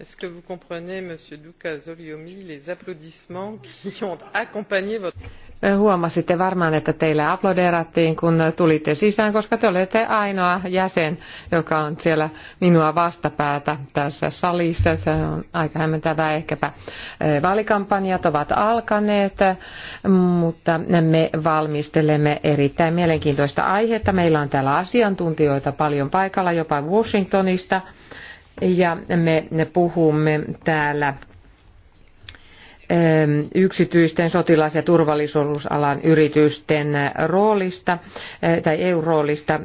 est ce que vous comprenez monsieur Duca Zoliomi les applaudissements qui ont accompagné votre Huomasitte varmaan, että teille aplodeerattiin, kun tulitte sisään, koska te olette ainoa jäsen, joka on siellä minua vastapäätä tässä salissa. Se on aika hämmentävää ehkäpä. Vaalikampanjat ovat alkaneet, mutta me valmistelemme erittäin mielenkiintoista aihetta. Meillä on täällä asiantuntijoita paljon paikalla, jopa Washingtonista – ja me puhumme täällä ähm, yksityisten sotilas- ja turvallisuusalan yritysten roolista äh, tai EU-roolista äh,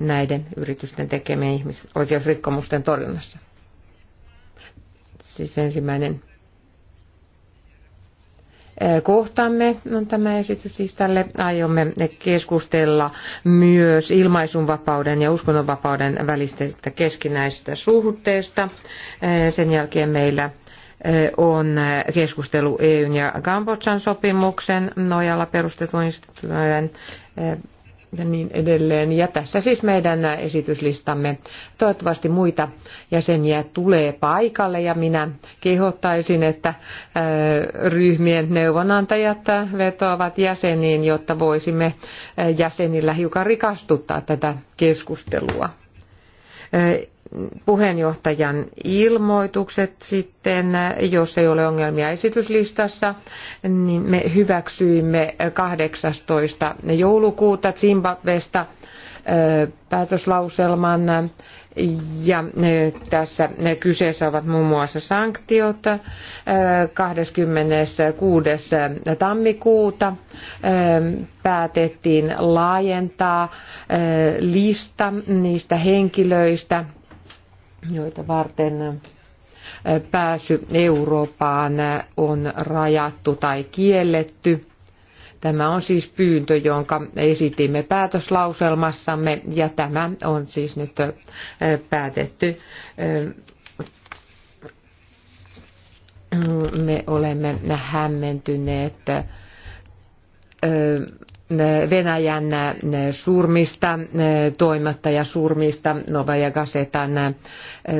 näiden yritysten tekemien ihmisoikeusrikkomusten torjunnassa. Siis ensimmäinen kohtamme on tämä esitys siis tälle. Aiomme keskustella myös ilmaisunvapauden ja uskonnonvapauden välisestä keskinäisestä suhteesta. Sen jälkeen meillä on keskustelu EUn ja Kambodsan sopimuksen nojalla perustetun instituutioiden ja niin edelleen. Ja tässä siis meidän esityslistamme. Toivottavasti muita jäseniä tulee paikalle ja minä kehottaisin, että äh, ryhmien neuvonantajat vetoavat jäseniin, jotta voisimme äh, jäsenillä hiukan rikastuttaa tätä keskustelua. Äh, puheenjohtajan ilmoitukset sitten, jos ei ole ongelmia esityslistassa, niin me hyväksyimme 18. joulukuuta Zimbabvesta äh, päätöslauselman ja äh, tässä kyseessä ovat muun muassa sanktiot 26. Äh, tammikuuta päätettiin laajentaa lista niistä henkilöistä, joita varten pääsy Eurooppaan on rajattu tai kielletty. Tämä on siis pyyntö, jonka esitimme päätöslauselmassamme ja tämä on siis nyt päätetty. Me olemme hämmentyneet Venäjän eh, surmista, eh, toimittaja surmista, Novaja Gazetan eh,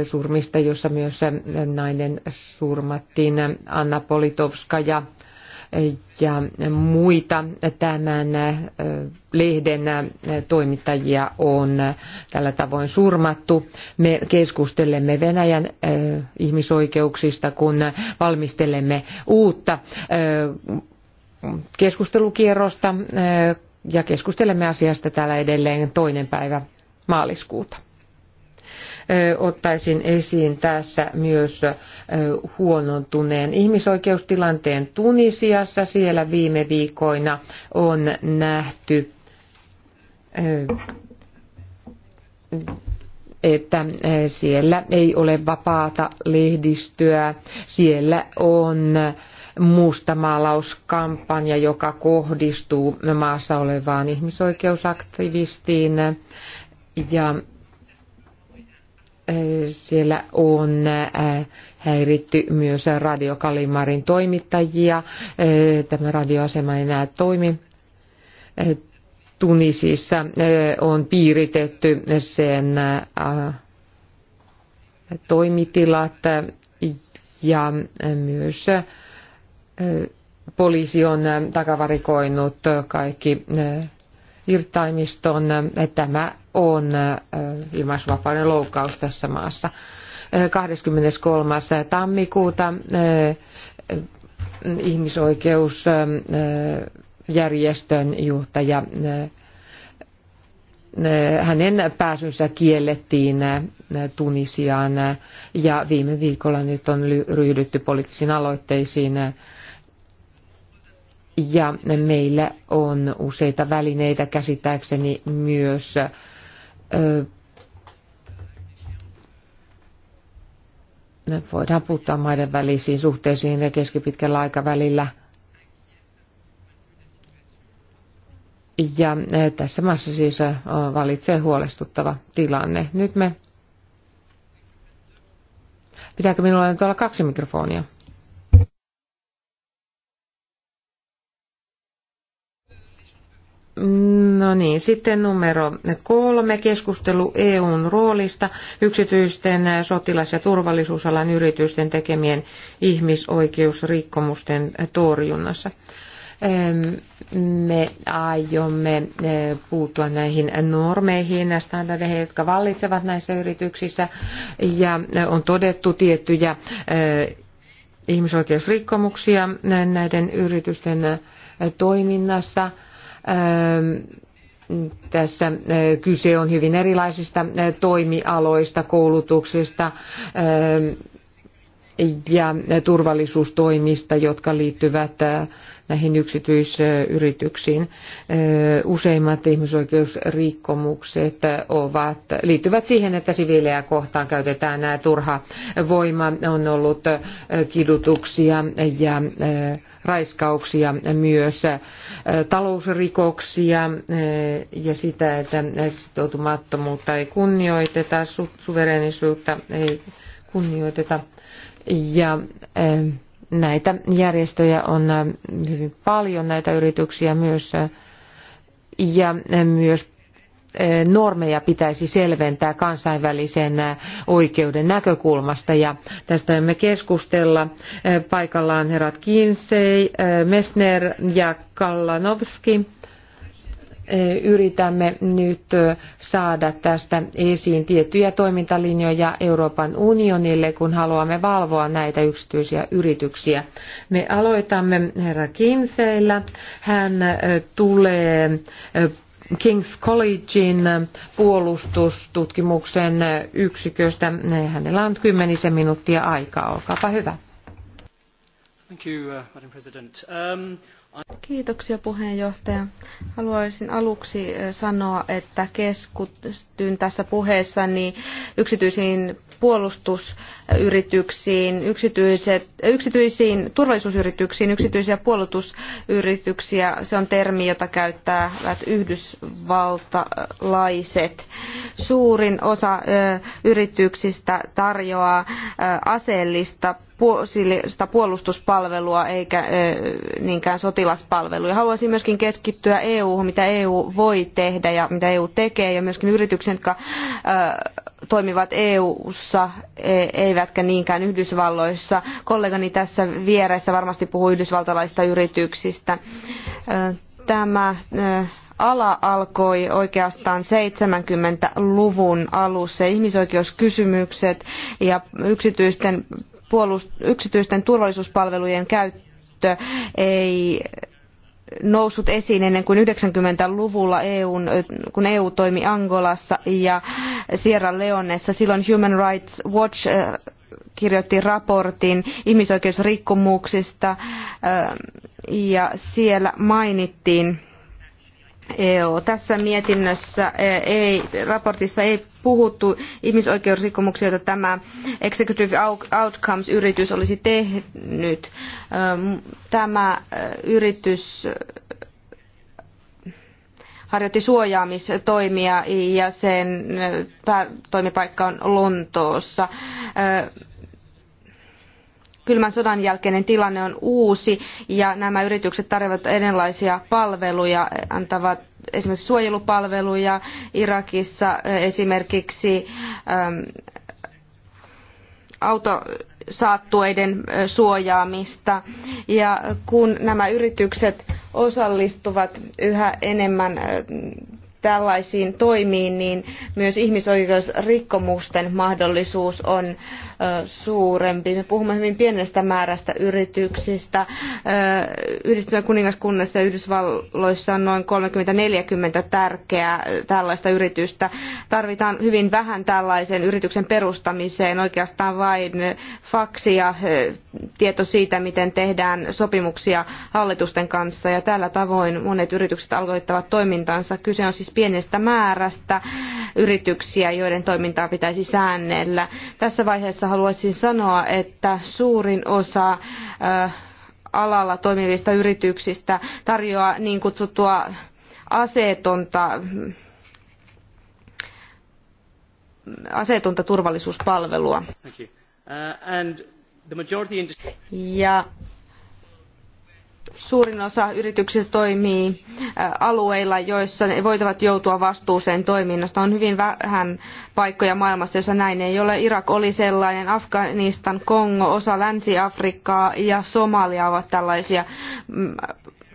surmista, jossa myös nainen surmattiin, Anna Politovska ja ja muita tämän lehden toimittajia on tällä tavoin surmattu. Me keskustelemme Venäjän ihmisoikeuksista, kun valmistelemme uutta keskustelukierrosta eh, ja keskustelemme asiasta täällä edelleen toinen päivä maaliskuuta. Eh, ottaisin esiin tässä myös eh, huonontuneen ihmisoikeustilanteen Tunisiassa. Siellä viime viikoina on nähty että siellä ei ole vapaata lehdistöä, siellä on mustamaalauskampanja, joka kohdistuu maassa olevaan ihmisoikeusaktivistiin. Ja eh, siellä on eh, häiritty myös Kalimarin toimittajia. Eh, tämä radioasema ei enää toimi. Tunisissa on piiritetty sen toimitilat ja myös poliisi on takavarikoinut kaikki irtaimiston. Tämä on ilmaisvapauden loukkaus tässä maassa. 23. tammikuuta ihmisoikeusjärjestön johtaja hänen pääsynsä kiellettiin Tunisiaan ja viime viikolla nyt on ryhdytty poliittisiin aloitteisiin ja meillä on useita välineitä käsittääkseni myös voidaan puuttua maiden välisiin suhteisiin ja keskipitkällä aikavälillä. Ja tässä maassa siis valitsee huolestuttava tilanne. Nyt me... Pitääkö minulla nyt olla kaksi mikrofonia? No niin, sitten numero kolme, keskustelu EUn roolista yksityisten sotilas- ja turvallisuusalan yritysten tekemien ihmisoikeusrikkomusten torjunnassa. Me aiomme eh, puuttua näihin normeihin ja standardeihin, jotka vallitsevat näissä yrityksissä ja eh, on todettu tiettyjä eh, ihmisoikeusrikkomuksia näiden yritysten toiminnassa – Ähm, tässä äh, kyse on hyvin erilaisista äh, toimialoista, koulutuksesta, ähm, ja turvallisuustoimista, jotka liittyvät äh, näihin yksityisyrityksiin. Äh, useimmat ihmisoikeusrikkomukset ovat, liittyvät siihen, että siviilejä kohtaan käytetään nämä äh, turha voima. On ollut kidutuksia ja raiskauksia myös, talousrikoksia ja sitä, että sitoutumattomuutta ei kunnioiteta, suverenisuutta ei kunnioiteta ja eh, näitä järjestöjä on eh, hyvin paljon, näitä yrityksiä myös, eh, ja myös normeja pitäisi selventää kansainvälisen oikeuden näkökulmasta ja tästä me keskustella. Paikallaan herrat Kinsey, Messner ja Kallanovski yritämme nyt saada tästä esiin tiettyjä toimintalinjoja Euroopan unionille, kun haluamme valvoa näitä yksityisiä yrityksiä. Me aloitamme herra Kinseillä. Hän tulee King's Collegein puolustustutkimuksen yksiköstä. Hänellä on kymmenisen minuuttia aikaa. Olkaapa hyvä. Thank you, uh, Madam President. Um, Kiitoksia puheenjohtaja. Haluaisin aluksi sanoa, että keskustyn tässä puheessani yksityisiin puolustusyrityksiin, yksityiset, yksityisiin turvallisuusyrityksiin, yksityisiä puolustusyrityksiä. Se on termi, jota käyttävät yhdysvaltalaiset. Suurin osa yrityksistä tarjoaa aseellista puolustuspalvelua eikä niinkään sotilaallista potilaspalveluja. Haluaisin myöskin keskittyä EU-hun, mitä EU voi tehdä ja mitä EU tekee ja myöskin yrityksiin, jotka toimivat EU-ssa e, eivätkä niinkään Yhdysvalloissa. Kollegani tässä vieressä varmasti puhuu yhdysvaltalaisista yrityksistä. Tämä ala alkoi oikeastaan 70-luvun alussa. Ihmisoikeuskysymykset ja yksityisten, puolust- yksityisten turvallisuuspalvelujen käyttö ei noussut esiin ennen kuin 90-luvulla, EUn, kun EU toimi Angolassa ja Sierra Leonessa. Silloin Human Rights Watch eh, kirjoitti raportin ihmisoikeusrikkomuksista eh, ja siellä mainittiin EU. Tässä mietinnössä e, ei, raportissa ei puhuttu ihmisoikeusrikkomuksia, joita tämä Executive Outcomes-yritys olisi tehnyt. Tämä yritys harjoitti suojaamistoimia ja sen toimipaikka on Lontoossa kylmän sodan jälkeinen tilanne on uusi ja nämä yritykset tarjoavat erilaisia palveluja, antavat esimerkiksi suojelupalveluja Irakissa esimerkiksi ähm, autosaattueiden äh, suojaamista. Ja kun nämä yritykset osallistuvat yhä enemmän äh, tällaisiin toimiin, niin myös ihmisoikeusrikkomusten mahdollisuus on suurempi. Me puhumme hyvin pienestä määrästä yrityksistä. Yhdistyneen kuningaskunnassa ja Yhdysvalloissa on noin 30-40 tärkeää tällaista yritystä. Tarvitaan hyvin vähän tällaisen yrityksen perustamiseen, oikeastaan vain faksi ja tieto siitä, miten tehdään sopimuksia hallitusten kanssa. Ja tällä tavoin monet yritykset aloittavat toimintansa. Kyse on siis siis pienestä määrästä yrityksiä, joiden toimintaa pitäisi säännellä. Tässä vaiheessa haluaisin sanoa, että suurin osa äh, alalla toimivista yrityksistä tarjoaa niin kutsuttua aseetonta mm, aseetonta turvallisuuspalvelua. Uh, ja Suurin osa yrityksistä toimii alueilla, joissa ne voitavat joutua vastuuseen toiminnasta. On hyvin vähän paikkoja maailmassa, joissa näin ei ole. Irak oli sellainen, Afganistan, Kongo, osa Länsi-Afrikkaa ja Somalia ovat tällaisia mm,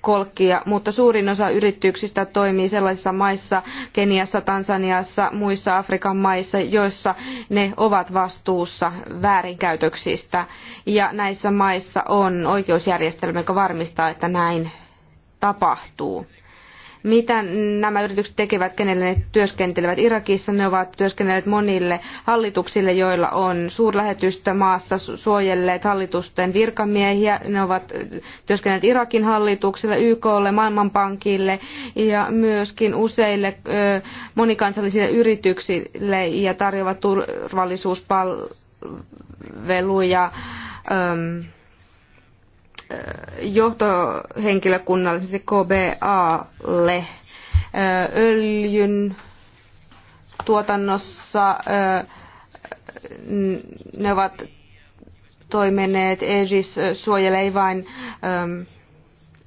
kolkkia, mutta suurin osa yrityksistä toimii sellaisissa maissa, Keniassa, Tansaniassa, muissa Afrikan maissa, joissa ne ovat vastuussa väärinkäytöksistä. Ja näissä maissa on oikeusjärjestelmä, joka varmistaa, että näin tapahtuu mitä nämä yritykset tekevät, kenelle ne työskentelevät. Irakissa ne ovat työskennelleet monille hallituksille, joilla on suurlähetystä maassa suojelleet hallitusten virkamiehiä. Ne ovat työskennelleet Irakin hallitukselle, YKlle, Maailmanpankille ja myöskin useille monikansallisille yrityksille ja tarjoavat turvallisuuspalveluja johtohenkilökunnalle, siis KBAlle, öljyn tuotannossa ne ovat toimineet. EGIS suojelee vain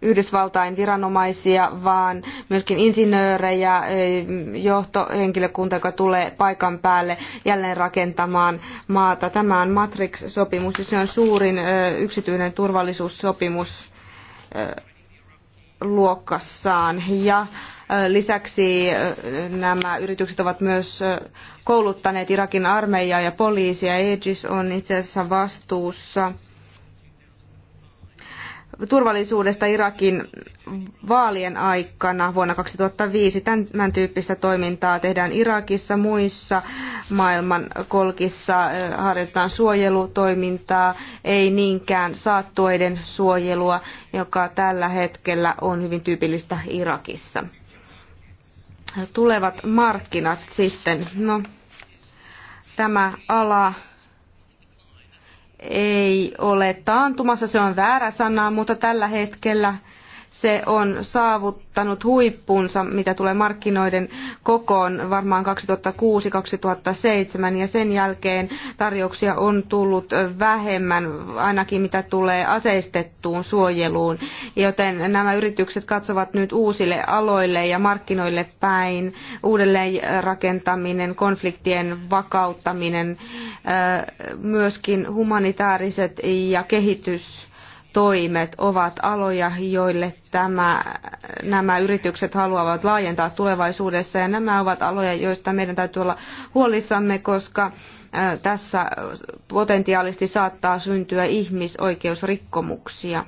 Yhdysvaltain viranomaisia, vaan myöskin insinöörejä, johtohenkilökunta, joka tulee paikan päälle jälleen rakentamaan maata. Tämä on Matrix-sopimus ja se on suurin yksityinen turvallisuussopimus luokassaan. Ja Lisäksi nämä yritykset ovat myös kouluttaneet Irakin armeijaa ja poliisia. Aegis on itse asiassa vastuussa turvallisuudesta Irakin vaalien aikana vuonna 2005. Tämän tyyppistä toimintaa tehdään Irakissa, muissa maailman kolkissa harjoitetaan suojelutoimintaa, ei niinkään saattueiden suojelua, joka tällä hetkellä on hyvin tyypillistä Irakissa. Tulevat markkinat sitten. No, tämä ala ei ole taantumassa, se on väärä sana, mutta tällä hetkellä se on saavuttanut huippunsa, mitä tulee markkinoiden kokoon varmaan 2006-2007 ja sen jälkeen tarjouksia on tullut vähemmän, ainakin mitä tulee aseistettuun suojeluun, joten nämä yritykset katsovat nyt uusille aloille ja markkinoille päin, uudelleenrakentaminen, konfliktien vakauttaminen, myöskin humanitaariset ja kehitys toimet ovat aloja, joille tämä, nämä yritykset haluavat laajentaa tulevaisuudessa. Ja nämä ovat aloja, joista meidän täytyy olla huolissamme, koska tässä potentiaalisesti saattaa syntyä ihmisoikeusrikkomuksia.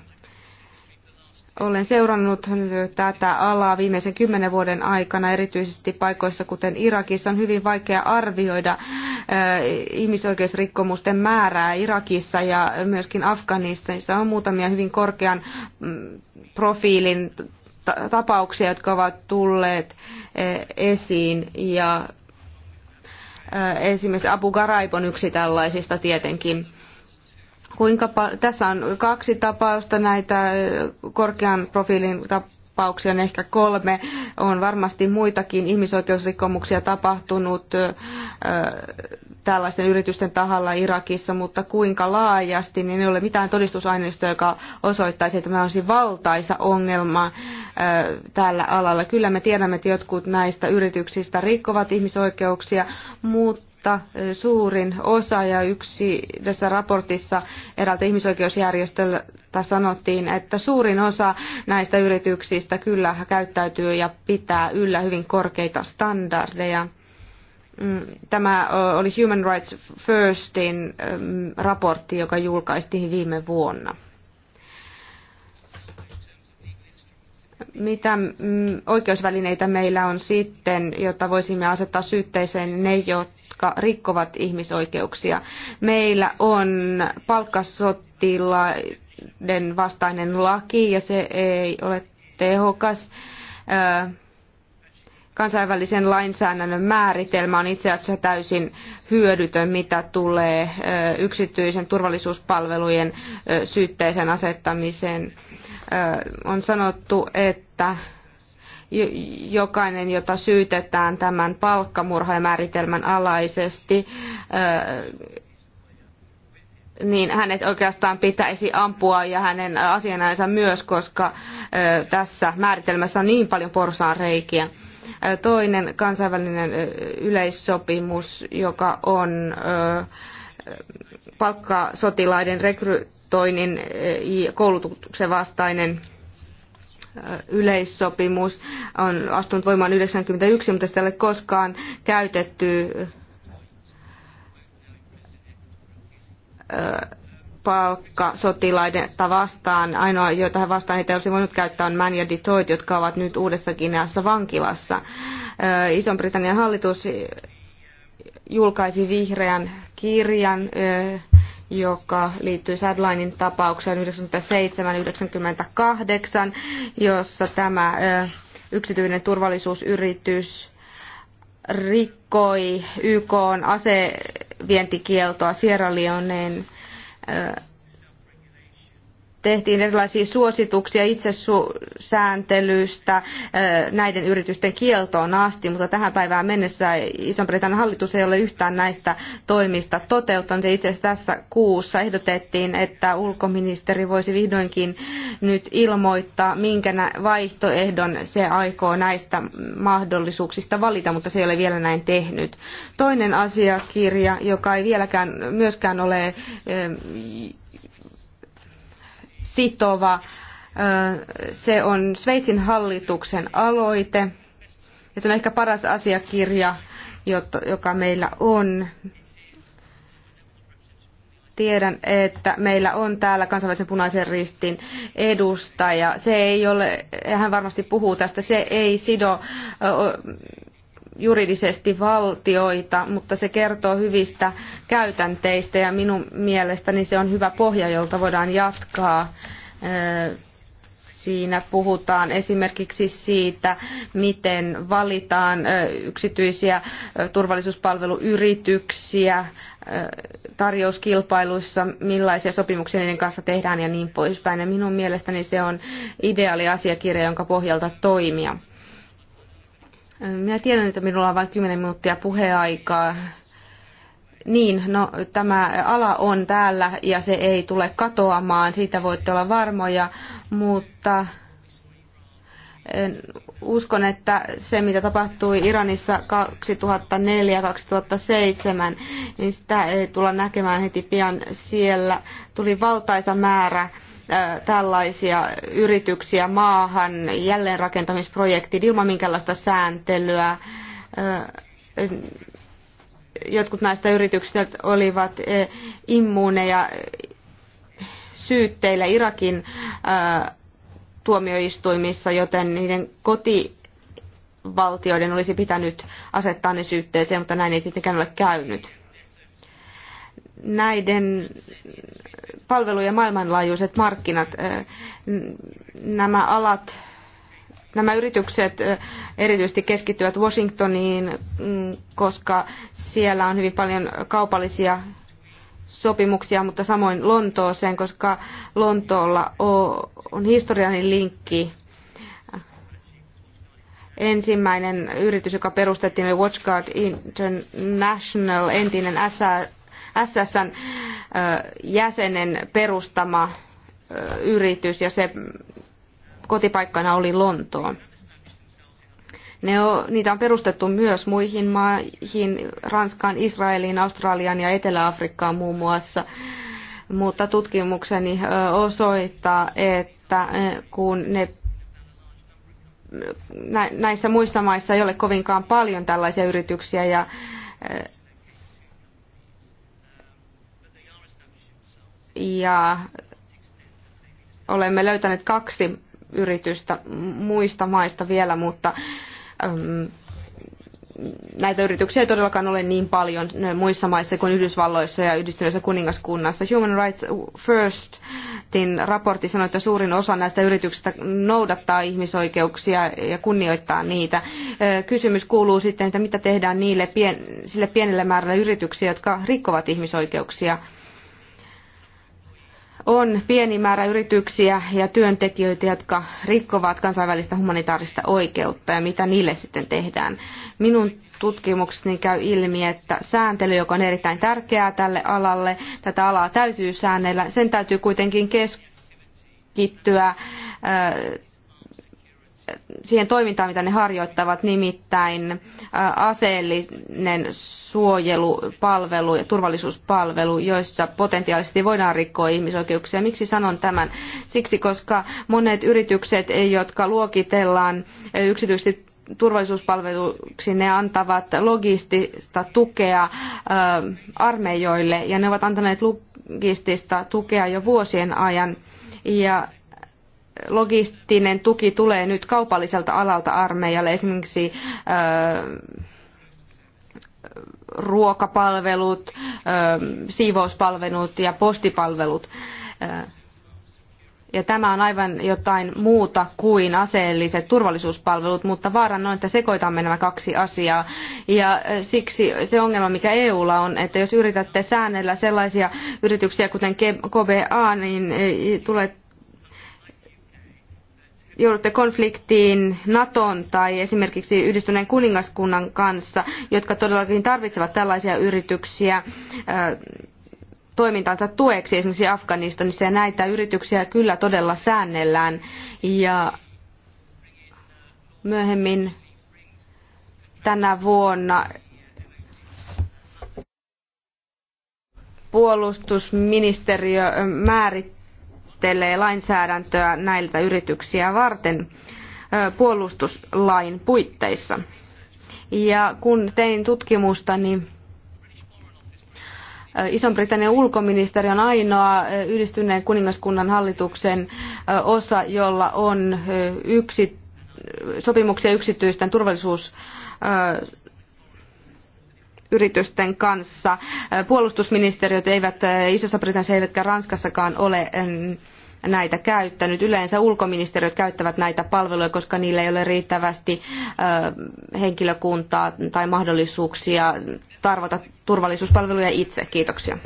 Olen seurannut tätä alaa viimeisen kymmenen vuoden aikana, erityisesti paikoissa kuten Irakissa. On hyvin vaikea arvioida äh, ihmisoikeusrikkomusten määrää Irakissa ja myöskin Afganistanissa. On muutamia hyvin korkean mm, profiilin tapauksia, jotka ovat tulleet äh, esiin ja äh, esimerkiksi Abu Ghraib on yksi tällaisista tietenkin. Kuinka tässä on kaksi tapausta näitä korkean profiilin tapauksia, ehkä kolme. On varmasti muitakin ihmisoikeusrikkomuksia tapahtunut tällaisten yritysten tahalla Irakissa, mutta kuinka laajasti, niin ei ole mitään todistusaineistoa, joka osoittaisi, että tämä olisi valtaisa ongelma tällä alalla. Kyllä me tiedämme, että jotkut näistä yrityksistä rikkovat ihmisoikeuksia, mutta mutta suurin osa ja yksi tässä raportissa eräältä ihmisoikeusjärjestöltä sanottiin, että suurin osa näistä yrityksistä kyllä käyttäytyy ja pitää yllä hyvin korkeita standardeja. Mm, tämä oli Human Rights Firstin raportti, joka julkaistiin viime vuonna. mitä mm, oikeusvälineitä meillä on sitten, jotta voisimme asettaa syytteeseen ne, jotka jotka rikkovat ihmisoikeuksia. Meillä on palkkasotilaiden vastainen laki ja se ei ole tehokas. Kansainvälisen lainsäädännön määritelmä on itse asiassa täysin hyödytön, mitä tulee yksityisen turvallisuuspalvelujen syytteisen asettamiseen. On sanottu, että jokainen, jota syytetään tämän palkkamurhamääritelmän alaisesti, niin hänet oikeastaan pitäisi ampua ja hänen asianajansa myös, koska tässä määritelmässä on niin paljon porsaanreikiä. Toinen kansainvälinen yleissopimus, joka on palkkasotilaiden rekrytoinnin koulutuksen vastainen yleissopimus on astunut voimaan 1991, mutta sitä ei ole koskaan käytetty sotilaiden vastaan. Ainoa, joita he vastaan heitä olisi voinut käyttää, on Man ja Detroit, jotka ovat nyt uudessa Kineassa vankilassa. Ison-Britannian hallitus julkaisi vihreän kirjan joka liittyy Sadlainin tapaukseen 97-98, jossa tämä yksityinen turvallisuusyritys rikkoi YK asevientikieltoa Sierra Leoneen tehtiin erilaisia suosituksia itsesääntelystä näiden yritysten kieltoon asti, mutta tähän päivään mennessä Iso-Britannian hallitus ei ole yhtään näistä toimista toteuttanut. Ja itse asiassa tässä kuussa ehdotettiin, että ulkoministeri voisi vihdoinkin nyt ilmoittaa, minkä vaihtoehdon se aikoo näistä mahdollisuuksista valita, mutta se ei ole vielä näin tehnyt. Toinen asiakirja, joka ei vieläkään myöskään ole sitova. Se on Sveitsin hallituksen aloite ja se on ehkä paras asiakirja, joka meillä on. Tiedän, että meillä on täällä kansainvälisen punaisen ristin edustaja. Se ei ole, hän varmasti puhuu tästä, se ei sido juridisesti valtioita, mutta se kertoo hyvistä käytänteistä ja minun mielestäni se on hyvä pohja, jolta voidaan jatkaa. Siinä puhutaan esimerkiksi siitä, miten valitaan yksityisiä turvallisuuspalveluyrityksiä tarjouskilpailuissa, millaisia sopimuksia niiden kanssa tehdään ja niin poispäin. Ja minun mielestäni se on ideaali asiakirja, jonka pohjalta toimia. Minä tiedän, että minulla on vain 10 minuuttia puheaikaa. Niin, no tämä ala on täällä ja se ei tule katoamaan, siitä voitte olla varmoja, mutta uskon, että se mitä tapahtui Iranissa 2004-2007, niin sitä ei tulla näkemään heti pian siellä. Tuli valtaisa määrä tällaisia yrityksiä maahan, jälleenrakentamisprojektit ilman minkäänlaista sääntelyä. Jotkut näistä yrityksistä olivat immuuneja syytteillä Irakin tuomioistuimissa, joten niiden kotivaltioiden olisi pitänyt asettaa ne syytteeseen, mutta näin ei tietenkään ole käynyt. Näiden palvelujen maailmanlaajuiset markkinat. Eh, nämä alat, nämä yritykset eh, erityisesti keskittyvät Washingtoniin, mm, koska siellä on hyvin paljon kaupallisia sopimuksia, mutta samoin Lontooseen, koska Lontoolla on historiallinen linkki ensimmäinen yritys, joka perustettiin, oli WatchGuard International, entinen SSN jäsenen perustama yritys ja se kotipaikkana oli Lontoon. Ne on, niitä on perustettu myös muihin maihin, Ranskaan, Israeliin, Australiaan ja Etelä-Afrikkaan muun muassa. Mutta tutkimukseni osoittaa, että kun ne näissä muissa maissa ei ole kovinkaan paljon tällaisia yrityksiä ja ja olemme löytäneet kaksi yritystä muista maista vielä, mutta ähm, näitä yrityksiä ei todellakaan ole niin paljon muissa maissa kuin Yhdysvalloissa ja yhdistyneessä kuningaskunnassa. Human Rights Firstin raportti sanoi, että suurin osa näistä yrityksistä noudattaa ihmisoikeuksia ja kunnioittaa niitä. Äh, kysymys kuuluu sitten, että mitä tehdään niille, sille pienelle määrälle yrityksiä, jotka rikkovat ihmisoikeuksia on pieni määrä yrityksiä ja työntekijöitä, jotka rikkovat kansainvälistä humanitaarista oikeutta ja mitä niille sitten tehdään. Minun tutkimukseni käy ilmi, että sääntely, joka on erittäin tärkeää tälle alalle, tätä alaa täytyy säännellä, sen täytyy kuitenkin keskittyä siihen toimintaan, mitä ne harjoittavat, nimittäin aseellinen suojelupalvelu ja turvallisuuspalvelu, joissa potentiaalisesti voidaan rikkoa ihmisoikeuksia. Miksi sanon tämän? Siksi, koska monet yritykset, jotka luokitellaan yksityisesti turvallisuuspalveluksi ne antavat logistista tukea armeijoille ja ne ovat antaneet logistista tukea jo vuosien ajan. Ja logistinen tuki tulee nyt kaupalliselta alalta armeijalle, esimerkiksi ruokapalvelut, siivouspalvelut ja postipalvelut. Ja tämä on aivan jotain muuta kuin aseelliset turvallisuuspalvelut, mutta vaaran on, että sekoitamme nämä kaksi asiaa. Ja siksi se ongelma, mikä EUlla on, että jos yritätte säännellä sellaisia yrityksiä kuten KBA, niin tulee joudutte konfliktiin Naton tai esimerkiksi yhdistyneen kuningaskunnan kanssa, jotka todellakin tarvitsevat tällaisia yrityksiä toimintansa tueksi esimerkiksi Afganistanissa ja näitä yrityksiä kyllä todella säännellään ja myöhemmin tänä vuonna puolustusministeriö määrittää määrittelee lainsäädäntöä näiltä yrityksiä varten puolustuslain puitteissa. Ja kun tein tutkimusta, niin Ison-Britannian ulkoministeri on ainoa yhdistyneen kuningaskunnan hallituksen osa, jolla on yksi, sopimuksia yksityisten turvallisuus yritysten kanssa. Puolustusministeriöt eivät Isossa Britanniassa eivätkä Ranskassakaan ole näitä käyttänyt. Yleensä ulkoministeriöt käyttävät näitä palveluja, koska niillä ei ole riittävästi henkilökuntaa tai mahdollisuuksia tarvota turvallisuuspalveluja itse. Kiitoksia.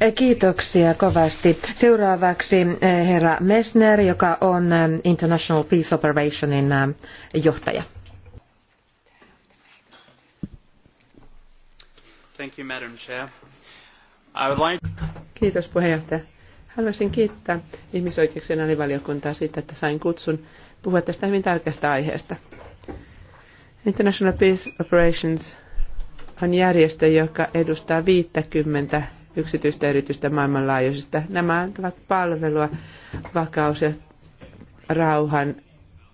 E, kiitoksia kovasti. Seuraavaksi herra Messner, joka on International Peace Operationin johtaja. Thank you, Madam Chair. I would like... Kiitos puheenjohtaja. Haluaisin kiittää ihmisoikeuksien alivaliokuntaa siitä, että sain kutsun puhua tästä hyvin tärkeästä aiheesta. International Peace Operations on järjestö, joka edustaa 50 yksityistä yritystä maailmanlaajuisista. Nämä antavat palvelua vakaus- ja rauhan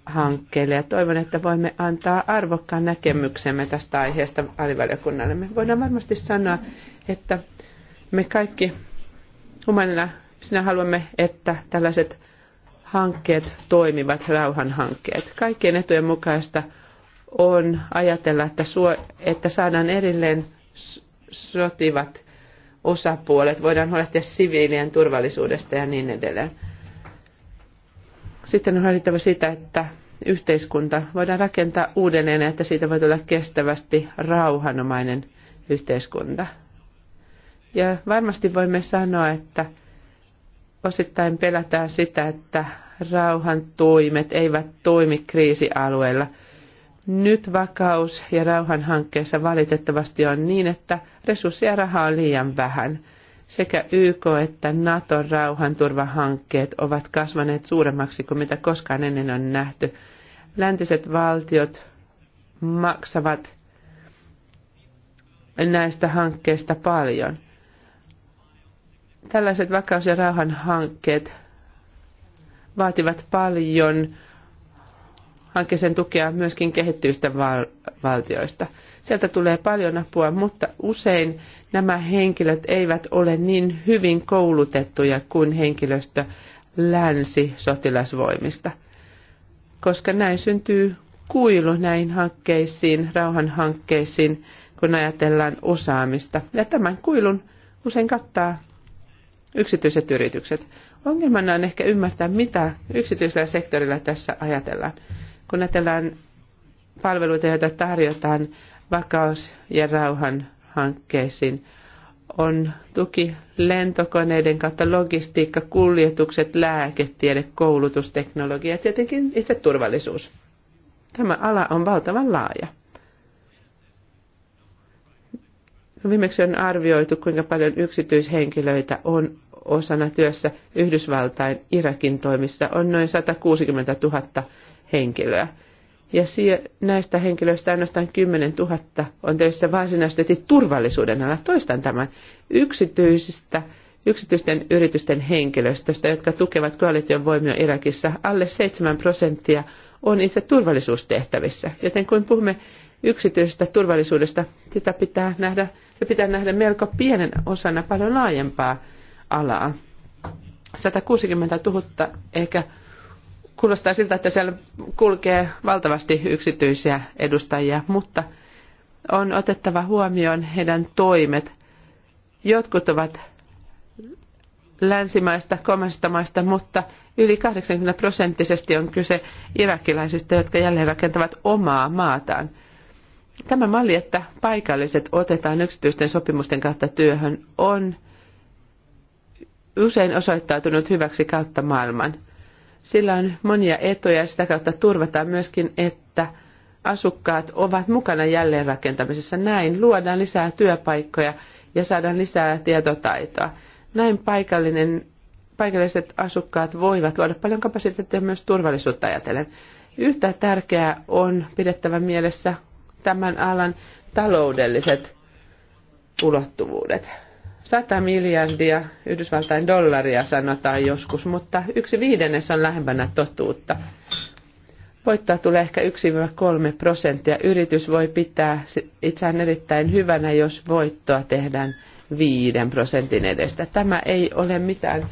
hankkeelle ja toivon, että voimme antaa arvokkaan näkemyksemme tästä aiheesta alivaliokunnalle. Me voidaan varmasti sanoa, että me kaikki humanina sinä haluamme, että tällaiset hankkeet toimivat, rauhan hankkeet. Kaikkien etujen mukaista on ajatella, että, suo, että saadaan erilleen sotivat osapuolet, voidaan huolehtia siviilien turvallisuudesta ja niin edelleen. Sitten on huolehdittava sitä, että yhteiskunta voidaan rakentaa uudelleen ja että siitä voi tulla kestävästi rauhanomainen yhteiskunta. Ja varmasti voimme sanoa, että osittain pelätään sitä, että rauhan toimet eivät toimi kriisialueilla. Nyt vakaus- ja rauhanhankkeessa valitettavasti on niin, että resursseja ja rahaa on liian vähän – sekä YK että Naton rauhanturvahankkeet ovat kasvaneet suuremmaksi kuin mitä koskaan ennen on nähty. Läntiset valtiot maksavat näistä hankkeista paljon. Tällaiset vakaus- ja rauhanhankkeet vaativat paljon sen tukea myöskin kehittyvistä val- valtioista. Sieltä tulee paljon apua, mutta usein nämä henkilöt eivät ole niin hyvin koulutettuja kuin henkilöstö länsi-sotilasvoimista, koska näin syntyy kuilu näihin hankkeisiin, rauhanhankkeisiin, kun ajatellaan osaamista. Ja tämän kuilun usein kattaa yksityiset yritykset. Ongelmana on ehkä ymmärtää, mitä yksityisellä sektorilla tässä ajatellaan kun ajatellaan palveluita, joita tarjotaan vakaus- ja rauhan hankkeisiin, on tuki lentokoneiden kautta logistiikka, kuljetukset, lääketiede, koulutusteknologia, ja tietenkin itse turvallisuus. Tämä ala on valtavan laaja. Viimeksi on arvioitu, kuinka paljon yksityishenkilöitä on osana työssä Yhdysvaltain Irakin toimissa. On noin 160 000 henkilöä. Ja näistä henkilöistä ainoastaan 10 000 on töissä varsinaisesti turvallisuuden alla. Toistan tämän yksityisistä, yksityisten yritysten henkilöstöstä, jotka tukevat koalition voimia Irakissa. Alle 7 prosenttia on itse turvallisuustehtävissä. Joten kun puhumme yksityisestä turvallisuudesta, sitä pitää nähdä, se pitää nähdä melko pienen osana paljon laajempaa alaa. 160 000 ehkä Kuulostaa siltä, että siellä kulkee valtavasti yksityisiä edustajia, mutta on otettava huomioon heidän toimet. Jotkut ovat länsimaista, kolmansista maista, mutta yli 80 prosenttisesti on kyse irakilaisista, jotka jälleen rakentavat omaa maataan. Tämä malli, että paikalliset otetaan yksityisten sopimusten kautta työhön, on usein osoittautunut hyväksi kautta maailman. Sillä on monia etuja ja sitä kautta turvataan myöskin, että asukkaat ovat mukana jälleenrakentamisessa. Näin luodaan lisää työpaikkoja ja saadaan lisää tietotaitoa. Näin paikallinen, paikalliset asukkaat voivat luoda paljon kapasiteettia myös turvallisuutta ajatellen. Yhtä tärkeää on pidettävä mielessä tämän alan taloudelliset ulottuvuudet. 100 miljardia Yhdysvaltain dollaria sanotaan joskus, mutta yksi viidennes on lähempänä totuutta. Voittoa tulee ehkä 1-3 prosenttia. Yritys voi pitää itseään erittäin hyvänä, jos voittoa tehdään 5 prosentin edestä. Tämä ei ole mitään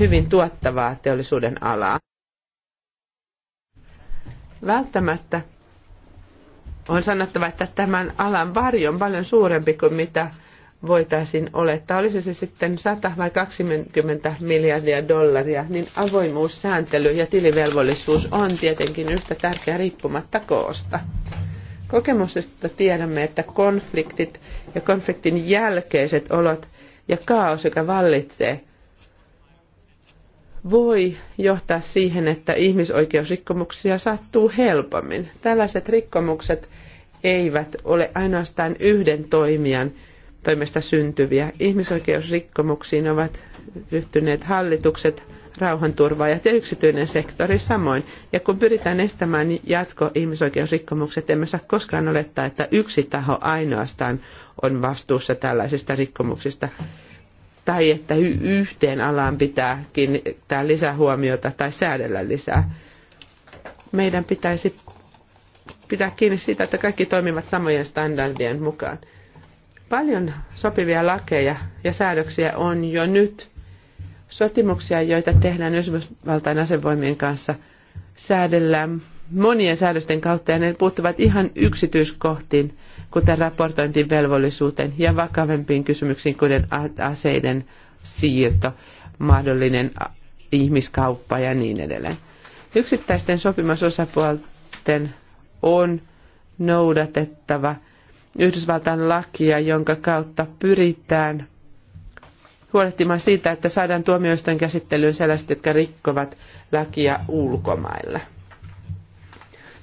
hyvin tuottavaa teollisuuden alaa. Välttämättä on sanottava, että tämän alan varjo on paljon suurempi kuin mitä voitaisiin olettaa, olisi se sitten 100 vai 20 miljardia dollaria, niin avoimuus, sääntely ja tilivelvollisuus on tietenkin yhtä tärkeä riippumatta koosta. Kokemuksesta tiedämme, että konfliktit ja konfliktin jälkeiset olot ja kaos, joka vallitsee, voi johtaa siihen, että ihmisoikeusrikkomuksia sattuu helpommin. Tällaiset rikkomukset eivät ole ainoastaan yhden toimijan – toimesta syntyviä. Ihmisoikeusrikkomuksiin ovat ryhtyneet hallitukset, rauhanturvaajat ja yksityinen sektori samoin. Ja kun pyritään estämään jatko-ihmisoikeusrikkomukset, emme saa koskaan olettaa, että yksi taho ainoastaan on vastuussa tällaisista rikkomuksista. Tai että yhteen alaan pitää kiinnittää huomiota tai säädellä lisää. Meidän pitäisi pitää kiinni siitä, että kaikki toimivat samojen standardien mukaan. Paljon sopivia lakeja ja säädöksiä on jo nyt. Sotimuksia, joita tehdään Yhdysvaltain asevoimien kanssa, säädellään monien säädösten kautta ja ne puuttuvat ihan yksityiskohtiin, kuten raportointivelvollisuuteen ja vakavempiin kysymyksiin, kuten aseiden siirto, mahdollinen ihmiskauppa ja niin edelleen. Yksittäisten sopimusosapuolten on noudatettava – Yhdysvaltain lakia, jonka kautta pyritään huolehtimaan siitä, että saadaan tuomioisten käsittelyyn sellaiset, jotka rikkovat lakia ulkomailla.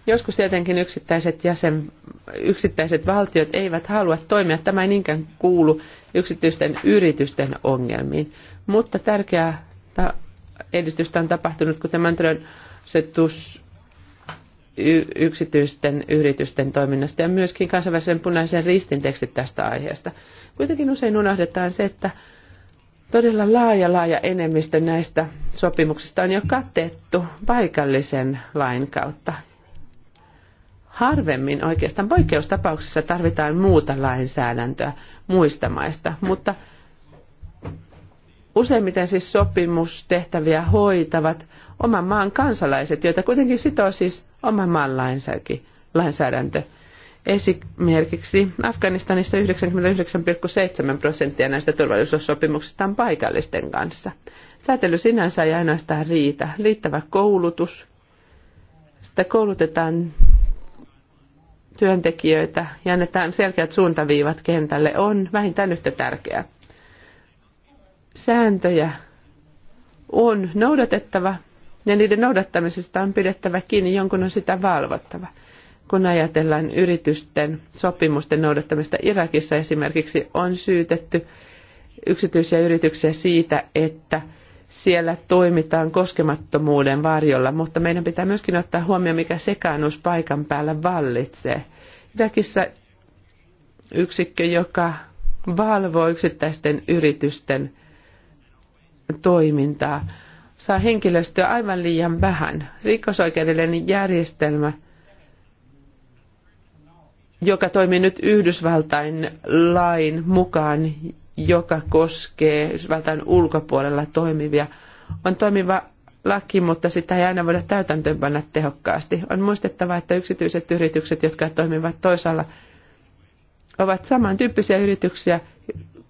Joskus tietenkin yksittäiset, jäsen, yksittäiset valtiot eivät halua toimia. Tämä ei niinkään kuulu yksityisten yritysten ongelmiin. Mutta tärkeää edistystä on tapahtunut, kun tämä Mantron yksityisten yritysten toiminnasta ja myöskin kansainvälisen punaisen ristin tekstit tästä aiheesta. Kuitenkin usein unohdetaan se, että todella laaja laaja enemmistö näistä sopimuksista on jo katettu paikallisen lain kautta. Harvemmin oikeastaan poikkeustapauksissa tarvitaan muuta lainsäädäntöä muista maista, mutta useimmiten siis sopimustehtäviä hoitavat oman maan kansalaiset, joita kuitenkin sitoo siis oman maan lainsäädäntö. Esimerkiksi Afganistanissa 99,7 prosenttia näistä turvallisuussopimuksista on paikallisten kanssa. Säätely sinänsä ei ainoastaan riitä. Liittävä koulutus. Sitä koulutetaan työntekijöitä ja annetaan selkeät suuntaviivat kentälle on vähintään yhtä tärkeää. Sääntöjä on noudatettava ja niiden noudattamisesta on pidettävä kiinni, jonkun on sitä valvottava. Kun ajatellaan yritysten sopimusten noudattamista Irakissa esimerkiksi, on syytetty yksityisiä yrityksiä siitä, että siellä toimitaan koskemattomuuden varjolla, mutta meidän pitää myöskin ottaa huomioon, mikä sekaannus paikan päällä vallitsee. Irakissa yksikkö, joka valvoo yksittäisten yritysten toimintaa, saa henkilöstöä aivan liian vähän. Rikosoikeudellinen järjestelmä, joka toimii nyt Yhdysvaltain lain mukaan, joka koskee Yhdysvaltain ulkopuolella toimivia, on toimiva laki, mutta sitä ei aina voida täytäntöönpanna tehokkaasti. On muistettava, että yksityiset yritykset, jotka toimivat toisaalla, ovat samantyyppisiä yrityksiä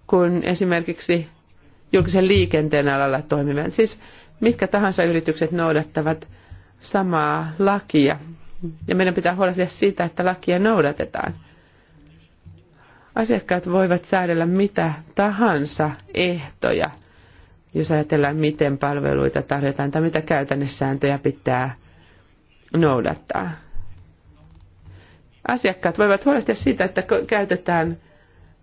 kuin esimerkiksi julkisen liikenteen alalla toimivat. Siis mitkä tahansa yritykset noudattavat samaa lakia. Ja meidän pitää huolehtia siitä, että lakia noudatetaan. Asiakkaat voivat säädellä mitä tahansa ehtoja, jos ajatellaan, miten palveluita tarjotaan tai mitä käytännössääntöjä pitää noudattaa. Asiakkaat voivat huolehtia siitä, että käytetään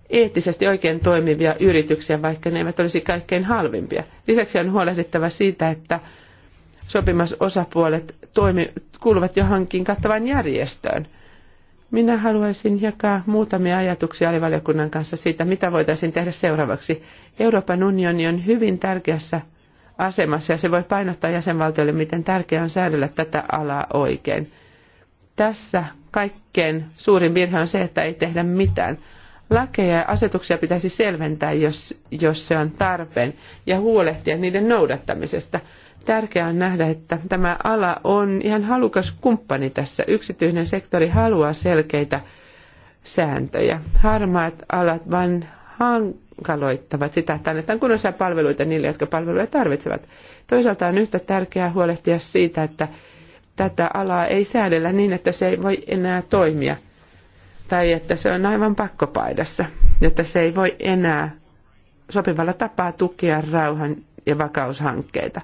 eettisesti oikein toimivia yrityksiä, vaikka ne eivät olisi kaikkein halvimpia. Lisäksi on huolehdittava siitä, että sopimusosapuolet toimi, kuuluvat johonkin kattavan järjestöön. Minä haluaisin jakaa muutamia ajatuksia alivaliokunnan kanssa siitä, mitä voitaisiin tehdä seuraavaksi. Euroopan unioni on hyvin tärkeässä asemassa ja se voi painottaa jäsenvaltioille, miten tärkeää on säädellä tätä alaa oikein. Tässä kaikkein suurin virhe on se, että ei tehdä mitään. Lakeja ja asetuksia pitäisi selventää, jos, jos se on tarpeen, ja huolehtia niiden noudattamisesta. Tärkeää on nähdä, että tämä ala on ihan halukas kumppani tässä. Yksityinen sektori haluaa selkeitä sääntöjä. Harmaat alat vain hankaloittavat sitä, että annetaan kunnossa palveluita niille, jotka palveluja tarvitsevat. Toisaalta on yhtä tärkeää huolehtia siitä, että tätä alaa ei säädellä niin, että se ei voi enää toimia – tai että se on aivan pakkopaidassa, jotta se ei voi enää sopivalla tapaa tukea rauhan ja vakaushankkeita.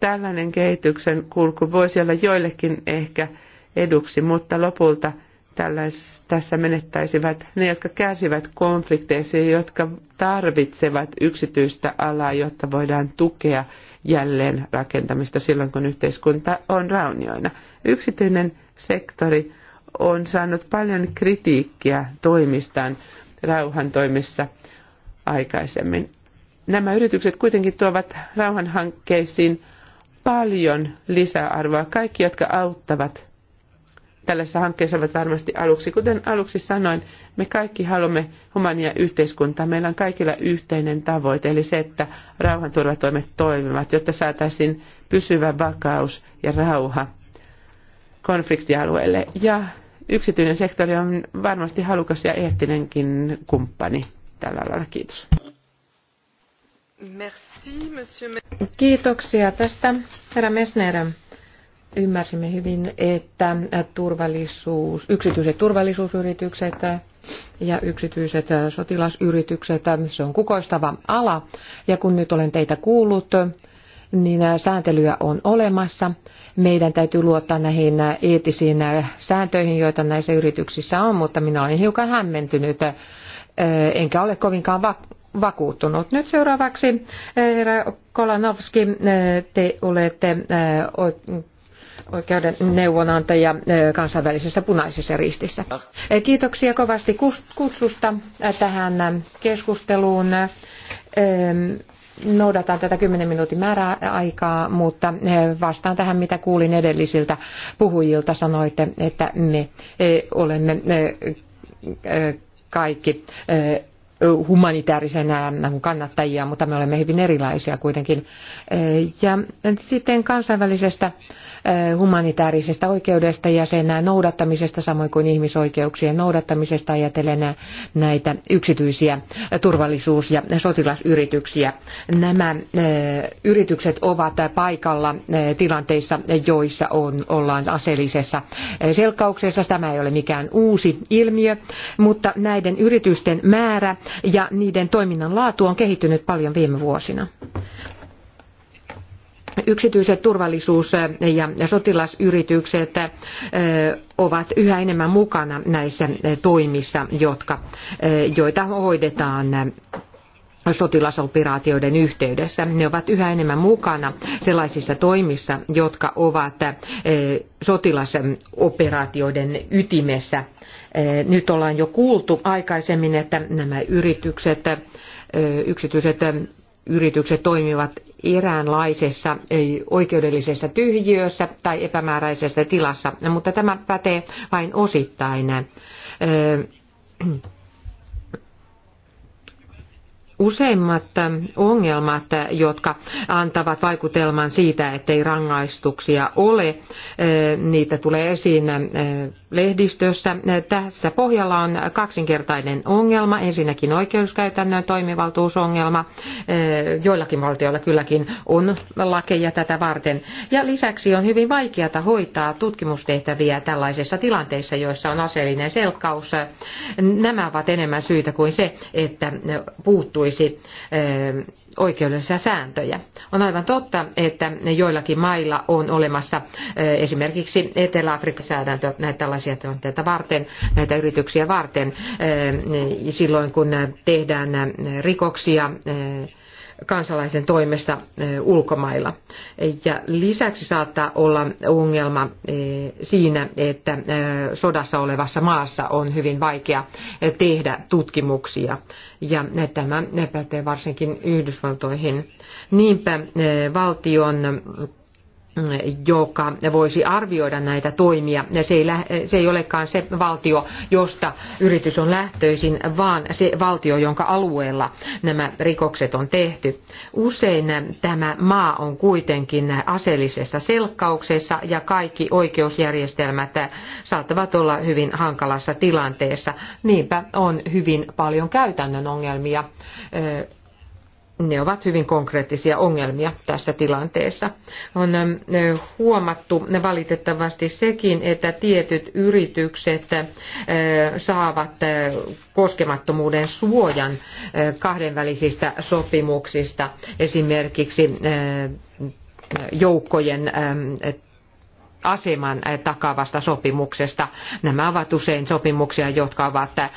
Tällainen kehityksen kulku voisi olla joillekin ehkä eduksi, mutta lopulta tällais, tässä menettäisivät ne, jotka kärsivät konflikteissa ja jotka tarvitsevat yksityistä alaa, jotta voidaan tukea jälleen rakentamista silloin, kun yhteiskunta on raunioina. Yksityinen sektori on saanut paljon kritiikkiä toimistaan rauhantoimissa aikaisemmin. Nämä yritykset kuitenkin tuovat rauhanhankkeisiin paljon lisäarvoa. Kaikki, jotka auttavat tällaisessa hankkeessa ovat varmasti aluksi. Kuten aluksi sanoin, me kaikki haluamme humania yhteiskuntaa. Meillä on kaikilla yhteinen tavoite, eli se, että rauhanturvatoimet toimivat, jotta saataisiin pysyvä vakaus ja rauha konfliktialueelle. Ja yksityinen sektori on varmasti halukas ja eettinenkin kumppani tällä alalla. Kiitos. Merci, monsieur... Kiitoksia tästä, herra Messner. Ymmärsimme hyvin, että turvallisuus, yksityiset turvallisuusyritykset ja yksityiset sotilasyritykset, se on kukoistava ala. Ja kun nyt olen teitä kuullut, niin sääntelyä on olemassa. Meidän täytyy luottaa näihin eettisiin sääntöihin, joita näissä yrityksissä on, mutta minä olen hiukan hämmentynyt, enkä ole kovinkaan vakuuttunut. Nyt seuraavaksi, herra Kolanovski, te olette oikeuden neuvonantaja kansainvälisessä punaisessa ristissä. Kiitoksia kovasti kutsusta tähän keskusteluun. Noudataan tätä 10 minuutin määräaikaa, mutta eh, vastaan tähän, mitä kuulin edellisiltä puhujilta. Sanoitte, että me eh, olemme eh, kaikki humanitaarisen kannattajia, mutta me olemme hyvin erilaisia kuitenkin. Ja sitten kansainvälisestä humanitaarisesta oikeudesta ja sen noudattamisesta, samoin kuin ihmisoikeuksien noudattamisesta ajatellen näitä yksityisiä turvallisuus- ja sotilasyrityksiä. Nämä yritykset ovat paikalla tilanteissa, joissa on, ollaan aseellisessa selkkauksessa. Tämä ei ole mikään uusi ilmiö, mutta näiden yritysten määrä ja niiden toiminnan laatu on kehittynyt paljon viime vuosina yksityiset turvallisuus- ja sotilasyritykset äh, ovat yhä enemmän mukana näissä äh, toimissa, jotka, äh, joita hoidetaan sotilasoperaatioiden yhteydessä. Ne ovat yhä enemmän mukana sellaisissa toimissa, jotka ovat sotilasoperaatioiden ytimessä. Nyt ollaan jo kuultu aikaisemmin, että nämä yritykset, yksityiset yritykset toimivat eräänlaisessa oikeudellisessa tyhjiössä tai epämääräisessä tilassa, mutta tämä pätee vain osittain Useimmat ongelmat, jotka antavat vaikutelman siitä, ettei rangaistuksia ole, niitä tulee esiin eh, lehdistössä. Tässä pohjalla on kaksinkertainen ongelma. Ensinnäkin oikeuskäytännön toimivaltuusongelma. Eh, joillakin valtioilla kylläkin on lakeja tätä varten. Ja lisäksi on hyvin vaikeata hoitaa tutkimustehtäviä tällaisissa tilanteissa, joissa on aseellinen selkkaus. Nämä ovat enemmän syitä kuin se, että puuttui olisi eh, oikeudellisia sääntöjä. On aivan totta, että joillakin mailla on olemassa eh, esimerkiksi Etelä-Afrikan säädäntö näitä tällaisia tilanteita varten, näitä yrityksiä varten, eh, silloin kun tehdään rikoksia kansalaisen toimesta ulkomailla. Ja lisäksi saattaa olla ongelma siinä, että sodassa olevassa maassa on hyvin vaikea tehdä tutkimuksia. Ja tämä pätee varsinkin Yhdysvaltoihin. Niinpä valtion joka voisi arvioida näitä toimia. Se ei, se ei olekaan se valtio, josta yritys on lähtöisin, vaan se valtio, jonka alueella nämä rikokset on tehty. Usein tämä maa on kuitenkin aseellisessa selkkauksessa ja kaikki oikeusjärjestelmät saattavat olla hyvin hankalassa tilanteessa. Niinpä on hyvin paljon käytännön ongelmia ne ovat hyvin konkreettisia ongelmia tässä tilanteessa. On huomattu valitettavasti sekin, että tietyt yritykset saavat koskemattomuuden suojan kahdenvälisistä sopimuksista, esimerkiksi joukkojen aseman eh, takavasta sopimuksesta. Nämä ovat usein sopimuksia, jotka ovat eh,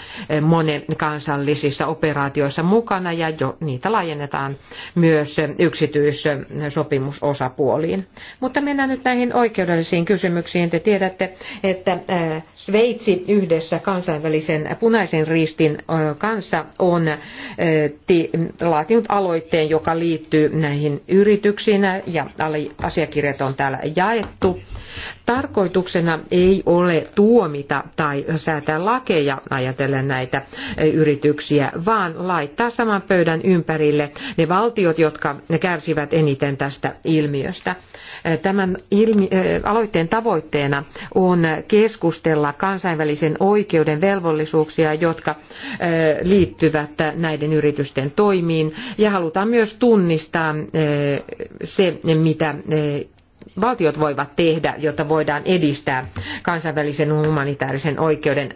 monen kansallisissa operaatioissa mukana ja jo, niitä laajennetaan myös eh, yksityissopimusosapuoliin. Mutta mennään nyt näihin oikeudellisiin kysymyksiin. Te tiedätte, että Sveitsi yhdessä kansainvälisen punaisen ristin kanssa on laatinut aloitteen, joka liittyy näihin yrityksiin ja asiakirjat on täällä jaettu. Tarkoituksena ei ole tuomita tai säätää lakeja ajatellen näitä e, yrityksiä, vaan laittaa saman pöydän ympärille ne valtiot, jotka kärsivät eniten tästä ilmiöstä. E, tämän ilmi- e, aloitteen tavoitteena on keskustella kansainvälisen oikeuden velvollisuuksia, jotka liittyvät näiden yritysten toimiin ja halutaan myös tunnistaa se, mitä valtiot voivat tehdä, jotta voidaan edistää kansainvälisen humanitaarisen oikeuden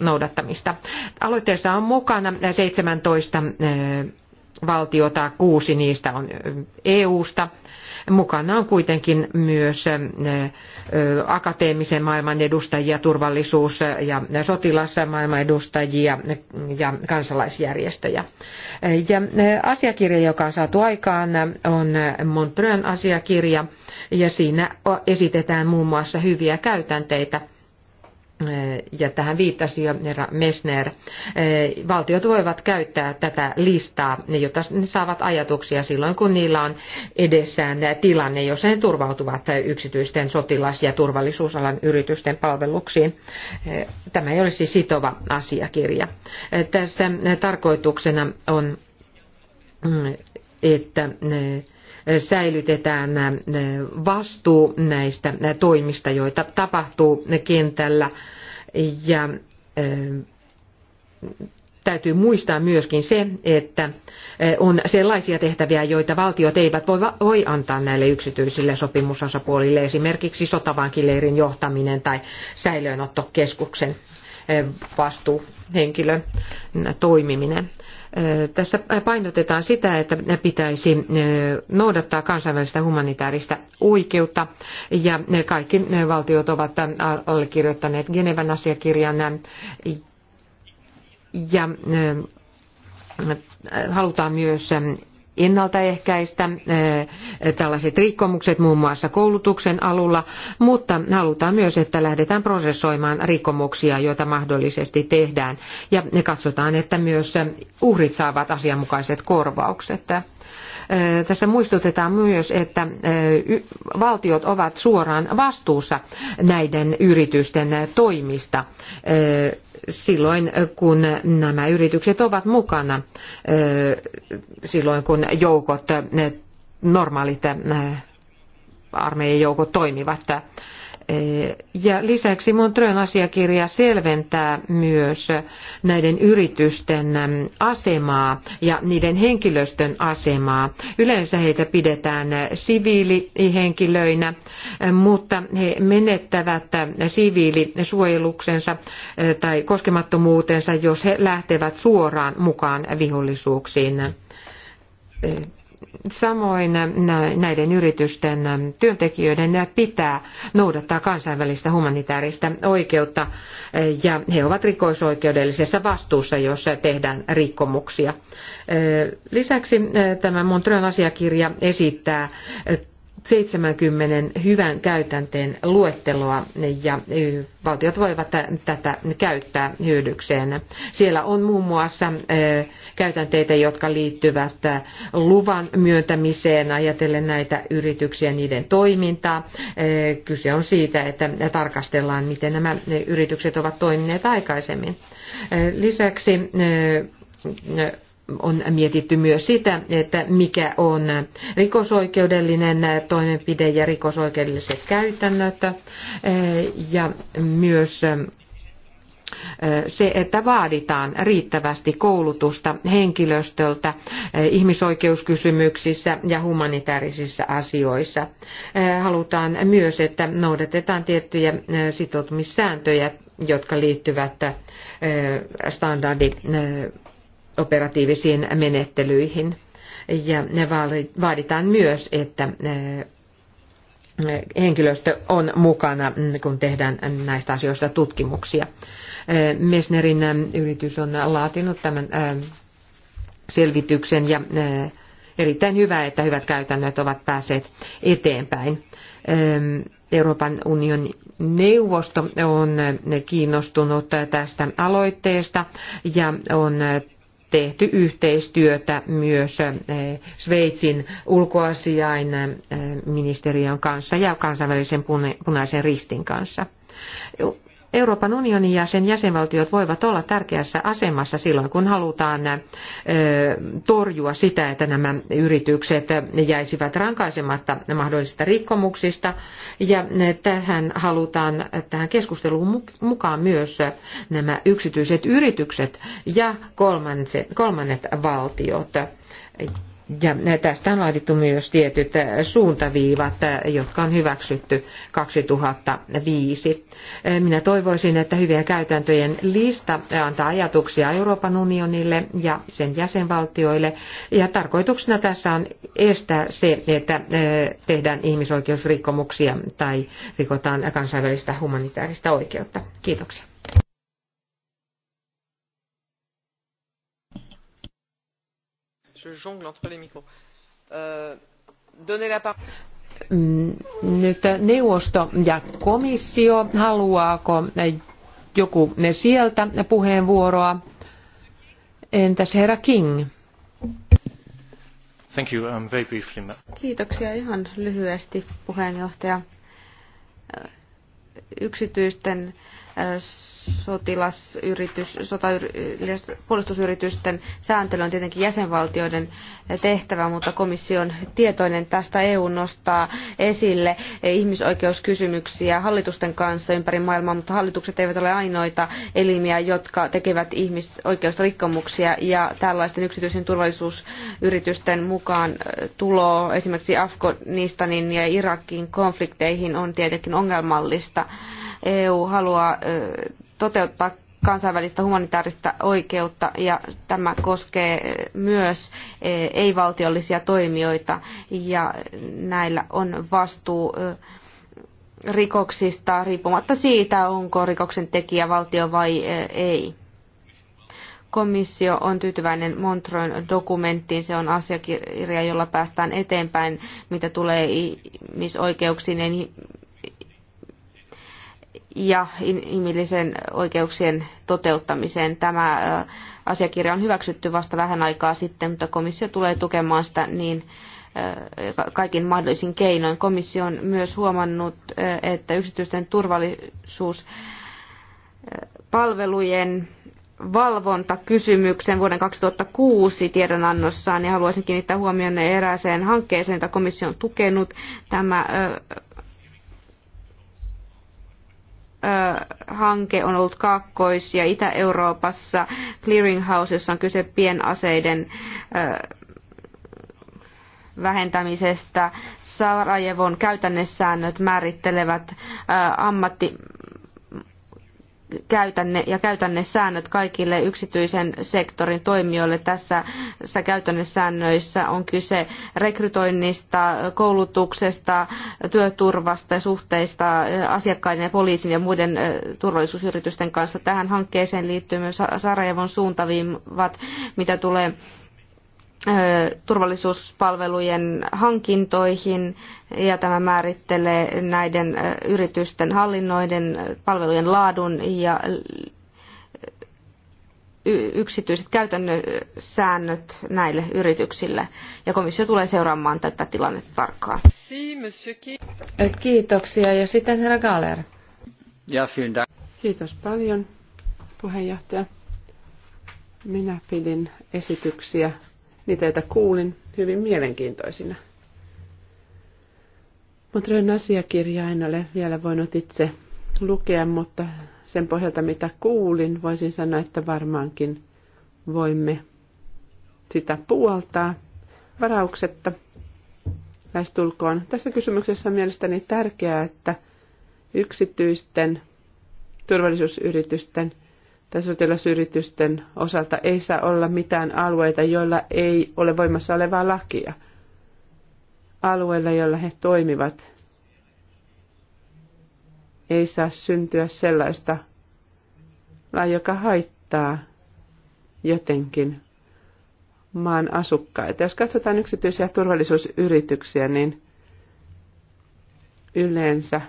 noudattamista. Aloitteessa on mukana 17 eh, valtiota, kuusi niistä on EU-sta. Eh, e mukana on kuitenkin myös eh, akateemisen maailman edustajia, turvallisuus- ja sotilasmaailman edustajia ja kansalaisjärjestöjä. Ja asiakirja, joka on saatu aikaan, on Montrön asiakirja ja siinä esitetään muun muassa hyviä käytänteitä – ja tähän viittasi jo herra Messner, valtiot voivat käyttää tätä listaa, jotta ne saavat ajatuksia silloin, kun niillä on edessään tilanne, jossa ne turvautuvat yksityisten sotilas- ja turvallisuusalan yritysten palveluksiin. Tämä ei ole siis sitova asiakirja. Tässä tarkoituksena on, mm, että säilytetään vastuu näistä toimista, joita tapahtuu kentällä. Ja täytyy muistaa myöskin se, että on sellaisia tehtäviä, joita valtiot eivät voi, antaa näille yksityisille sopimusosapuolille, esimerkiksi sotavankileirin johtaminen tai säilöönottokeskuksen vastuuhenkilön toimiminen. Tässä painotetaan sitä, että pitäisi noudattaa kansainvälistä humanitaarista oikeutta ja kaikki valtiot ovat allekirjoittaneet Genevan asiakirjan ja halutaan myös ennaltaehkäistä eh, tällaiset rikkomukset muun muassa koulutuksen alulla, mutta halutaan myös, että lähdetään prosessoimaan rikkomuksia, joita mahdollisesti tehdään ja katsotaan, että myös uhrit saavat asianmukaiset korvaukset. Tässä muistutetaan myös, että valtiot ovat suoraan vastuussa näiden yritysten toimista silloin, kun nämä yritykset ovat mukana, silloin kun joukot, normaalit armeijajoukot toimivat Eh, ja lisäksi Montrön asiakirja selventää myös näiden yritysten asemaa ja niiden henkilöstön asemaa. Yleensä heitä pidetään siviilihenkilöinä, mutta he menettävät siviilisuojeluksensa tai koskemattomuutensa, jos he lähtevät suoraan mukaan vihollisuuksiin Samoin äh, näiden yritysten äh, työntekijöiden äh, pitää noudattaa kansainvälistä humanitaarista oikeutta ja he ovat rikosoikeudellisessa vastuussa, jos tehdään rikkomuksia. Lisäksi tämä Montreon asiakirja esittää 70 hyvän käytänteen luetteloa ja valtiot voivat tätä käyttää hyödykseen. Siellä on muun muassa käytänteitä, jotka liittyvät luvan myöntämiseen ajatellen näitä yrityksiä niiden toimintaa. Kyse on siitä, että tarkastellaan, miten nämä yritykset ovat toimineet aikaisemmin. Lisäksi on mietitty myös sitä, että mikä on rikosoikeudellinen toimenpide ja rikosoikeudelliset käytännöt eh, ja myös eh, se, että vaaditaan riittävästi koulutusta henkilöstöltä eh, ihmisoikeuskysymyksissä ja humanitaarisissa asioissa. Halutaan myös, että noudatetaan tiettyjä sitoutumissääntöjä, jotka liittyvät standardi operatiivisiin menettelyihin. Ja ne vaaditaan myös, että eh, henkilöstö on mukana, mm, kun tehdään näistä asioista tutkimuksia. Eh, Mesnerin eh, yritys on laatinut tämän selvityksen ja erittäin hyvä, että hyvät käytännöt ovat päässeet eteenpäin. Euroopan unionin neuvosto on kiinnostunut tästä aloitteesta ja on tehty yhteistyötä myös eh, Sveitsin ulkoasiain eh, ministeriön kanssa ja kansainvälisen punaisen ristin kanssa. Euroopan unioni ja sen jäsenvaltiot voivat olla tärkeässä asemassa silloin, kun halutaan torjua sitä, että nämä yritykset jäisivät rankaisematta mahdollisista rikkomuksista. Ja tähän halutaan tähän keskusteluun mukaan myös nämä yksityiset yritykset ja kolmannet, kolmannet valtiot ja tästä on laadittu myös tietyt suuntaviivat, jotka on hyväksytty 2005. Minä toivoisin, että hyviä käytäntöjen lista antaa ajatuksia Euroopan unionille ja sen jäsenvaltioille. Ja tarkoituksena tässä on estää se, että eh, tehdään ihmisoikeusrikkomuksia tai rikotaan kansainvälistä humanitaarista oikeutta. Kiitoksia. Je jongle entre les micros. Euh, donnez la parole mm, nyt neuvosto ja komissio, haluaako joku ne sieltä puheenvuoroa? Entäs herra King? Thank you. Um, very briefly. Kiitoksia ihan lyhyesti puheenjohtaja. Yksityisten äh, sotilasyritys, sotayritys, puolustusyritysten sääntely on tietenkin jäsenvaltioiden tehtävä, mutta komission tietoinen tästä EU nostaa esille ihmisoikeuskysymyksiä hallitusten kanssa ympäri maailmaa, mutta hallitukset eivät ole ainoita elimiä, jotka tekevät ihmisoikeusrikkomuksia ja tällaisten yksityisen turvallisuusyritysten mukaan tulo esimerkiksi Afganistanin ja Irakin konflikteihin on tietenkin ongelmallista. EU haluaa toteuttaa kansainvälistä humanitaarista oikeutta ja tämä koskee myös e, ei-valtiollisia toimijoita ja näillä on vastuu e, rikoksista riippumatta siitä, onko rikoksen tekijä valtio vai e, ei. Komissio on tyytyväinen Montroin dokumenttiin. Se on asiakirja, jolla päästään eteenpäin, mitä tulee ihmisoikeuksiin ja ja inhimillisen oikeuksien toteuttamiseen. Tämä asiakirja on hyväksytty vasta vähän aikaa sitten, mutta komissio tulee tukemaan sitä niin kaikin mahdollisin keinoin. Komissio on myös huomannut, että yksityisten turvallisuuspalvelujen valvontakysymyksen vuoden 2006 tiedonannossaan ja haluaisin kiinnittää huomioon erääseen hankkeeseen, jota komissio on tukenut. Tämä hanke on ollut Kaakkois- ja Itä-Euroopassa. Clearinghousessa on kyse pienaseiden vähentämisestä. Sarajevon käytännessäännöt määrittelevät ammatti käytänne ja käytännesäännöt kaikille yksityisen sektorin toimijoille. Tässä käytännesäännöissä on kyse rekrytoinnista, koulutuksesta, työturvasta ja suhteista asiakkaiden ja poliisin ja muiden turvallisuusyritysten kanssa. Tähän hankkeeseen liittyy myös Sarajevon suuntaviivat, mitä tulee turvallisuuspalvelujen hankintoihin ja tämä määrittelee näiden yritysten hallinnoiden palvelujen laadun ja yksityiset käytännön säännöt näille yrityksille. Ja komissio tulee seuraamaan tätä tilannetta tarkkaan. Kiitoksia. Ja sitten herra Galler. Ja, Kiitos paljon, puheenjohtaja. Minä pidin esityksiä niitä, joita kuulin, hyvin mielenkiintoisina. Montrön asiakirja en ole vielä voinut itse lukea, mutta sen pohjalta mitä kuulin, voisin sanoa, että varmaankin voimme sitä puoltaa varauksetta lähestulkoon. Tässä kysymyksessä on mielestäni tärkeää, että yksityisten turvallisuusyritysten – tasotilasyritysten osalta ei saa olla mitään alueita, joilla ei ole voimassa olevaa lakia. Alueilla, joilla he toimivat, ei saa syntyä sellaista lain, joka haittaa jotenkin maan asukkaita. Jos katsotaan yksityisiä turvallisuusyrityksiä, niin yleensä –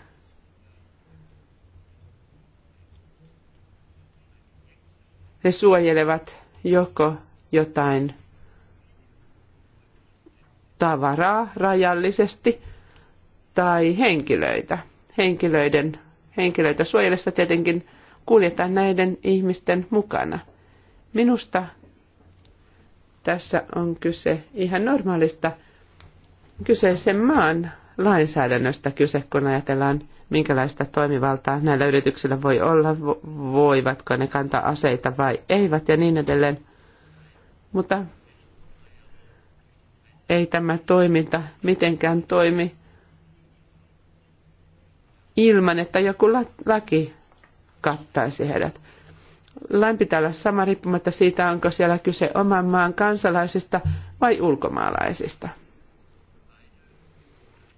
Ne suojelevat joko jotain tavaraa rajallisesti tai henkilöitä. Henkilöiden, henkilöitä suojelessa tietenkin kuljetaan näiden ihmisten mukana. Minusta tässä on kyse ihan normaalista kyseisen maan lainsäädännöstä kyse, kun ajatellaan minkälaista toimivaltaa näillä yrityksillä voi olla, voivatko ne kantaa aseita vai eivät ja niin edelleen. Mutta ei tämä toiminta mitenkään toimi ilman, että joku laki kattaisi heidät. Lain pitää olla sama riippumatta siitä, onko siellä kyse oman maan kansalaisista vai ulkomaalaisista.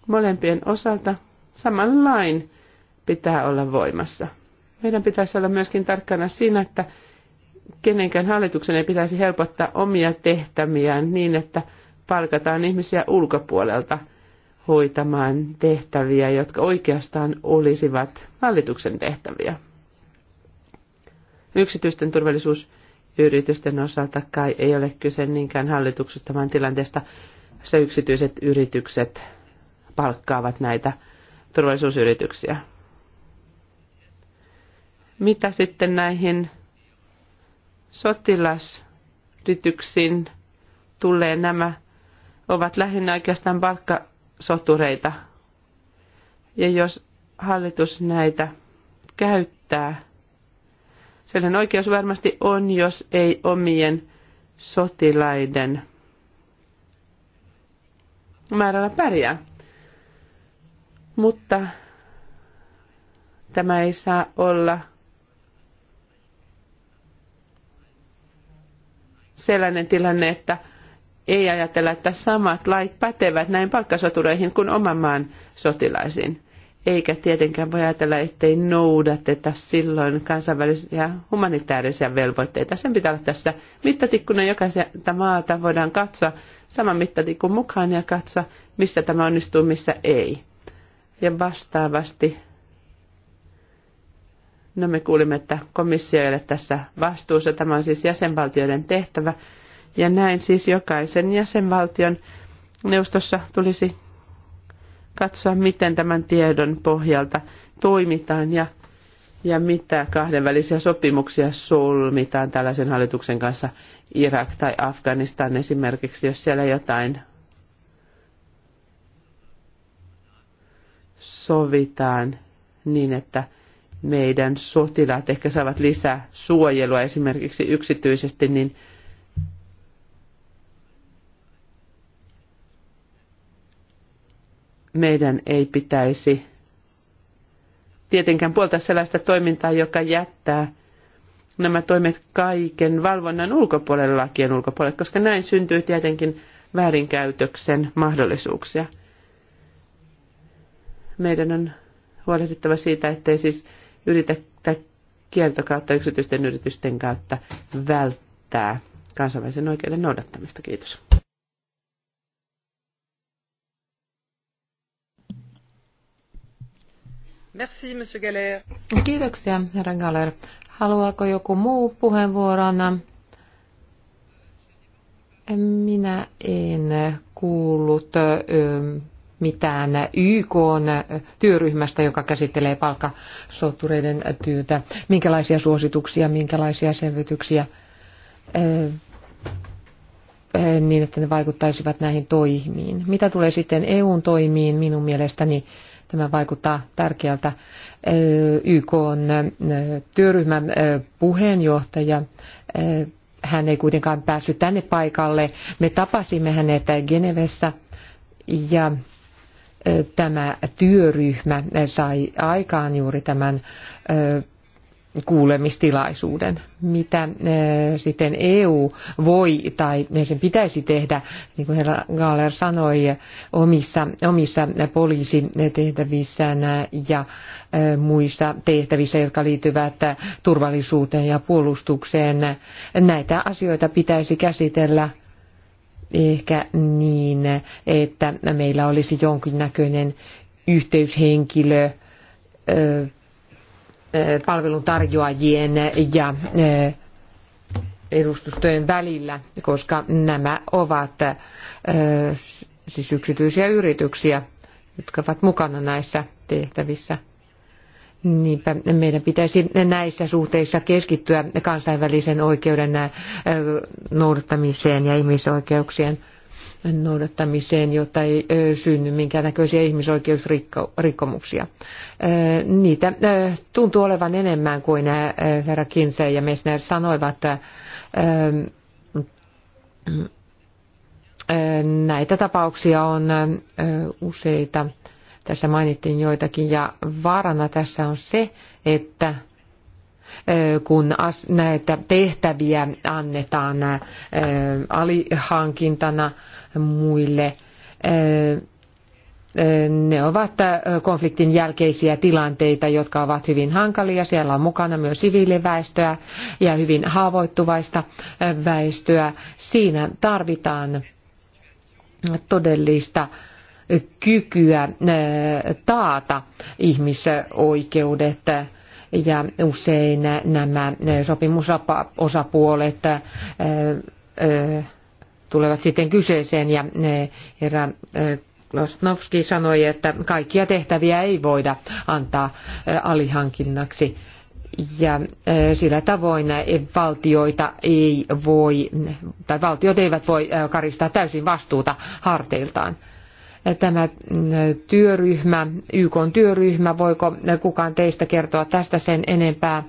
Molempien osalta Saman lain pitää olla voimassa. Meidän pitäisi olla myöskin tarkkana siinä, että kenenkään hallituksen ei pitäisi helpottaa omia tehtämiään niin, että palkataan ihmisiä ulkopuolelta hoitamaan tehtäviä, jotka oikeastaan olisivat hallituksen tehtäviä. Yksityisten turvallisuusyritysten osalta kai ei ole kyse niinkään hallituksesta, vaan tilanteesta, se yksityiset yritykset palkkaavat näitä turvallisuusyrityksiä. Mitä sitten näihin sotilasyrityksiin tulee? Nämä ovat lähinnä oikeastaan palkkasotureita. Ja jos hallitus näitä käyttää, sellainen oikeus varmasti on, jos ei omien sotilaiden määrällä pärjää. Mutta tämä ei saa olla sellainen tilanne, että ei ajatella, että samat lait pätevät näin palkkasotureihin kuin oman maan sotilaisiin. Eikä tietenkään voi ajatella, ettei noudateta silloin kansainvälisiä humanitaarisia velvoitteita. Sen pitää olla tässä mittatikkuna jokaista maata. Voidaan katsoa saman mittatikun mukaan ja katsoa, missä tämä onnistuu, missä ei. Ja vastaavasti, no me kuulimme, että komissio ei ole tässä vastuussa, tämä on siis jäsenvaltioiden tehtävä. Ja näin siis jokaisen jäsenvaltion neuvostossa tulisi katsoa, miten tämän tiedon pohjalta toimitaan ja, ja mitä kahdenvälisiä sopimuksia solmitaan tällaisen hallituksen kanssa Irak tai Afganistan esimerkiksi, jos siellä jotain sovitaan niin, että meidän sotilaat ehkä saavat lisää suojelua esimerkiksi yksityisesti, niin meidän ei pitäisi tietenkään puolta sellaista toimintaa, joka jättää nämä toimet kaiken valvonnan ulkopuolelle, lakien ulkopuolelle, koska näin syntyy tietenkin väärinkäytöksen mahdollisuuksia – meidän on huolehdittava siitä, ettei siis yritetä kiertokautta yksityisten yritysten kautta välttää kansainvälisen oikeuden noudattamista. Kiitos. Merci, Monsieur Kiitoksia, herra Galer. Haluaako joku muu puheenvuorona? Minä en kuullut mitään YK työryhmästä, joka käsittelee palkkasoottureiden työtä, minkälaisia suosituksia, minkälaisia selvityksiä, niin että ne vaikuttaisivat näihin toimiin. Mitä tulee sitten EUn toimiin, minun mielestäni tämä vaikuttaa tärkeältä. YK on työryhmän puheenjohtaja hän ei kuitenkaan päässyt tänne paikalle. Me tapasimme hänet Genevessä ja tämä työryhmä sai aikaan juuri tämän kuulemistilaisuuden, mitä sitten EU voi tai sen pitäisi tehdä, niin kuin herra Gaaler sanoi, omissa, omissa poliisitehtävissään ja muissa tehtävissä, jotka liittyvät turvallisuuteen ja puolustukseen. Näitä asioita pitäisi käsitellä ehkä niin, että meillä olisi jonkinnäköinen yhteyshenkilö palveluntarjoajien ja edustustojen välillä, koska nämä ovat siis yksityisiä yrityksiä, jotka ovat mukana näissä tehtävissä. Niinpä meidän pitäisi näissä suhteissa keskittyä kansainvälisen oikeuden äh, noudattamiseen ja ihmisoikeuksien noudattamiseen, jotta ei äh, synny minkäännäköisiä ihmisoikeusrikkomuksia. Äh, niitä tuntuu olevan enemmän kuin herra Kinsey ja Messner sanoivat. Näitä tapauksia on useita tässä mainittiin joitakin ja vaarana tässä on se, että kun näitä tehtäviä annetaan alihankintana muille. Ne ovat konfliktin jälkeisiä tilanteita, jotka ovat hyvin hankalia. Siellä on mukana myös siviiliväestöä ja hyvin haavoittuvaista väestöä. Siinä tarvitaan todellista kykyä äh, taata ihmisoikeudet ja usein nämä äh, sopimusosapuolet äh, tulevat sitten kyseeseen ja herra Klosnovski sanoi, että kaikkia tehtäviä ei voida antaa alihankinnaksi ja sillä tavoin valtioita ei voi, tai valtiot eivät voi karistaa täysin vastuuta harteiltaan tämä mm, työryhmä, YK työryhmä, voiko kukaan teistä kertoa tästä sen enempää?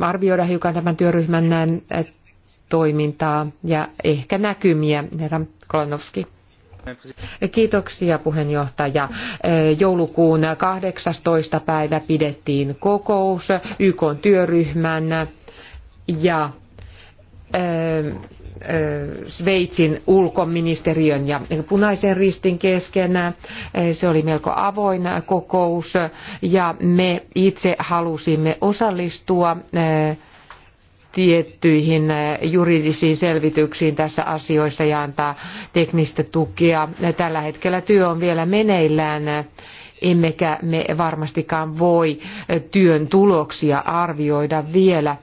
arvioida hiukan tämän työryhmän toimintaa ja ehkä näkymiä, herra kolonovski Kiitoksia puheenjohtaja. Joulukuun 18. päivä pidettiin kokous YK työryhmän ja Sveitsin ulkoministeriön ja punaisen ristin kesken. Se oli melko avoin kokous ja me itse halusimme osallistua tiettyihin juridisiin selvityksiin tässä asioissa ja antaa teknistä tukea. Tällä hetkellä työ on vielä meneillään emmekä me varmastikaan voi työn tuloksia arvioida vielä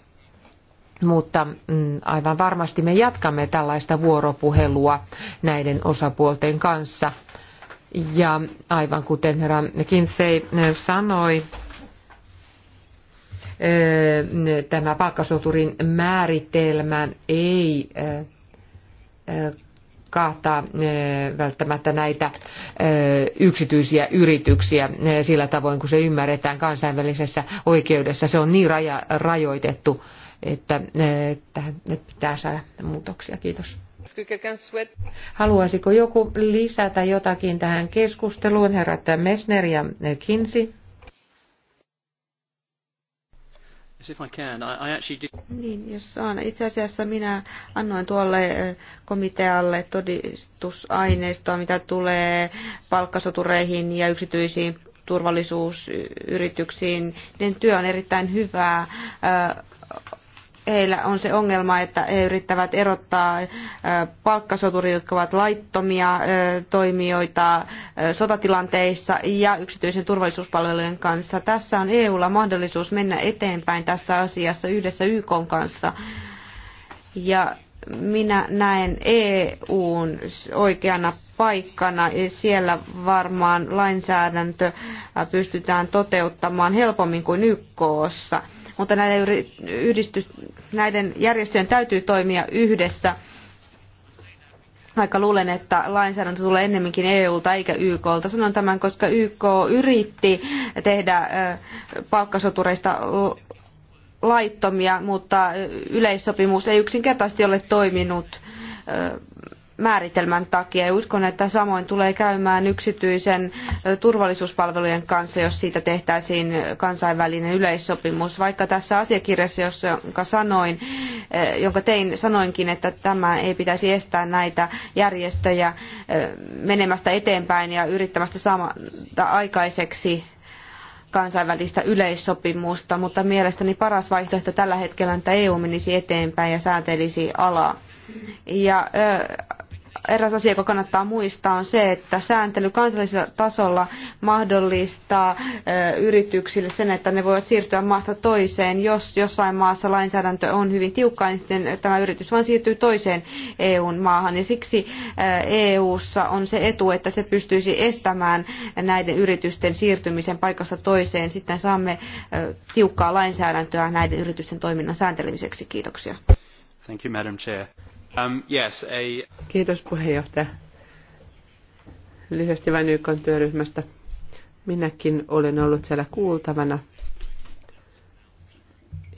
mutta mm, aivan varmasti me jatkamme tällaista vuoropuhelua näiden osapuolten kanssa. Ja aivan kuten herra Kinsey eh, sanoi, eh, tämä palkkasoturin määritelmä ei eh, kahtaa välttämättä näitä yksityisiä yrityksiä sillä tavoin, kun se ymmärretään kansainvälisessä oikeudessa. Se on niin rajoitettu että eh, tähän pitää saada muutoksia. Kiitos. Haluaisiko joku lisätä jotakin tähän keskusteluun, herrat Messner ja eh, Kinsi? Niin, jos saan. Itse asiassa minä annoin tuolle eh, komitealle todistusaineistoa, mitä tulee palkkasotureihin ja yksityisiin turvallisuusyrityksiin. Niiden työ on erittäin hyvää heillä on se ongelma, että he yrittävät erottaa palkkasoturit, jotka ovat laittomia toimijoita sotatilanteissa ja yksityisen turvallisuuspalvelujen kanssa. Tässä on EUlla mahdollisuus mennä eteenpäin tässä asiassa yhdessä YK kanssa. Ja minä näen EUn oikeana paikkana. Siellä varmaan lainsäädäntö pystytään toteuttamaan helpommin kuin YKssa mutta näiden, yhdistys, näiden järjestöjen täytyy toimia yhdessä vaikka luulen, että lainsäädäntö tulee ennemminkin EUlta eikä YKlta. Sanon tämän, koska YK yritti tehdä palkkasotureista laittomia, mutta yleissopimus ei yksinkertaisesti ole toiminut määritelmän takia. Ja uskon, että samoin tulee käymään yksityisen turvallisuuspalvelujen kanssa, jos siitä tehtäisiin kansainvälinen yleissopimus. Vaikka tässä asiakirjassa, jonka, sanoin, jonka tein, sanoinkin, että tämä ei pitäisi estää näitä järjestöjä menemästä eteenpäin ja yrittämästä saada aikaiseksi kansainvälistä yleissopimusta, mutta mielestäni paras vaihtoehto tällä hetkellä on, että EU menisi eteenpäin ja säätelisi alaa. Ja ö, eräs asia, joka kannattaa muistaa, on se, että sääntely kansallisella tasolla mahdollistaa yrityksille sen, että ne voivat siirtyä maasta toiseen. Jos jossain maassa lainsäädäntö on hyvin tiukka, niin sitten tämä yritys vain siirtyy toiseen eu maahan. Ja siksi EUssa on se etu, että se pystyisi estämään näiden yritysten siirtymisen paikasta toiseen. Sitten saamme tiukkaa lainsäädäntöä näiden yritysten toiminnan sääntelemiseksi. Kiitoksia. Thank you, Madam Chair. Um, yes, a... Kiitos puheenjohtaja. Lyhyesti vain YK työryhmästä. Minäkin olen ollut siellä kuultavana.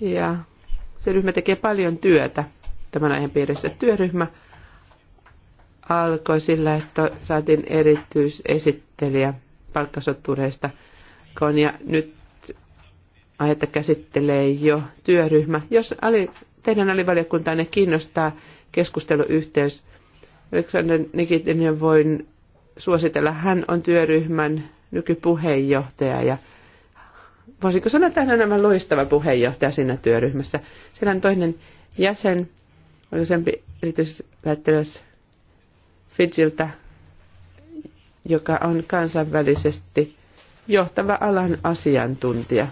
Ja se ryhmä tekee paljon työtä tämän aiheen piirissä. Työryhmä alkoi sillä, että saatiin erityisesittelijä palkkasottureista, kun ja nyt aihetta käsittelee jo työryhmä. Jos ali, teidän alivaliokuntanne kiinnostaa keskusteluyhteys. Aleksander Nikitinen voin suositella. Hän on työryhmän nykypuheenjohtaja ja voisinko sanoa, että hän on aivan loistava puheenjohtaja siinä työryhmässä. Siellä on toinen jäsen, useampi erityislähettiläs Fidjiltä, joka on kansainvälisesti johtava alan asiantuntija.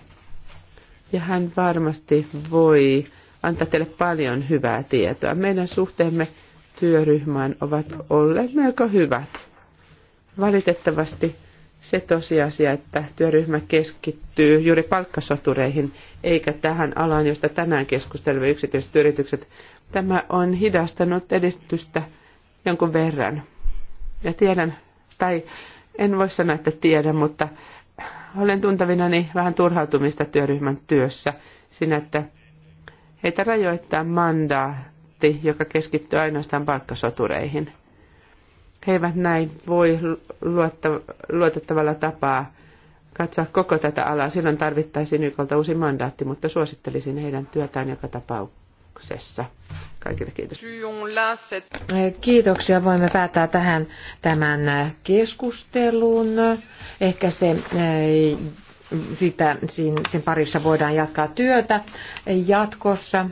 Ja hän varmasti voi antaa teille paljon hyvää tietoa. Meidän suhteemme työryhmään ovat olleet melko hyvät. Valitettavasti se tosiasia, että työryhmä keskittyy juuri palkkasotureihin eikä tähän alaan, josta tänään keskustelemme yksityiset yritykset, tämä on hidastanut edistystä jonkun verran. Ja tiedän, tai en voi sanoa, että tiedän, mutta olen tuntavinani vähän turhautumista työryhmän työssä siinä, että Heitä rajoittaa mandaatti, joka keskittyy ainoastaan palkkasotureihin. He eivät näin voi luotta, luotettavalla tapaa katsoa koko tätä alaa. Silloin tarvittaisiin YKlta uusi mandaatti, mutta suosittelisin heidän työtään joka tapauksessa. Kaikille kiitos. Kiitoksia. Voimme päättää tähän tämän keskustelun. Ehkä se eh, sitä, sen parissa voidaan jatkaa työtä jatkossa,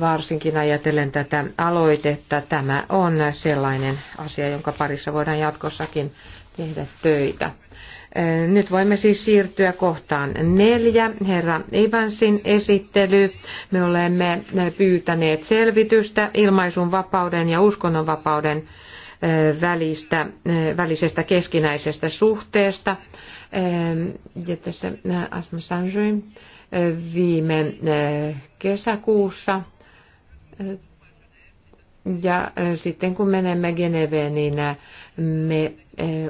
varsinkin ajatellen tätä aloitetta. Tämä on sellainen asia, jonka parissa voidaan jatkossakin tehdä töitä. Nyt voimme siis siirtyä kohtaan neljä, herra Ivansin esittely. Me olemme pyytäneet selvitystä ilmaisun vapauden ja uskonnonvapauden välistä, välisestä keskinäisestä suhteesta. Ja tässä Asma Sanjuin viime kesäkuussa ja sitten kun menemme Geneveen, niin me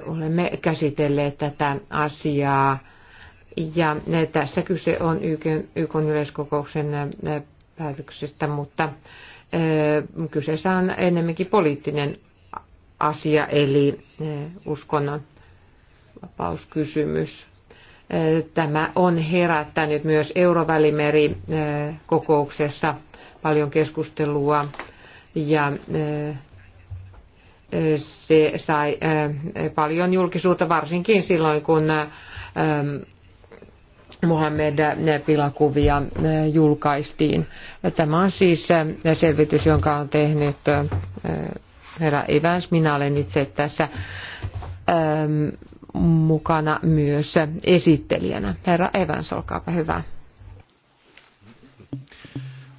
olemme käsitelleet tätä asiaa. Ja tässä kyse on YK yleiskokouksen päätöksestä, mutta kyseessä on enemmänkin poliittinen asia, eli eh, uskonnon vapauskysymys. Eh, tämä on herättänyt myös Eurovälimeri eh, kokouksessa paljon keskustelua ja se sai paljon julkisuutta varsinkin silloin, kun Mohamed pilakuvia julkaistiin. Tämä on siis selvitys, jonka on tehnyt herra Evans. Minä olen itse tässä äm, mukana myös esittelijänä. Herra Evans, olkaapa hyvä.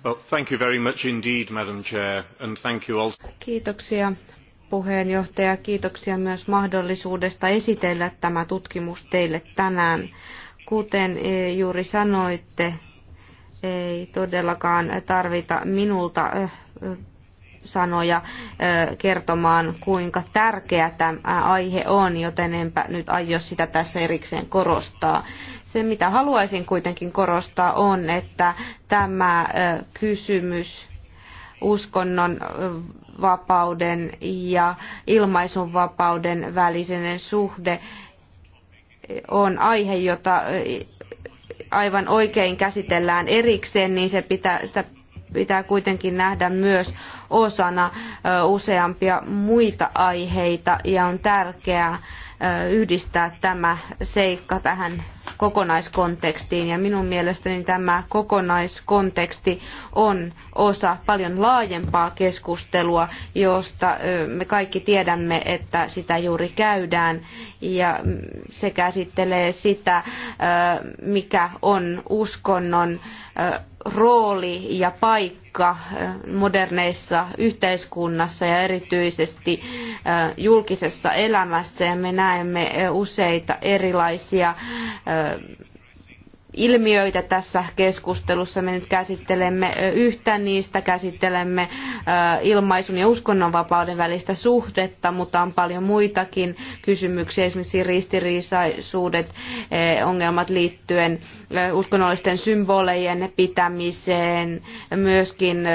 Well, thank you very much indeed, Madam Chair, and thank you also. Kiitoksia puheenjohtaja. Kiitoksia myös mahdollisuudesta esitellä tämä tutkimus teille tänään. Kuten e, juuri sanoitte, ei todellakaan tarvita minulta sanoja kertomaan, kuinka tärkeä tämä aihe on, joten enpä nyt aio sitä tässä erikseen korostaa. Se, mitä haluaisin kuitenkin korostaa, on, että tämä kysymys uskonnon vapauden ja ilmaisun vapauden välinen suhde on aihe, jota aivan oikein käsitellään erikseen, niin se pitää, sitä pitää kuitenkin nähdä myös osana useampia muita aiheita ja on tärkeää yhdistää tämä seikka tähän kokonaiskontekstiin ja minun mielestäni tämä kokonaiskonteksti on osa paljon laajempaa keskustelua, josta me kaikki tiedämme, että sitä juuri käydään ja se käsittelee sitä, mikä on uskonnon rooli ja paikka äh, moderneissa yhteiskunnassa ja erityisesti äh, julkisessa elämässä ja me näemme äh, useita erilaisia ilmiöitä tässä keskustelussa. Me nyt käsittelemme yhtä niistä, käsittelemme ilmaisun ja uskonnonvapauden välistä suhdetta, mutta on paljon muitakin kysymyksiä, esimerkiksi ristiriisaisuudet, ongelmat liittyen uskonnollisten symbolejen pitämiseen, myöskin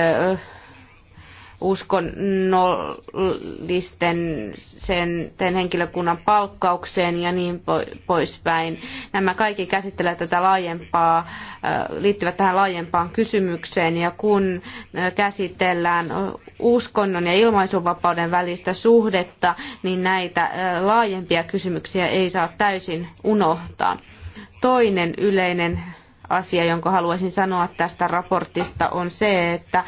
uskonnollisten sen, sen henkilökunnan palkkaukseen ja niin poispäin. Nämä kaikki käsittelevät tätä laajempaa, äh, liittyvät tähän laajempaan kysymykseen ja kun äh, käsitellään uskonnon ja ilmaisuvapauden välistä suhdetta, niin näitä äh, laajempia kysymyksiä ei saa täysin unohtaa. Toinen yleinen asia, jonka haluaisin sanoa tästä raportista, on se, että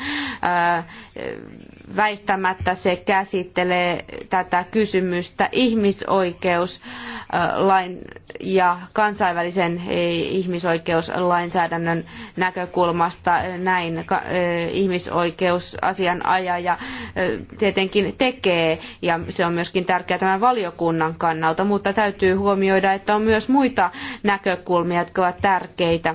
väistämättä se käsittelee tätä kysymystä ihmisoikeuslain ja kansainvälisen ihmisoikeuslainsäädännön näkökulmasta näin ihmisoikeusasianajaja tietenkin tekee ja se on myöskin tärkeää tämän valiokunnan kannalta, mutta täytyy huomioida, että on myös muita näkökulmia, jotka ovat tärkeitä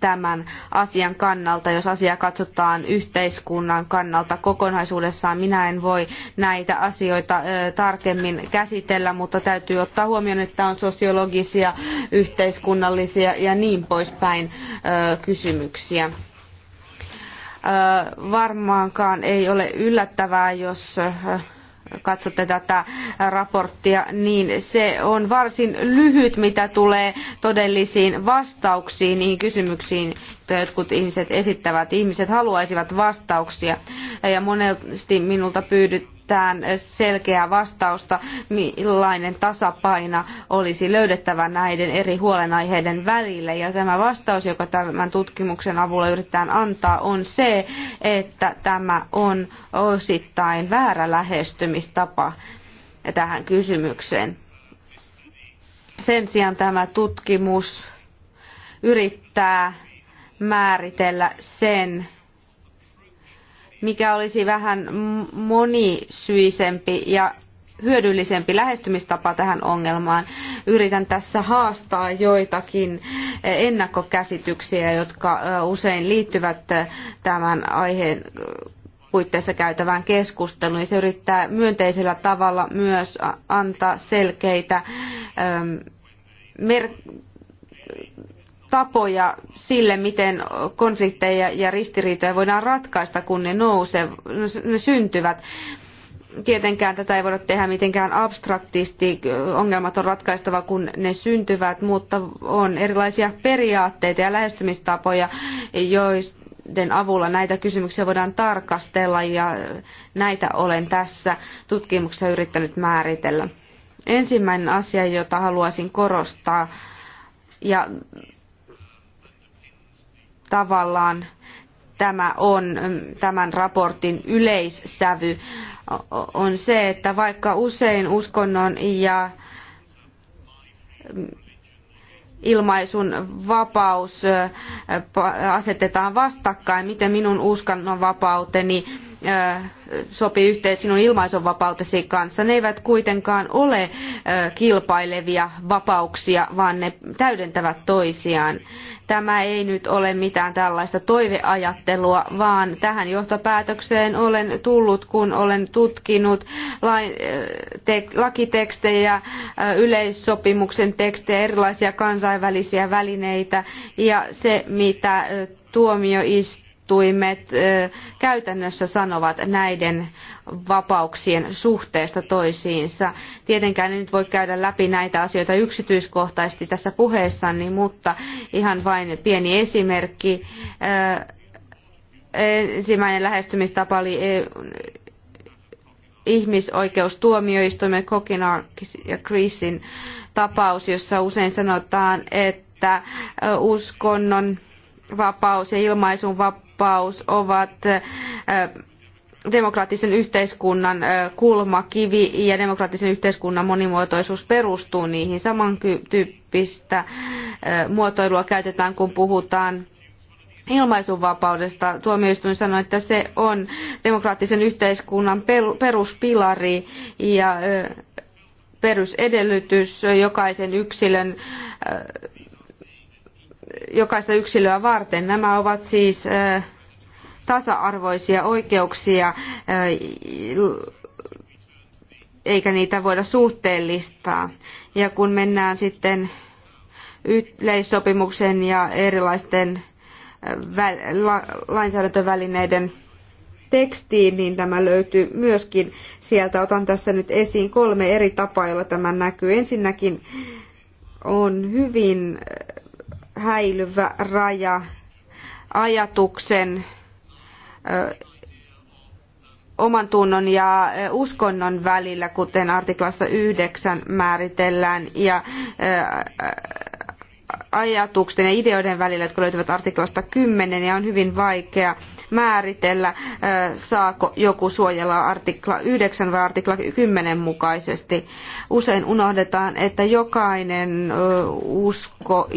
tämän asian kannalta, jos asia katsotaan yhteiskunnan kannalta kokonaisuudessaan. Minä en voi näitä asioita tarkemmin käsitellä, mutta täytyy ottaa huomioon, että on sosiologisia, yhteiskunnallisia ja niin poispäin kysymyksiä. varmaankaan ei ole yllättävää, jos katsotte tätä raporttia, niin se on varsin lyhyt, mitä tulee todellisiin vastauksiin niihin kysymyksiin, joita jotkut ihmiset esittävät. Ihmiset haluaisivat vastauksia ja monesti minulta pyydyt, mitään selkeää vastausta, millainen tasapaino olisi löydettävä näiden eri huolenaiheiden välille. Ja tämä vastaus, joka tämän tutkimuksen avulla yritetään antaa, on se, että tämä on osittain väärä lähestymistapa tähän kysymykseen. Sen sijaan tämä tutkimus yrittää määritellä sen, mikä olisi vähän monisyisempi ja hyödyllisempi lähestymistapa tähän ongelmaan. Yritän tässä haastaa joitakin ennakkokäsityksiä, jotka usein liittyvät tämän aiheen puitteissa käytävään keskusteluun. Se yrittää myönteisellä tavalla myös antaa selkeitä mer- tapoja sille, miten konflikteja ja ristiriitoja voidaan ratkaista, kun ne, nouse, ne syntyvät. Tietenkään tätä ei voida tehdä mitenkään abstraktisti, ongelmat on ratkaistava, kun ne syntyvät, mutta on erilaisia periaatteita ja lähestymistapoja, joiden avulla näitä kysymyksiä voidaan tarkastella ja näitä olen tässä tutkimuksessa yrittänyt määritellä. Ensimmäinen asia, jota haluaisin korostaa, ja tavallaan tämä on mm, tämän raportin yleissävy, on se, että vaikka usein uskonnon ja mm, ilmaisun vapaus asetetaan vastakkain, miten minun vapauteni sopii yhteen sinun ilmaisunvapautesi kanssa. Ne eivät kuitenkaan ole kilpailevia vapauksia, vaan ne täydentävät toisiaan. Tämä ei nyt ole mitään tällaista toiveajattelua, vaan tähän johtopäätökseen olen tullut, kun olen tutkinut lakitekstejä, yleissopimuksen tekstejä, erilaisia kansainvälisiä välineitä ja se, mitä tuomioistuin tuomioistuimet käytännössä sanovat näiden vapauksien suhteesta toisiinsa. Tietenkään en nyt voi käydä läpi näitä asioita yksityiskohtaisesti tässä puheessani, mutta ihan vain pieni esimerkki. Ensimmäinen lähestymistapa oli e- ihmisoikeustuomioistuimen Kokinar ja Chrisin tapaus, jossa usein sanotaan, että uskonnon vapaus ja ilmaisun vapaus ovat demokraattisen yhteiskunnan kulmakivi ja demokraattisen yhteiskunnan monimuotoisuus perustuu niihin. Samantyyppistä muotoilua käytetään, kun puhutaan ilmaisunvapaudesta. Tuomioistuin sanoi, että se on demokraattisen yhteiskunnan peruspilari ja perusedellytys jokaisen yksilön jokaista yksilöä varten. Nämä ovat siis tasa-arvoisia oikeuksia, eikä niitä voida suhteellistaa. Ja kun mennään sitten yleissopimuksen ja erilaisten lainsäädäntövälineiden tekstiin, niin tämä löytyy myöskin sieltä. Otan tässä nyt esiin kolme eri tapaa, joilla tämä näkyy. Ensinnäkin on hyvin häilyvä raja ajatuksen, oman tunnon ja uskonnon välillä, kuten artiklassa 9 määritellään, ja ajatuksen ja ideoiden välillä, jotka löytyvät artiklasta 10, ja on hyvin vaikea määritellä, saako joku suojella artikla 9 vai artikla 10 mukaisesti. Usein unohdetaan, että jokainen usko,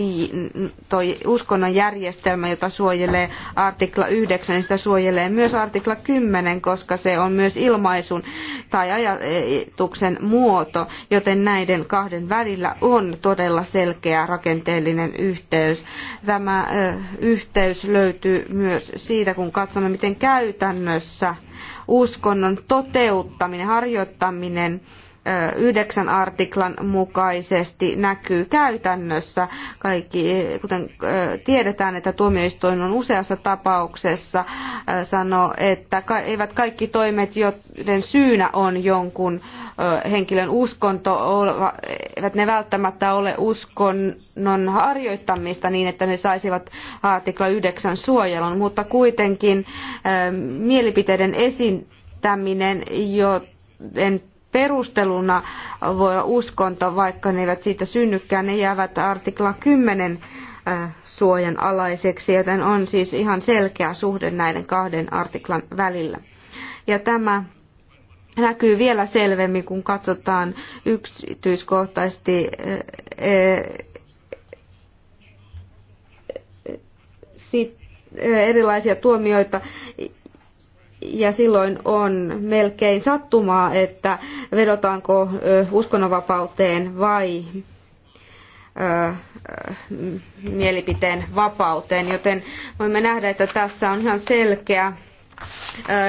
toi uskonnon järjestelmä, jota suojelee artikla 9, sitä suojelee myös artikla 10, koska se on myös ilmaisun tai ajatuksen muoto, joten näiden kahden välillä on todella selkeä rakenteellinen yhteys. Tämä yhteys löytyy myös siitä, kun katsomme, miten käytännössä uskonnon toteuttaminen, harjoittaminen yhdeksän artiklan mukaisesti näkyy käytännössä. Kaikki, kuten tiedetään, että tuomioistuin on useassa tapauksessa sanoo, että eivät kaikki toimet, joiden syynä on jonkun henkilön uskonto, eivät ne välttämättä ole uskonnon harjoittamista niin, että ne saisivat artikla 9 suojelun, mutta kuitenkin mielipiteiden esittäminen, joten perusteluna voi olla uskonto, vaikka ne eivät siitä synnykään, ne jäävät artiklan 10 suojan alaiseksi, joten on siis ihan selkeä suhde näiden kahden artiklan välillä. Ja tämä näkyy vielä selvemmin, kun katsotaan yksityiskohtaisesti erilaisia tuomioita, ja silloin on melkein sattumaa, että vedotaanko uskonnonvapauteen vai mielipiteen vapauteen, joten voimme nähdä, että tässä on ihan selkeä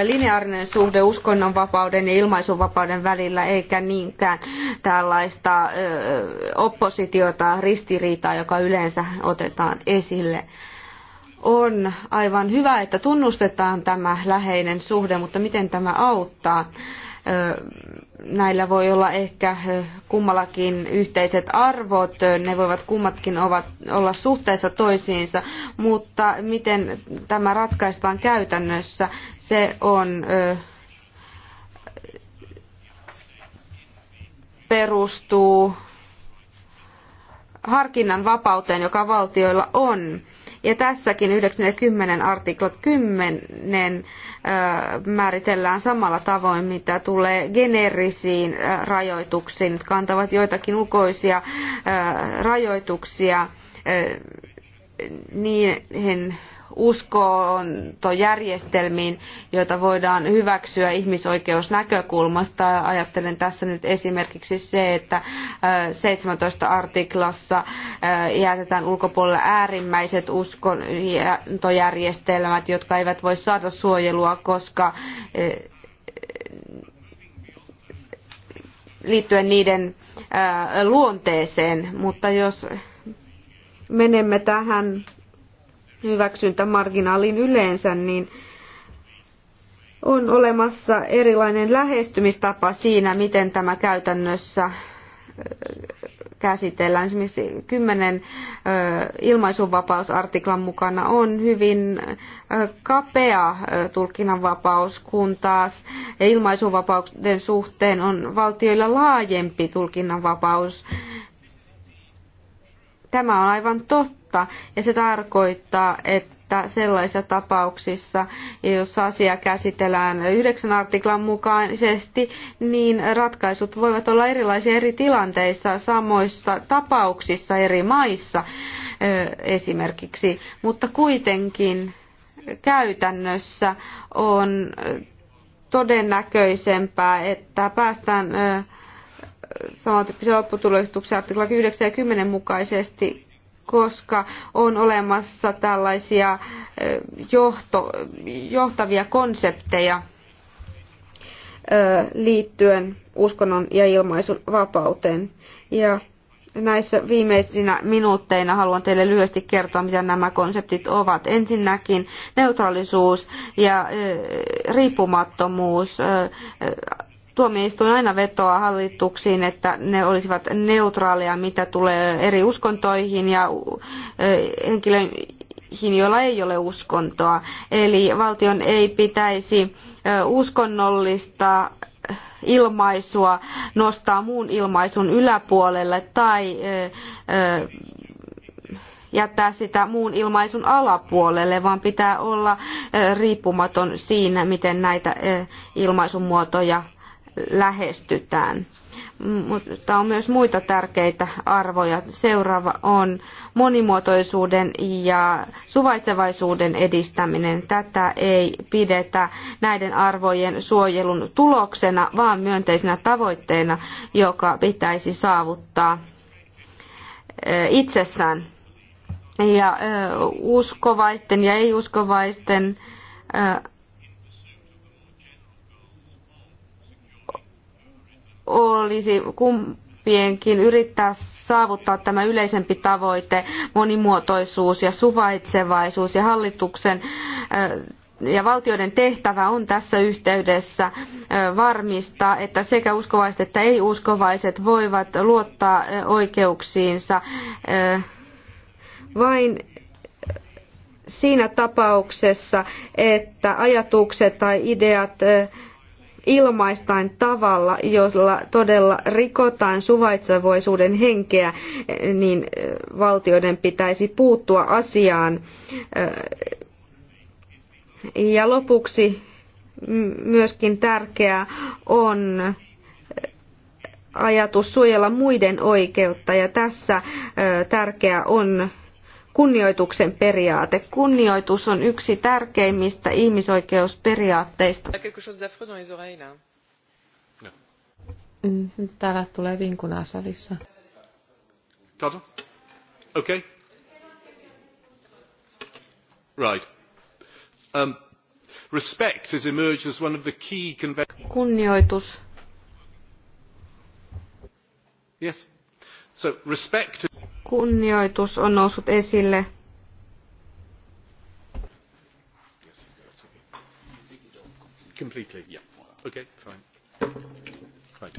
lineaarinen suhde uskonnonvapauden ja ilmaisunvapauden välillä, eikä niinkään tällaista oppositiota, ristiriitaa, joka yleensä otetaan esille on aivan hyvä, että tunnustetaan tämä läheinen suhde, mutta miten tämä auttaa? Näillä voi olla ehkä kummallakin yhteiset arvot, ne voivat kummatkin olla suhteessa toisiinsa, mutta miten tämä ratkaistaan käytännössä, se on perustuu harkinnan vapauteen, joka valtioilla on. Ja tässäkin 910 artiklat 10 määritellään samalla tavoin, mitä tulee generisiin rajoituksiin, jotka antavat joitakin ulkoisia rajoituksia niihin uskontojärjestelmiin, joita voidaan hyväksyä ihmisoikeusnäkökulmasta. Ajattelen tässä nyt esimerkiksi se, että 17 artiklassa jätetään ulkopuolelle äärimmäiset uskontojärjestelmät, jotka eivät voi saada suojelua, koska liittyen niiden luonteeseen, mutta jos menemme tähän hyväksyntämarginaalin yleensä, niin on olemassa erilainen lähestymistapa siinä, miten tämä käytännössä käsitellään. Esimerkiksi kymmenen ilmaisunvapausartiklan mukana on hyvin kapea tulkinnanvapaus, kun taas ilmaisunvapauden suhteen on valtioilla laajempi tulkinnanvapaus. Tämä on aivan totta kautta. Ja se tarkoittaa, että sellaisissa tapauksissa, jos asia käsitellään yhdeksän artiklan mukaisesti, niin ratkaisut voivat olla erilaisia eri tilanteissa, samoissa tapauksissa eri maissa esimerkiksi. Mutta kuitenkin käytännössä on todennäköisempää, että päästään samantyyppisen lopputuloksen artikla 9 ja 10 mukaisesti koska on olemassa tällaisia eh, johto, johtavia konsepteja eh, liittyen uskonnon ja ilmaisun vapauteen. Ja näissä viimeisinä minuutteina haluan teille lyhyesti kertoa, mitä nämä konseptit ovat. Ensinnäkin neutraalisuus ja eh, riippumattomuus tuomioistuin aina vetoaa hallituksiin, että ne olisivat neutraaleja, mitä tulee eri uskontoihin ja henkilöihin, joilla ei ole uskontoa. Eli valtion ei pitäisi uskonnollista ilmaisua nostaa muun ilmaisun yläpuolelle tai jättää sitä muun ilmaisun alapuolelle, vaan pitää olla riippumaton siinä, miten näitä ilmaisun muotoja lähestytään. Mutta on myös muita tärkeitä arvoja. Seuraava on monimuotoisuuden ja suvaitsevaisuuden edistäminen. Tätä ei pidetä näiden arvojen suojelun tuloksena, vaan myönteisenä tavoitteena, joka pitäisi saavuttaa e, itsessään. Ja e, uskovaisten ja ei-uskovaisten e, olisi kumpienkin yrittää saavuttaa tämä yleisempi tavoite, monimuotoisuus ja suvaitsevaisuus ja hallituksen äh, ja valtioiden tehtävä on tässä yhteydessä äh, varmistaa, että sekä uskovaiset että ei-uskovaiset voivat luottaa äh, oikeuksiinsa vain siinä tapauksessa, että ajatukset tai ideat ilmaistaan tavalla, jolla todella rikotaan suvaitsevaisuuden henkeä, niin valtioiden pitäisi puuttua asiaan. Ja lopuksi myöskin tärkeää on ajatus suojella muiden oikeutta ja tässä tärkeää on kunnioituksen periaate. Kunnioitus on yksi tärkeimmistä ihmisoikeusperiaatteista. No. Mm, täällä tulee vinkunaa salissa. Pardon? Okay. Right. Um, respect has emerged as one of the key conventions. Kunnioitus. Yes. So respect kunnioitus on noussut esille. Completely, yeah. Okay, fine. Right.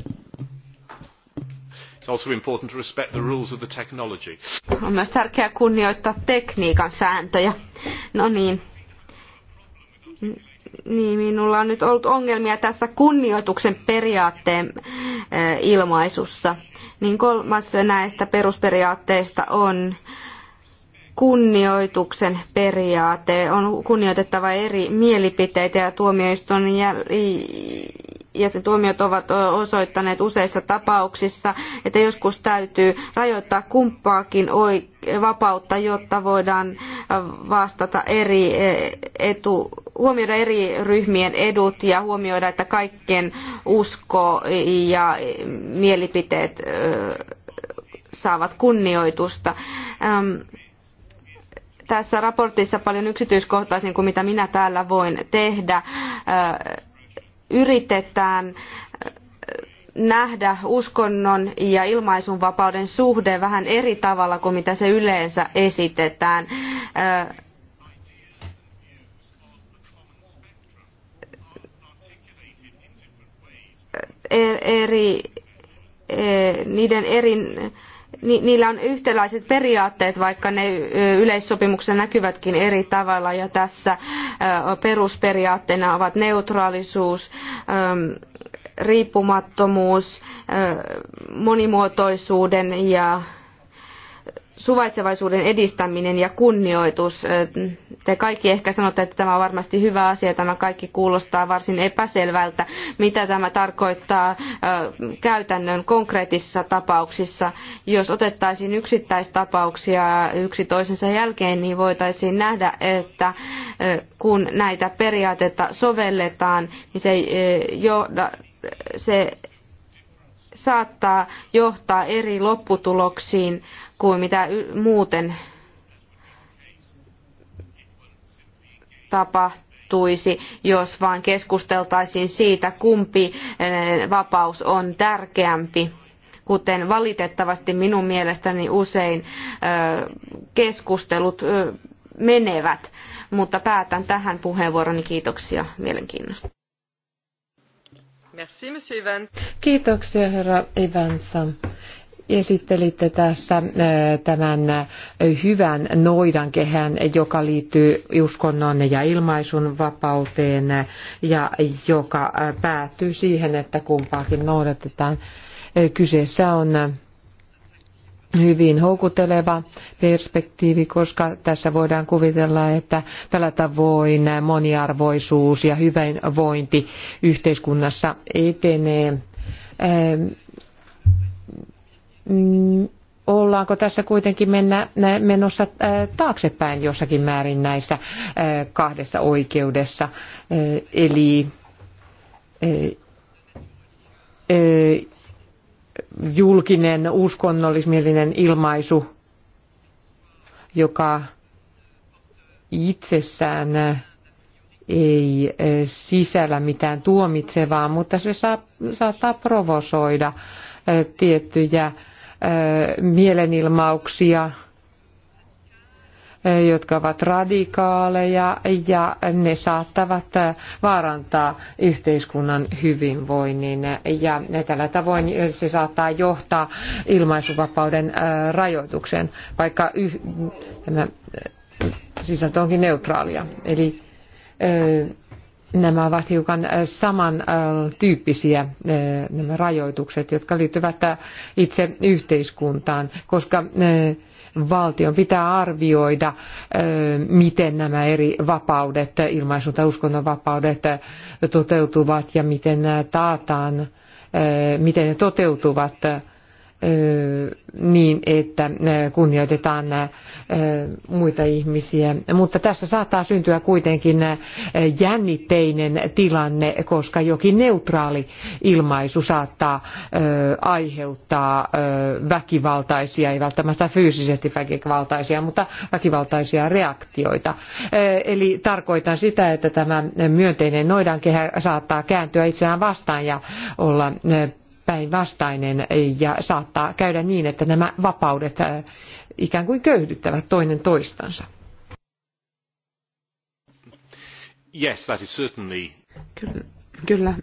It's also important to respect the rules of the technology. On myös tärkeää kunnioittaa tekniikan sääntöjä. No niin. Niin, minulla on nyt ollut ongelmia tässä kunnioituksen periaatteen ilmaisussa niin kolmas näistä perusperiaatteista on kunnioituksen periaate. On kunnioitettava eri mielipiteitä ja tuomioistuin ja sen tuomiot ovat osoittaneet useissa tapauksissa, että joskus täytyy rajoittaa kumppaakin vapautta, jotta voidaan vastata eri etu, huomioida eri ryhmien edut ja huomioida, että kaikkien usko ja mielipiteet saavat kunnioitusta tässä raportissa paljon yksityiskohtaisin kuin mitä minä täällä voin tehdä yritetään äh, nähdä uskonnon ja ilmaisunvapauden suhde vähän eri tavalla kuin mitä se yleensä esitetään. Äh, e- eri, e- niiden eri niillä on yhtäläiset periaatteet, vaikka ne yleissopimuksessa näkyvätkin eri tavalla. Ja tässä perusperiaatteena ovat neutraalisuus, riippumattomuus, monimuotoisuuden ja suvaitsevaisuuden edistäminen ja kunnioitus. Te kaikki ehkä sanotte, että tämä on varmasti hyvä asia. Tämä kaikki kuulostaa varsin epäselvältä, mitä tämä tarkoittaa käytännön konkreettisissa tapauksissa. Jos otettaisiin yksittäistapauksia yksi toisensa jälkeen, niin voitaisiin nähdä, että kun näitä periaatteita sovelletaan, niin se ei johda se saattaa johtaa eri lopputuloksiin kuin mitä muuten tapahtuisi, jos vain keskusteltaisiin siitä, kumpi eh, vapaus on tärkeämpi kuten valitettavasti minun mielestäni usein eh, keskustelut eh, menevät. Mutta päätän tähän puheenvuoroni. Kiitoksia mielenkiinnosta. Merci, monsieur Evans. Kiitoksia, herra Evans. Esittelitte tässä äh, tämän äh, hyvän noidankehän, joka liittyy uskonnon ja ilmaisun vapauteen äh, ja joka päättyy siihen, että kumpaakin noudatetaan. Kyseessä on hyvin houkutteleva perspektiivi, koska tässä voidaan kuvitella, että tällä tavoin moniarvoisuus ja hyvinvointi yhteiskunnassa etenee. Ollaanko tässä kuitenkin mennä, menossa taaksepäin jossakin määrin näissä kahdessa oikeudessa? Eli julkinen uskonnollismielinen ilmaisu, joka itsessään ei eh, sisällä mitään tuomitsevaa, mutta se saa, saattaa provosoida eh, tiettyjä eh, mielenilmauksia, jotka ovat radikaaleja ja ne saattavat vaarantaa yhteiskunnan hyvinvoinnin ja tällä tavoin se saattaa johtaa ilmaisuvapauden rajoitukseen, vaikka yh, tämä sisältö onkin neutraalia. Eli nämä ovat hiukan samantyyppisiä nämä rajoitukset, jotka liittyvät itse yhteiskuntaan, koska valtion pitää arvioida, miten nämä eri vapaudet, ilmaisun tai uskonnonvapaudet toteutuvat ja miten nämä taataan, miten ne toteutuvat niin, että kunnioitetaan muita ihmisiä. Mutta tässä saattaa syntyä kuitenkin jännitteinen tilanne, koska jokin neutraali ilmaisu saattaa aiheuttaa väkivaltaisia, ei välttämättä fyysisesti väkivaltaisia, mutta väkivaltaisia reaktioita. Eli tarkoitan sitä, että tämä myönteinen noidankehä saattaa kääntyä itseään vastaan ja olla päinvastainen ja saattaa käydä niin, että nämä vapaudet äh, ikään kuin köyhdyttävät toinen toistansa. Yes, that is certainly... Kyllä. Kyllä.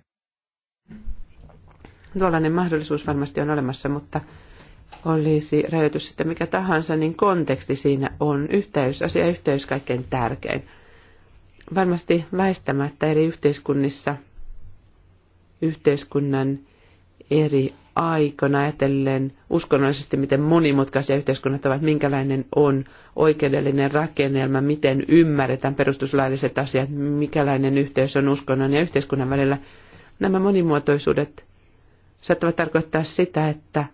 Tuollainen mahdollisuus varmasti on olemassa, mutta olisi rajoitus sitten mikä tahansa, niin konteksti siinä on yhteys, asia yhteys kaikkein tärkein. Varmasti väistämättä eri yhteiskunnissa yhteiskunnan eri aikoina ajatellen uskonnollisesti, miten monimutkaisia yhteiskunnat ovat, minkälainen on oikeudellinen rakennelma, miten ymmärretään perustuslailliset asiat, mikälainen yhteys on uskonnon ja yhteiskunnan välillä. Nämä monimuotoisuudet saattavat tarkoittaa sitä, että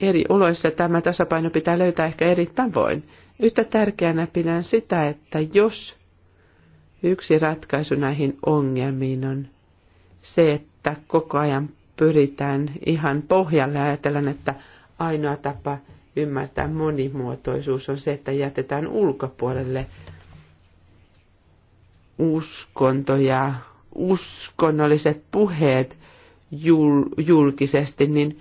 eri oloissa tämä tasapaino pitää löytää ehkä eri tavoin. Yhtä tärkeänä pidän sitä, että jos yksi ratkaisu näihin ongelmiin on se, että koko ajan pyritään ihan pohjalle ajatella, että ainoa tapa ymmärtää monimuotoisuus on se, että jätetään ulkopuolelle uskonto ja uskonnolliset puheet jul- julkisesti, niin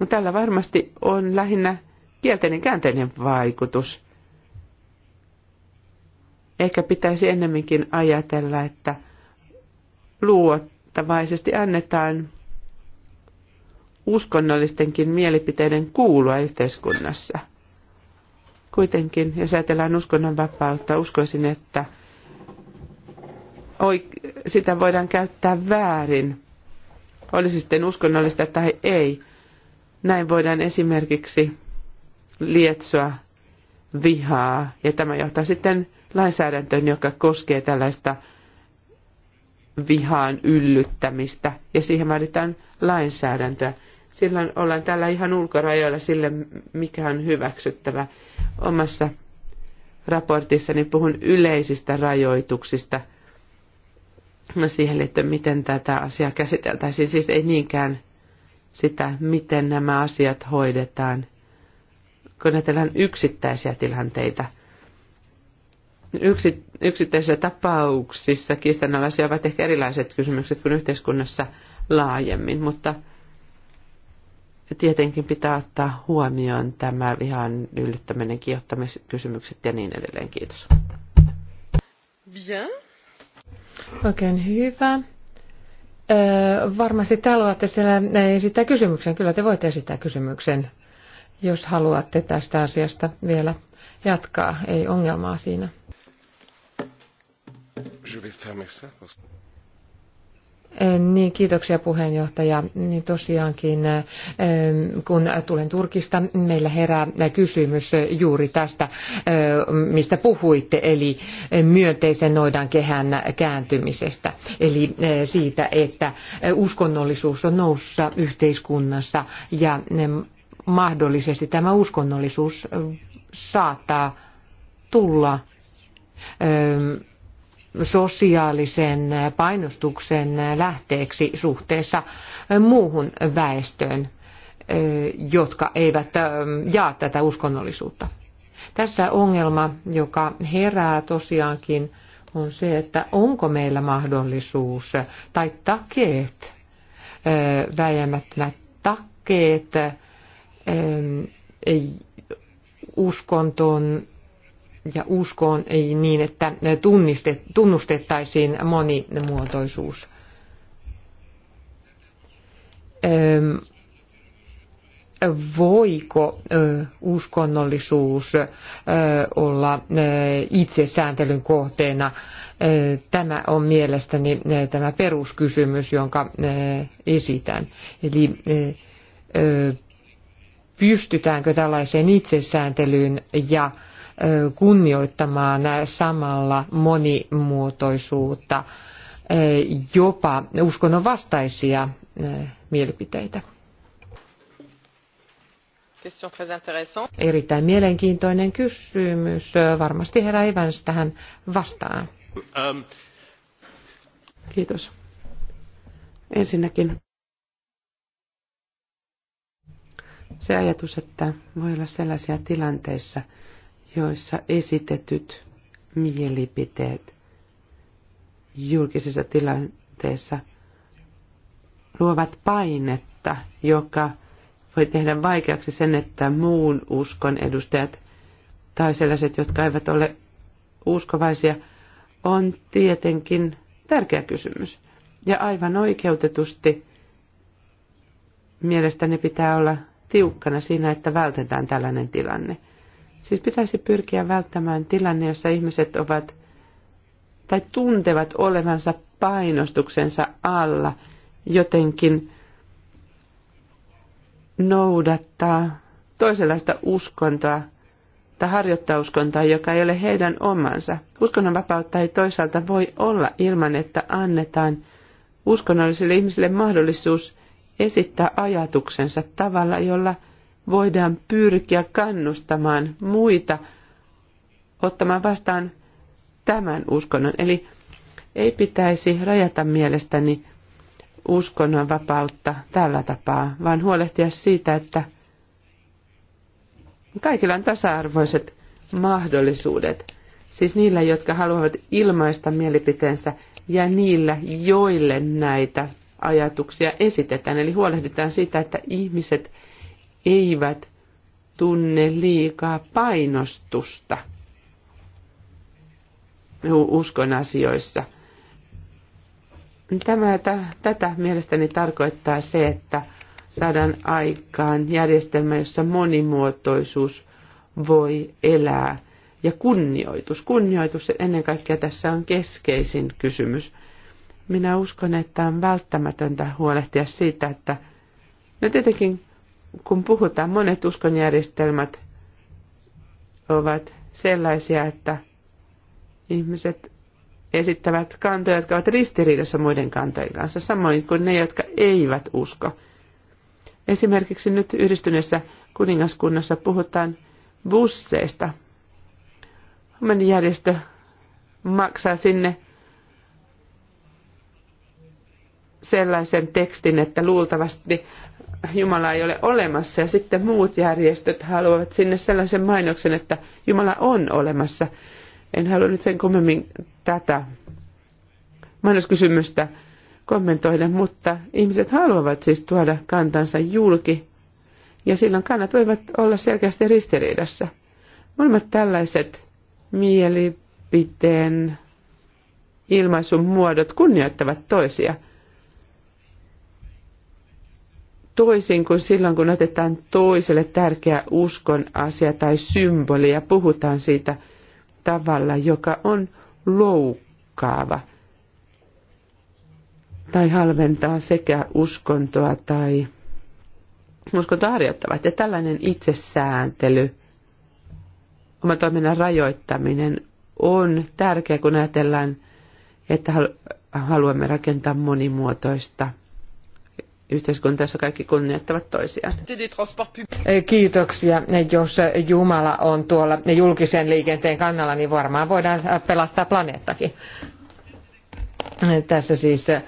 no tällä varmasti on lähinnä kielteinen käänteinen vaikutus. Ehkä pitäisi ennemminkin ajatella, että luottavaisesti annetaan uskonnollistenkin mielipiteiden kuulua yhteiskunnassa. Kuitenkin, jos ajatellaan uskonnonvapautta, uskoisin, että sitä voidaan käyttää väärin, olisi sitten uskonnollista tai ei. Näin voidaan esimerkiksi lietsoa vihaa, ja tämä johtaa sitten lainsäädäntöön, joka koskee tällaista vihaan yllyttämistä, ja siihen vaaditaan lainsäädäntöä silloin ollaan täällä ihan ulkorajoilla sille, mikä on hyväksyttävä. Omassa raportissani puhun yleisistä rajoituksista no, siihen että miten tätä asiaa käsiteltäisiin. Siis ei niinkään sitä, miten nämä asiat hoidetaan, kun ajatellaan yksittäisiä tilanteita. Yksi, yksittäisissä tapauksissa kiistanalaisia ovat ehkä erilaiset kysymykset kuin yhteiskunnassa laajemmin, mutta – ja tietenkin pitää ottaa huomioon tämä vihan yllyttäminen, kiihottamiskysymykset ja niin edelleen. Kiitos. Bien. Oikein hyvä. Öö, varmasti te haluatte siellä esittää kysymyksen. Kyllä te voitte esittää kysymyksen, jos haluatte tästä asiasta vielä jatkaa. Ei ongelmaa siinä. Eh, niin, kiitoksia puheenjohtaja. Niin tosiaankin, eh, kun tulen Turkista, meillä herää kysymys juuri tästä, eh, mistä puhuitte, eli myönteisen noidan kehän kääntymisestä. Eli siitä, että uskonnollisuus on noussut yhteiskunnassa ja mahdollisesti tämä uskonnollisuus saattaa tulla sosiaalisen painostuksen lähteeksi suhteessa muuhun väestöön, jotka eivät ähm, jaa tätä uskonnollisuutta. Tässä ongelma, joka herää tosiaankin, on se, että onko meillä mahdollisuus tai takeet, äh, väijämättömät takeet ähm, uskontoon ja uskoon niin, että tunnustettaisiin monimuotoisuus. Voiko uskonnollisuus olla itsesääntelyn kohteena? Tämä on mielestäni tämä peruskysymys, jonka esitän. Eli pystytäänkö tällaiseen itsesääntelyyn ja kunnioittamaan samalla monimuotoisuutta, jopa uskonnonvastaisia mielipiteitä. Erittäin mielenkiintoinen kysymys. Varmasti herra Evans tähän vastaa. Ähm. Kiitos. Ensinnäkin se ajatus, että voi olla sellaisia tilanteissa, joissa esitetyt mielipiteet julkisessa tilanteessa luovat painetta, joka voi tehdä vaikeaksi sen, että muun uskon edustajat tai sellaiset, jotka eivät ole uskovaisia, on tietenkin tärkeä kysymys. Ja aivan oikeutetusti mielestäni pitää olla tiukkana siinä, että vältetään tällainen tilanne. Siis pitäisi pyrkiä välttämään tilanne, jossa ihmiset ovat tai tuntevat olevansa painostuksensa alla jotenkin noudattaa toisenlaista uskontoa tai harjoittaa uskontoa, joka ei ole heidän omansa. Uskonnonvapautta ei toisaalta voi olla ilman, että annetaan uskonnollisille ihmisille mahdollisuus esittää ajatuksensa tavalla, jolla – voidaan pyrkiä kannustamaan muita ottamaan vastaan tämän uskonnon. Eli ei pitäisi rajata mielestäni uskonnon vapautta tällä tapaa, vaan huolehtia siitä, että kaikilla on tasa-arvoiset mahdollisuudet. Siis niillä, jotka haluavat ilmaista mielipiteensä ja niillä, joille näitä ajatuksia esitetään. Eli huolehditaan siitä, että ihmiset – eivät tunne liikaa painostusta uskon asioissa. Tämä, t- tätä mielestäni tarkoittaa se, että saadaan aikaan järjestelmä, jossa monimuotoisuus voi elää ja kunnioitus. Kunnioitus ennen kaikkea tässä on keskeisin kysymys. Minä uskon, että on välttämätöntä huolehtia siitä, että no tietenkin kun puhutaan, monet uskonjärjestelmät ovat sellaisia, että ihmiset esittävät kantoja, jotka ovat ristiriidassa muiden kantojen kanssa, samoin kuin ne, jotka eivät usko. Esimerkiksi nyt yhdistyneessä kuningaskunnassa puhutaan busseista. järjestö maksaa sinne sellaisen tekstin, että luultavasti Jumalaa ei ole olemassa ja sitten muut järjestöt haluavat sinne sellaisen mainoksen, että Jumala on olemassa. En halua nyt sen kummemmin tätä mainoskysymystä kommentoida, mutta ihmiset haluavat siis tuoda kantansa julki ja silloin kannat voivat olla selkeästi ristiriidassa. Molemmat tällaiset mielipiteen ilmaisun muodot kunnioittavat toisia – toisin kuin silloin, kun otetaan toiselle tärkeä uskon asia tai symboli ja puhutaan siitä tavalla, joka on loukkaava tai halventaa sekä uskontoa tai uskontoa harjoittavat. Ja tällainen itsesääntely, oman toiminnan rajoittaminen on tärkeä, kun ajatellaan, että haluamme rakentaa monimuotoista yhteiskunta, jossa kaikki kunnioittavat toisiaan. Kiitoksia. Jos Jumala on tuolla julkisen liikenteen kannalla, niin varmaan voidaan pelastaa planeettakin. Tässä siis äh,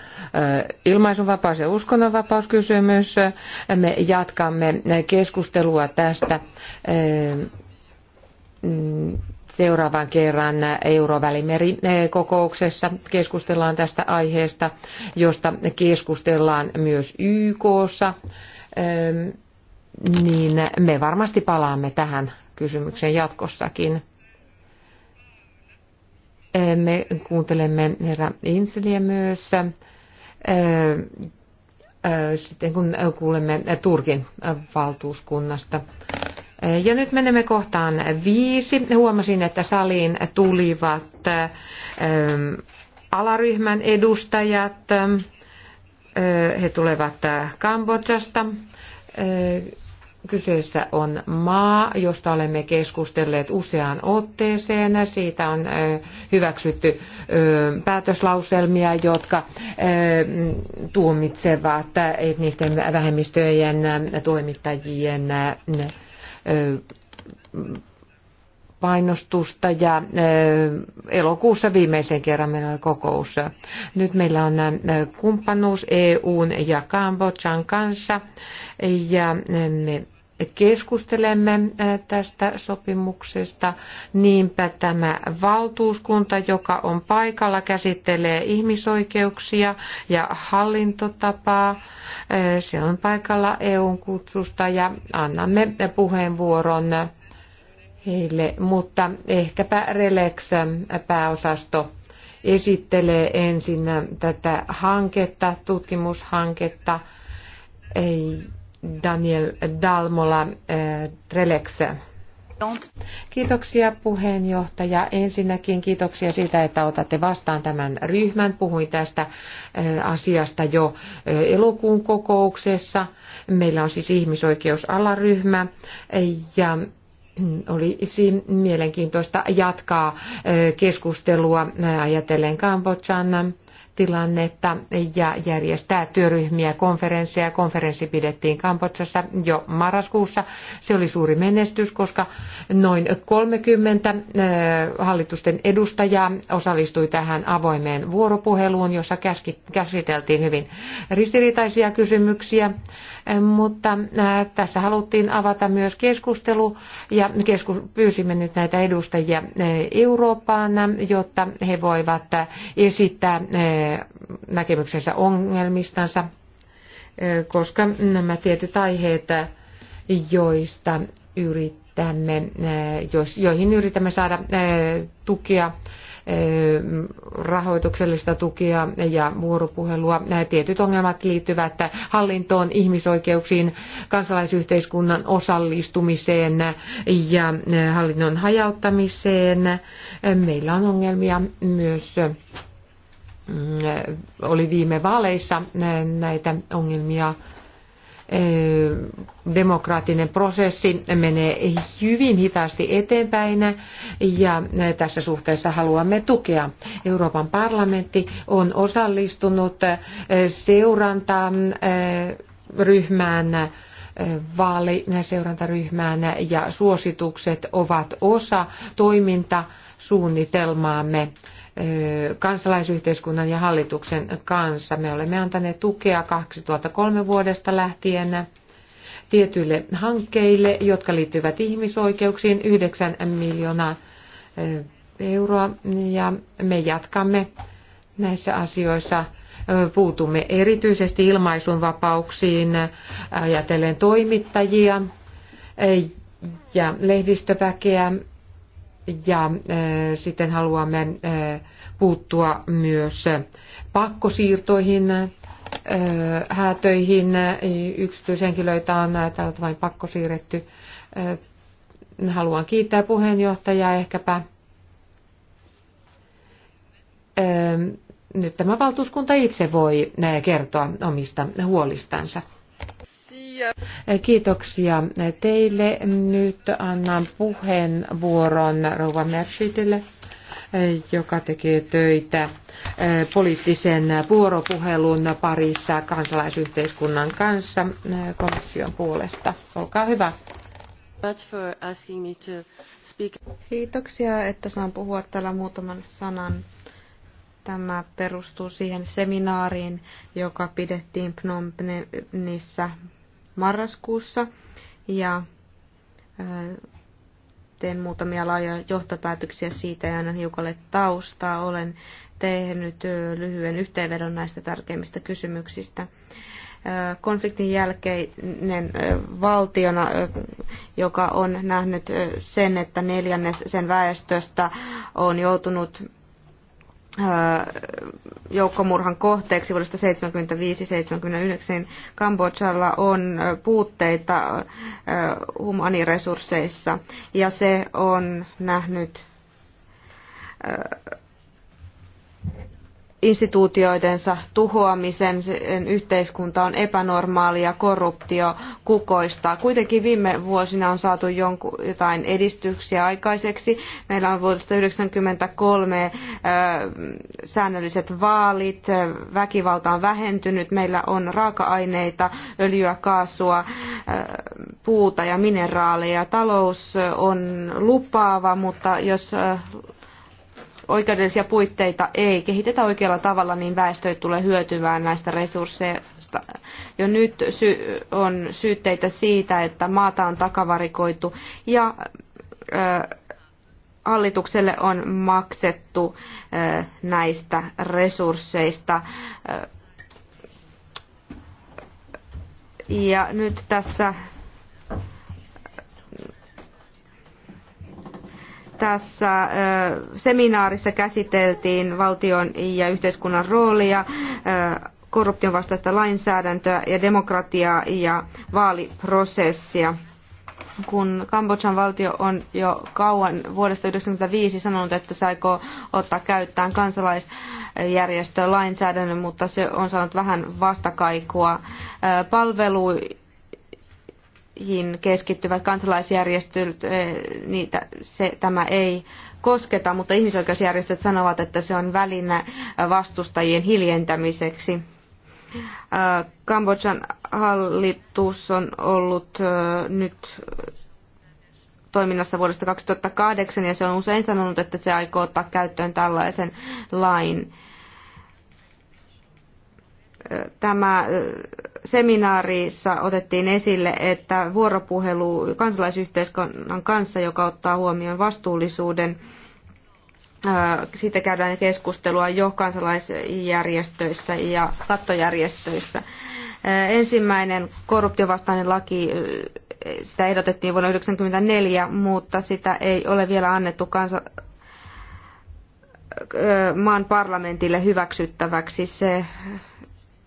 ilmaisunvapaus ja uskonnonvapauskysymys. Me jatkamme keskustelua tästä äh, mm, Seuraavan kerran eurovälimeri kokouksessa keskustellaan tästä aiheesta, josta keskustellaan myös YKssa, niin me varmasti palaamme tähän kysymykseen jatkossakin. Me kuuntelemme herra Inseliä myös sitten kun kuulemme Turkin valtuuskunnasta ja nyt menemme kohtaan viisi. Huomasin, että saliin tulivat ähm, alaryhmän edustajat. Ähm, he tulevat Kambodžasta. Äh, kyseessä on maa, josta olemme keskustelleet useaan otteeseen. Siitä on äh, hyväksytty äh, päätöslauselmia, jotka tuomitsevat etnisten vähemmistöjen toimittajien painostusta ja elokuussa viimeisen kerran meillä oli kokous. Nyt meillä on kumppanuus EUn ja Kambodjan kanssa ja me keskustelemme tästä sopimuksesta. Niinpä tämä valtuuskunta, joka on paikalla, käsittelee ihmisoikeuksia ja hallintotapaa. Se on paikalla EUn kutsusta ja annamme puheenvuoron heille, mutta ehkäpä Relex pääosasto esittelee ensin tätä hanketta, tutkimushanketta. Ei, Daniel Dalmola eh, Trelekse. Kiitoksia puheenjohtaja. Ensinnäkin kiitoksia siitä, että otatte vastaan tämän ryhmän. Puhuin tästä eh, asiasta jo eh, elokuun kokouksessa. Meillä on siis ihmisoikeusalaryhmä ja mm, olisi mielenkiintoista jatkaa keskustelua ajatellen Kambodjan tilannetta ja järjestää työryhmiä konferensseja. Konferenssi pidettiin Kambodsassa jo marraskuussa. Se oli suuri menestys, koska noin 30 hallitusten edustajaa osallistui tähän avoimeen vuoropuheluun, jossa käsiteltiin hyvin ristiriitaisia kysymyksiä, mutta tässä haluttiin avata myös keskustelu ja keskus, pyysimme nyt näitä edustajia Eurooppaan, jotta he voivat esittää näkemyksensä ongelmistansa, koska nämä tietyt aiheet, joista yritämme, joihin yritämme saada tukea, rahoituksellista tukea ja vuoropuhelua. Nämä tietyt ongelmat liittyvät hallintoon, ihmisoikeuksiin, kansalaisyhteiskunnan osallistumiseen ja hallinnon hajauttamiseen. Meillä on ongelmia myös oli viime vaaleissa näitä ongelmia. Demokraattinen prosessi menee hyvin hitaasti eteenpäin ja tässä suhteessa haluamme tukea. Euroopan parlamentti on osallistunut seurantaan ryhmään vaaliseurantaryhmään ja suositukset ovat osa toimintasuunnitelmaamme kansalaisyhteiskunnan ja hallituksen kanssa. Me olemme antaneet tukea 2003 vuodesta lähtien tietyille hankkeille, jotka liittyvät ihmisoikeuksiin, 9 miljoonaa euroa, ja me jatkamme näissä asioissa. Puutumme erityisesti ilmaisunvapauksiin, ajatellen toimittajia ja lehdistöväkeä ja e, sitten haluamme e, puuttua myös pakkosiirtoihin, e, häätöihin. Yksityishenkilöitä on täällä vain pakkosiirretty. Haluan kiittää puheenjohtajaa ehkäpä. Nyt tämä valtuuskunta itse voi kertoa omista huolistansa. Kiitoksia teille. Nyt annan puheenvuoron Rouva Mersitelle, joka tekee töitä poliittisen vuoropuhelun parissa kansalaisyhteiskunnan kanssa komission puolesta. Olkaa hyvä. Kiitoksia, että saan puhua täällä muutaman sanan. Tämä perustuu siihen seminaariin, joka pidettiin Phnom marraskuussa ja teen muutamia laajoja johtopäätöksiä siitä ja annan hiukalle taustaa. Olen tehnyt lyhyen yhteenvedon näistä tärkeimmistä kysymyksistä. Konfliktin jälkeinen valtiona, joka on nähnyt sen, että neljännes sen väestöstä on joutunut joukkomurhan kohteeksi vuodesta 1975-1979 Kambodžalla on puutteita humaniresursseissa ja se on nähnyt instituutioidensa tuhoamisen, sen yhteiskunta on epänormaali ja korruptio kukoistaa. Kuitenkin viime vuosina on saatu jonku, jotain edistyksiä aikaiseksi. Meillä on vuodesta 1993 säännölliset vaalit, väkivalta on vähentynyt, meillä on raaka-aineita, öljyä, kaasua, puuta ja mineraaleja. Talous on lupaava, mutta jos oikeudellisia puitteita ei kehitetä oikealla tavalla, niin väestö ei tule hyötymään näistä resursseista. Jo nyt on syytteitä siitä, että maata on takavarikoitu ja hallitukselle on maksettu näistä resursseista. Ja nyt tässä tässä seminaarissa käsiteltiin valtion ja yhteiskunnan roolia, korruption vastaista lainsäädäntöä ja demokratiaa ja vaaliprosessia kun Kambodjan valtio on jo kauan vuodesta 1995 sanonut, että se aikoo ottaa käyttään kansalaisjärjestön lainsäädännön, mutta se on saanut vähän vastakaikua. Palvelu, joihin keskittyvät kansalaisjärjestöt, eh, niitä se, tämä ei kosketa, mutta ihmisoikeusjärjestöt sanovat, että se on väline vastustajien hiljentämiseksi. Eh, Kambodjan hallitus on ollut eh, nyt toiminnassa vuodesta 2008 ja se on usein sanonut, että se aikoo ottaa käyttöön tällaisen lain. Tämä seminaarissa otettiin esille, että vuoropuhelu kansalaisyhteiskunnan kanssa, joka ottaa huomioon vastuullisuuden, siitä käydään keskustelua jo kansalaisjärjestöissä ja kattojärjestöissä. Ensimmäinen korruptiovastainen laki, sitä ehdotettiin vuonna 1994, mutta sitä ei ole vielä annettu kansa- maan parlamentille hyväksyttäväksi. Se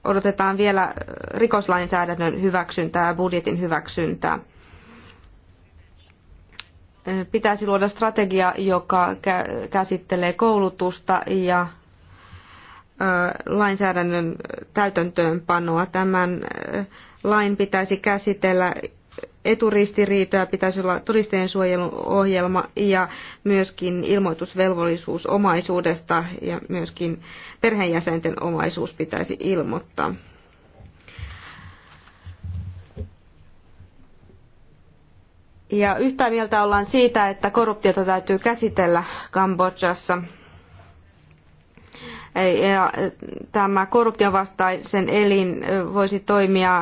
odotetaan vielä äh, rikoslainsäädännön hyväksyntää ja budjetin hyväksyntää. Äh, pitäisi luoda strategia, joka käsittelee koulutusta ja äh, lainsäädännön täytäntöönpanoa. Tämän lain pitäisi käsitellä eturistiriitoja, pitäisi olla todisteen suojeluohjelma ja myöskin ilmoitusvelvollisuus omaisuudesta ja myöskin perheenjäsenten omaisuus pitäisi ilmoittaa. Ja yhtä mieltä ollaan siitä, että korruptiota täytyy käsitellä Kambodžassa ja tämä korruption vastaisen elin voisi toimia,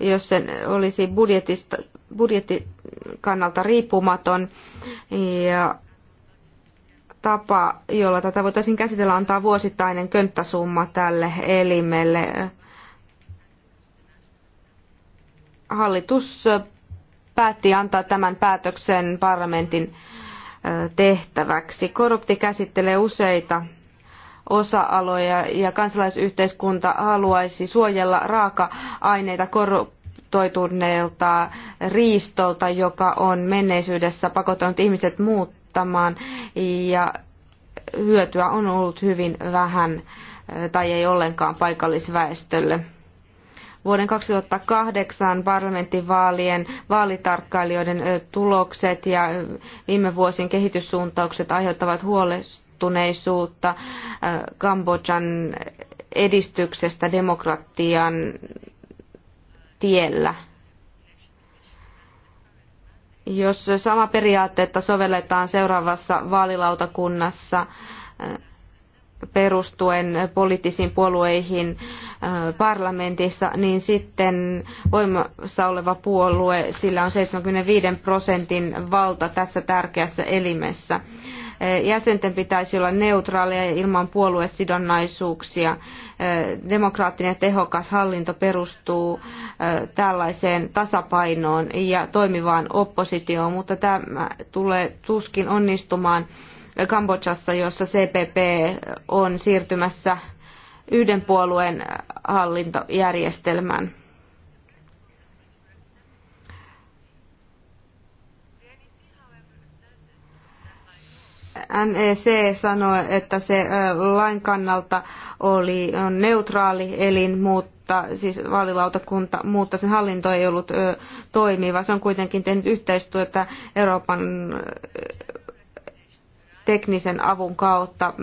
jos sen olisi budjetista, budjetin kannalta riippumaton. Ja tapa, jolla tätä voitaisiin käsitellä, antaa vuosittainen könttäsumma tälle elimelle. Hallitus päätti antaa tämän päätöksen parlamentin tehtäväksi. Korrupti käsittelee useita osa-aloja ja kansalaisyhteiskunta haluaisi suojella raaka-aineita korruptoituneelta riistolta, joka on menneisyydessä pakottanut ihmiset muuttamaan ja hyötyä on ollut hyvin vähän eh, tai ei ollenkaan paikallisväestölle. Vuoden 2008 parlamenttivaalien vaalitarkkailijoiden eh, tulokset ja eh, viime vuosien kehityssuuntaukset aiheuttavat huolestunutta vakuuttuneisuutta äh, Kambodjan edistyksestä demokratian tiellä. Jos sama periaatteetta sovelletaan seuraavassa vaalilautakunnassa äh, perustuen poliittisiin puolueihin äh, parlamentissa, niin sitten voimassa oleva puolue, sillä on 75 prosentin valta tässä tärkeässä elimessä jäsenten pitäisi olla neutraaleja ja ilman puoluesidonnaisuuksia. Demokraattinen ja tehokas hallinto perustuu tällaiseen tasapainoon ja toimivaan oppositioon, mutta tämä tulee tuskin onnistumaan Kambodžassa, jossa CPP on siirtymässä yhden puolueen hallintojärjestelmään. NEC sanoi, että se lain kannalta oli neutraali elin, mutta siis vaalilautakunta, mutta sen hallinto ei ollut toimiva. Se on kuitenkin tehnyt yhteistyötä Euroopan teknisen avun kautta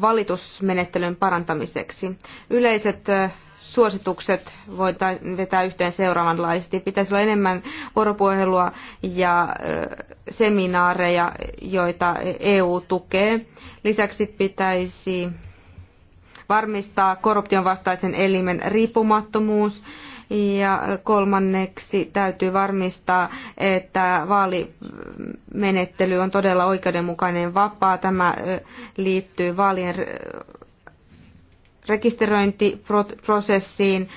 valitusmenettelyn parantamiseksi. Yleiset suositukset voitaisiin vetää yhteen seuraavanlaisesti. Pitäisi olla enemmän vuoropuhelua ja seminaareja, joita EU tukee. Lisäksi pitäisi varmistaa korruption vastaisen elimen riippumattomuus. Ja kolmanneksi täytyy varmistaa, että vaalimenettely on todella oikeudenmukainen vapaa. Tämä liittyy vaalien rekisteröintiprosessiin,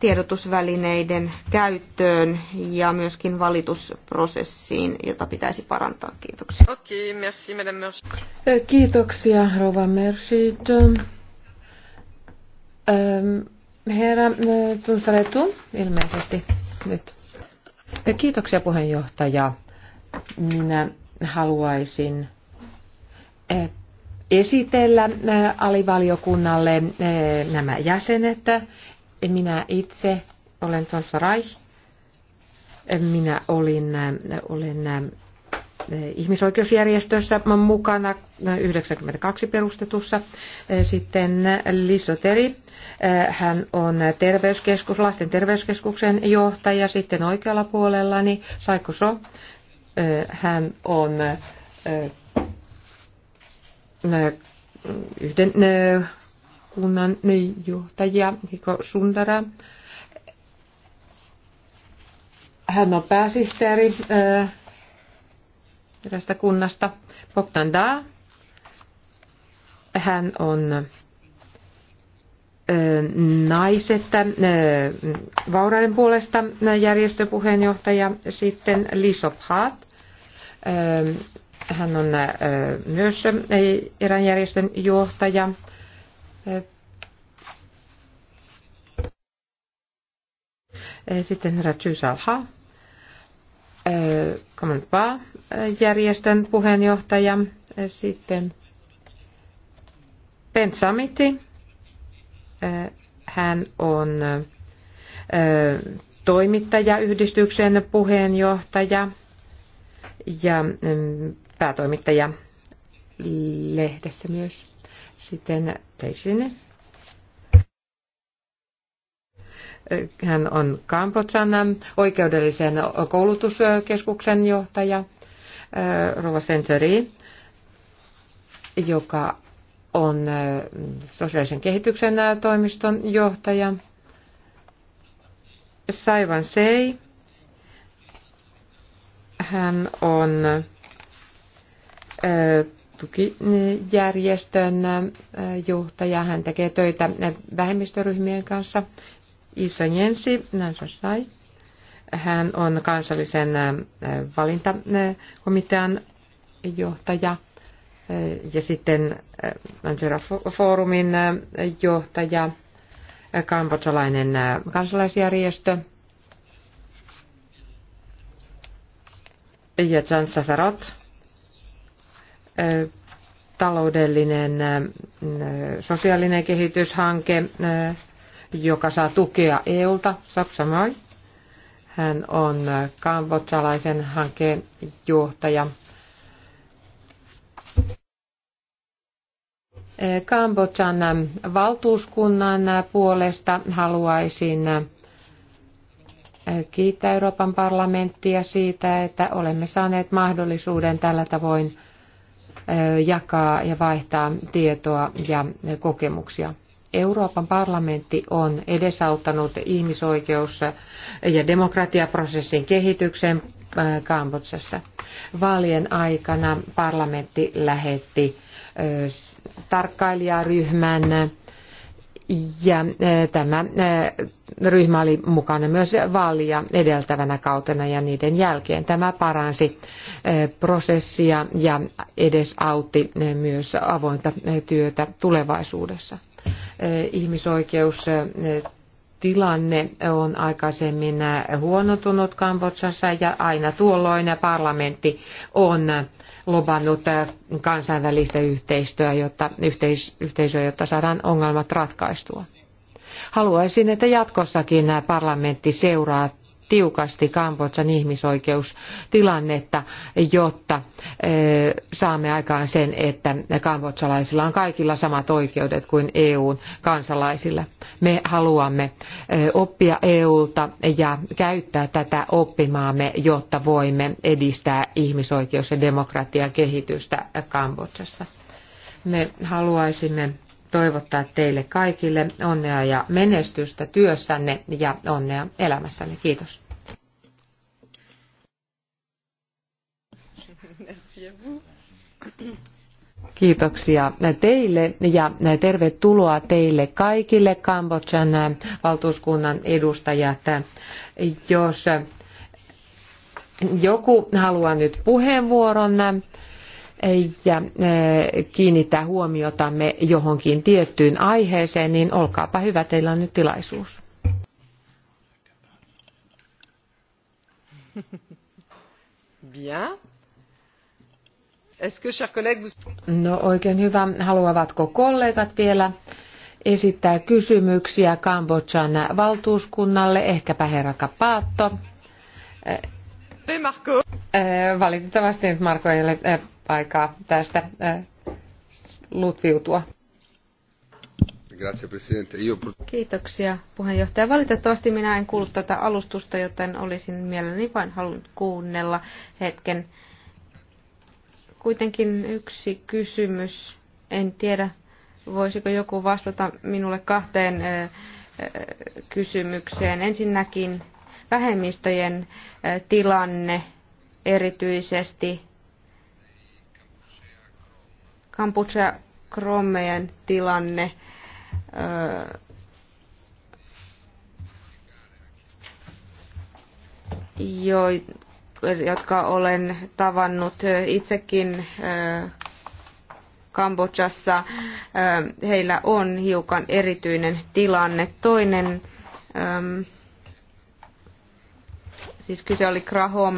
tiedotusvälineiden käyttöön ja myöskin valitusprosessiin, jota pitäisi parantaa. Kiitoksia. Okay, merci, Madame Kiitoksia, Rova Mershid. Ähm, herra äh, Tunsaretu, ilmeisesti nyt. Äh, kiitoksia puheenjohtaja. Minä haluaisin esitellä äh, alivaliokunnalle äh, nämä jäsenet. Minä itse olen tuossa Rai, Minä olin, äh, olen ihmisoikeusjärjestössä mukana 92 perustetussa. Sitten Lisoteri, hän on terveyskeskus, lasten terveyskeskuksen johtaja. Sitten oikealla puolellani Saikuso, hän on yhden kunnan johtajia, Hiko Sundara. Hän on pääsihteeri erästä kunnasta, Da. Hän on naiset vauraiden puolesta järjestöpuheenjohtaja, puheenjohtaja, sitten Lisopat, hän on äh, myös äh, erään järjestön johtaja. Äh, sitten herra Salha, järjestön puheenjohtaja. Sitten Samiti, Hän on toimittajayhdistyksen puheenjohtaja ja mm, päätoimittaja lehdessä myös. Sitten Teisinen. Hän on Kampotsan oikeudellisen koulutuskeskuksen johtaja, Rova Sensori, joka on sosiaalisen kehityksen toimiston johtaja. Saivan Sei, hän on tukijärjestön johtaja. Hän tekee töitä vähemmistöryhmien kanssa. Iso Jensi, Nansosai. Hän on kansallisen valintakomitean johtaja ja sitten Angela Forumin johtaja, kambodsalainen kansalaisjärjestö ja Jan Sasarot, taloudellinen sosiaalinen kehityshanke, joka saa tukea EUlta, Sapsamoi. Hän on kambotsalaisen hankkeen johtaja. Kambodjan valtuuskunnan puolesta haluaisin kiittää Euroopan parlamenttia siitä, että olemme saaneet mahdollisuuden tällä tavoin jakaa ja vaihtaa tietoa ja kokemuksia. Euroopan parlamentti on edesauttanut ihmisoikeus- ja demokratiaprosessin kehityksen Kambodsassa. Vaalien aikana parlamentti lähetti tarkkailijaryhmän ja eh, tämä eh, ryhmä oli mukana myös vaalia edeltävänä kautena ja niiden jälkeen. Tämä paransi eh, prosessia ja edesautti myös avointa työtä tulevaisuudessa. Ihmisoikeustilanne on aikaisemmin huonotunut Kambodsassa ja aina tuolloin parlamentti on lobannut äh, kansainvälistä yhteistyötä, jotta, yhteis, yhteisöä, jotta saadaan ongelmat ratkaistua. Haluaisin, että jatkossakin äh, parlamentti seuraa tiukasti Kambodsan ihmisoikeustilannetta, jotta eh, saamme aikaan sen, että kambodsalaisilla on kaikilla samat oikeudet kuin EUn kansalaisilla. Me haluamme eh, oppia EUlta ja käyttää tätä oppimaamme, jotta voimme edistää ihmisoikeus- ja demokratiakehitystä Kambodsassa. Me haluaisimme toivottaa teille kaikille onnea ja menestystä työssänne ja onnea elämässänne. Kiitos. Kiitoksia teille ja tervetuloa teille kaikille Kambodjan valtuuskunnan edustajat. Jos joku haluaa nyt puheenvuoron, ja eh, kiinnittää huomiotamme johonkin tiettyyn aiheeseen, niin olkaapa hyvä, teillä on nyt tilaisuus. Bien. No oikein hyvä. Haluavatko kollegat vielä esittää kysymyksiä Kambodjan valtuuskunnalle? Ehkäpä herra Kapaatto. Eh, eh, valitettavasti nyt Marko ei ole aikaa tästä lutviutua. Kiitoksia puheenjohtaja. Valitettavasti minä en kuullut tätä alustusta, joten olisin mielelläni vain halunnut kuunnella hetken. Kuitenkin yksi kysymys. En tiedä, voisiko joku vastata minulle kahteen kysymykseen. Ensinnäkin vähemmistöjen tilanne erityisesti Kambodža Kromeen tilanne. Jo, jotka olen tavannut itsekin Kambodžassa. Heillä on hiukan erityinen tilanne. Toinen, siis kyse oli Krahom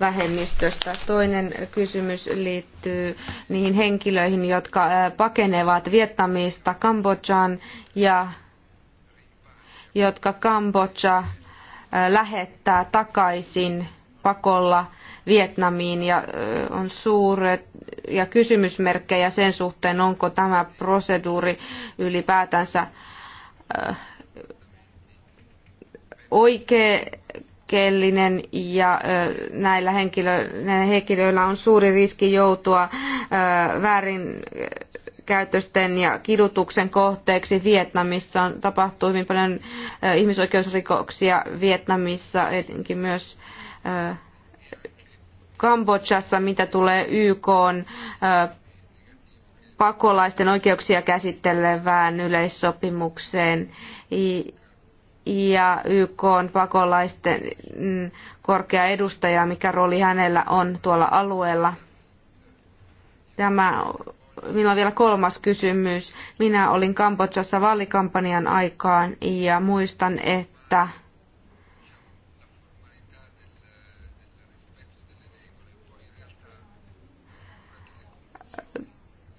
vähemmistöstä. Toinen kysymys liittyy niihin henkilöihin, jotka pakenevat Vietnamista Kambodžaan ja jotka Kambodža lähettää takaisin pakolla Vietnamiin ja on suuret ja kysymysmerkkejä sen suhteen, onko tämä proseduuri ylipäätänsä oikea, liikkeellinen ja näillä henkilöillä on suuri riski joutua väärin käytösten ja kidutuksen kohteeksi Vietnamissa. On, tapahtuu hyvin paljon ihmisoikeusrikoksia Vietnamissa, etenkin myös Kambodžassa, mitä tulee YK pakolaisten oikeuksia käsittelevään yleissopimukseen ja YK on pakolaisten korkea edustaja, mikä rooli hänellä on tuolla alueella. Tämä, minulla on vielä kolmas kysymys. Minä olin Kambodžassa vaalikampanjan aikaan ja muistan, että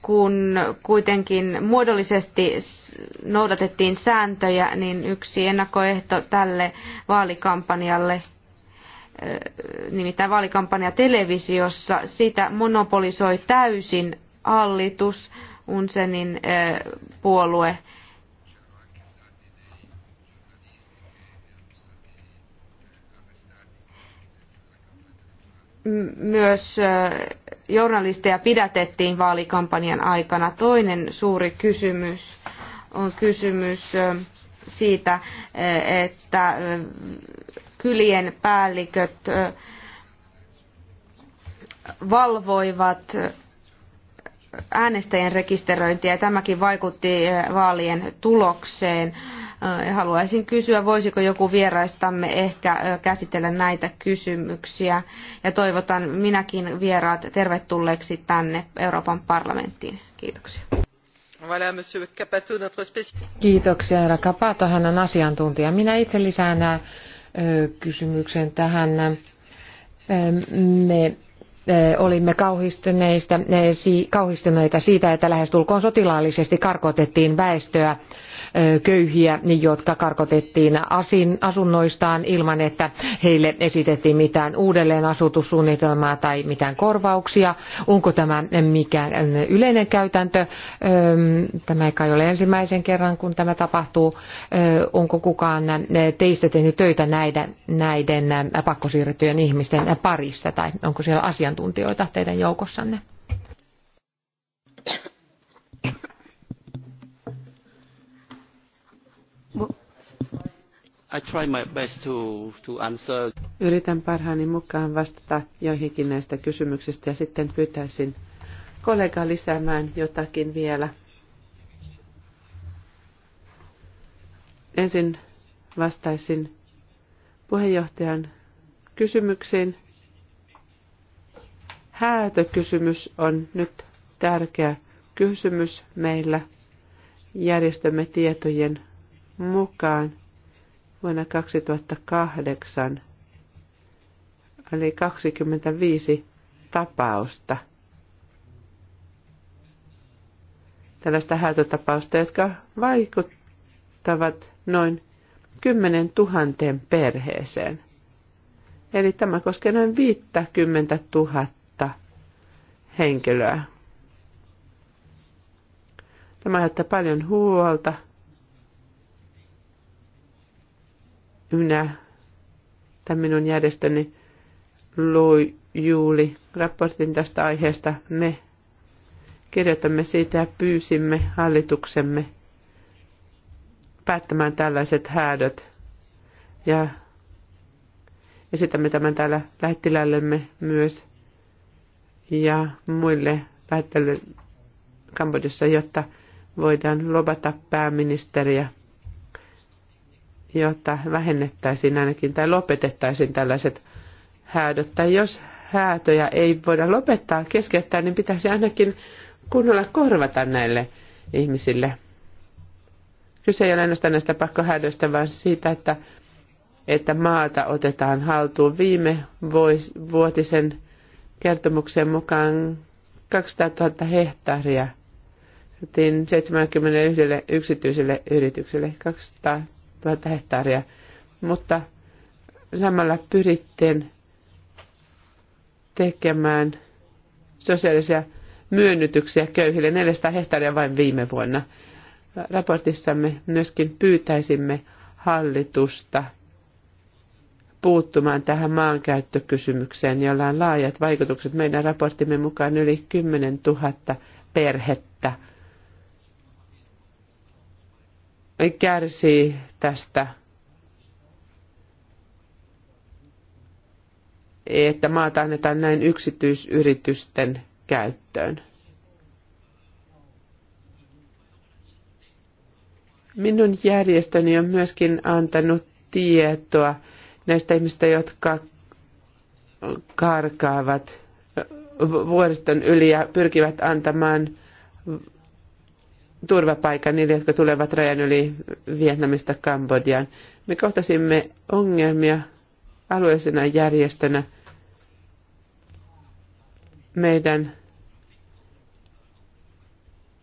kun kuitenkin muodollisesti noudatettiin sääntöjä, niin yksi ennakkoehto tälle vaalikampanjalle, nimittäin vaalikampanja televisiossa, sitä monopolisoi täysin hallitus, Unsenin puolue myös journalisteja pidätettiin vaalikampanjan aikana. Toinen suuri kysymys on kysymys siitä, että kylien päälliköt valvoivat äänestäjien rekisteröintiä ja tämäkin vaikutti vaalien tulokseen. Äh, haluaisin kysyä, voisiko joku vieraistamme ehkä äh, käsitellä näitä kysymyksiä ja toivotan minäkin vieraat tervetulleeksi tänne Euroopan parlamenttiin. Kiitoksia. Kiitoksia, herra Capato. Hän on asiantuntija. Minä itse lisään äh, kysymyksen tähän. Me olimme kauhistuneita siitä, että lähestulkoon sotilaallisesti karkotettiin väestöä köyhiä, jotka karkotettiin asunnoistaan ilman, että heille esitettiin mitään uudelleenasutussuunnitelmaa tai mitään korvauksia. Onko tämä mikään yleinen käytäntö? Tämä ei kai ole ensimmäisen kerran, kun tämä tapahtuu. Onko kukaan teistä tehnyt töitä näiden, näiden pakkosiirrettyjen ihmisten parissa tai onko siellä asiantuntijoita teidän joukossanne? I try my best to, to answer. Yritän parhaani mukaan vastata joihinkin näistä kysymyksistä ja sitten pyytäisin kollegaa lisäämään jotakin vielä. Ensin vastaisin puheenjohtajan kysymyksiin. Häätökysymys on nyt tärkeä kysymys meillä järjestämme tietojen mukaan vuonna 2008 oli 25 tapausta. Tällaista häätötapausta, jotka vaikuttavat noin 10 tuhanteen perheeseen. Eli tämä koskee noin 50 000 henkilöä. Tämä aiheuttaa paljon huolta – ynä, tämän minun järjestöni lui juuli raportin tästä aiheesta. Me kirjoitamme siitä ja pyysimme hallituksemme päättämään tällaiset häädöt. Ja esitämme tämän täällä lähettilällemme myös ja muille lähettilälle Kambodjassa, jotta voidaan lobata pääministeriä – jotta vähennettäisiin ainakin tai lopetettaisiin tällaiset häädöt. Tai jos häätöjä ei voida lopettaa, keskeyttää, niin pitäisi ainakin kunnolla korvata näille ihmisille. Kyse ei ole ainoastaan näistä pakkohäädöistä, vaan siitä, että, että maata otetaan haltuun. Viime vuotisen kertomuksen mukaan 200 000 hehtaaria – 71 yksityiselle yritykselle 200 tuhatta hehtaaria, mutta samalla pyrittiin tekemään sosiaalisia myönnytyksiä köyhille 400 hehtaaria vain viime vuonna. Raportissamme myöskin pyytäisimme hallitusta puuttumaan tähän maankäyttökysymykseen, jolla on laajat vaikutukset. Meidän raporttimme mukaan yli 10 000 perhettä kärsii tästä, että maata annetaan näin yksityisyritysten käyttöön. Minun järjestöni on myöskin antanut tietoa näistä ihmistä, jotka karkaavat vuoriston yli ja pyrkivät antamaan turvapaikan niille, jotka tulevat rajan yli Vietnamista Kambodjaan. Me kohtasimme ongelmia alueellisena järjestönä. Meidän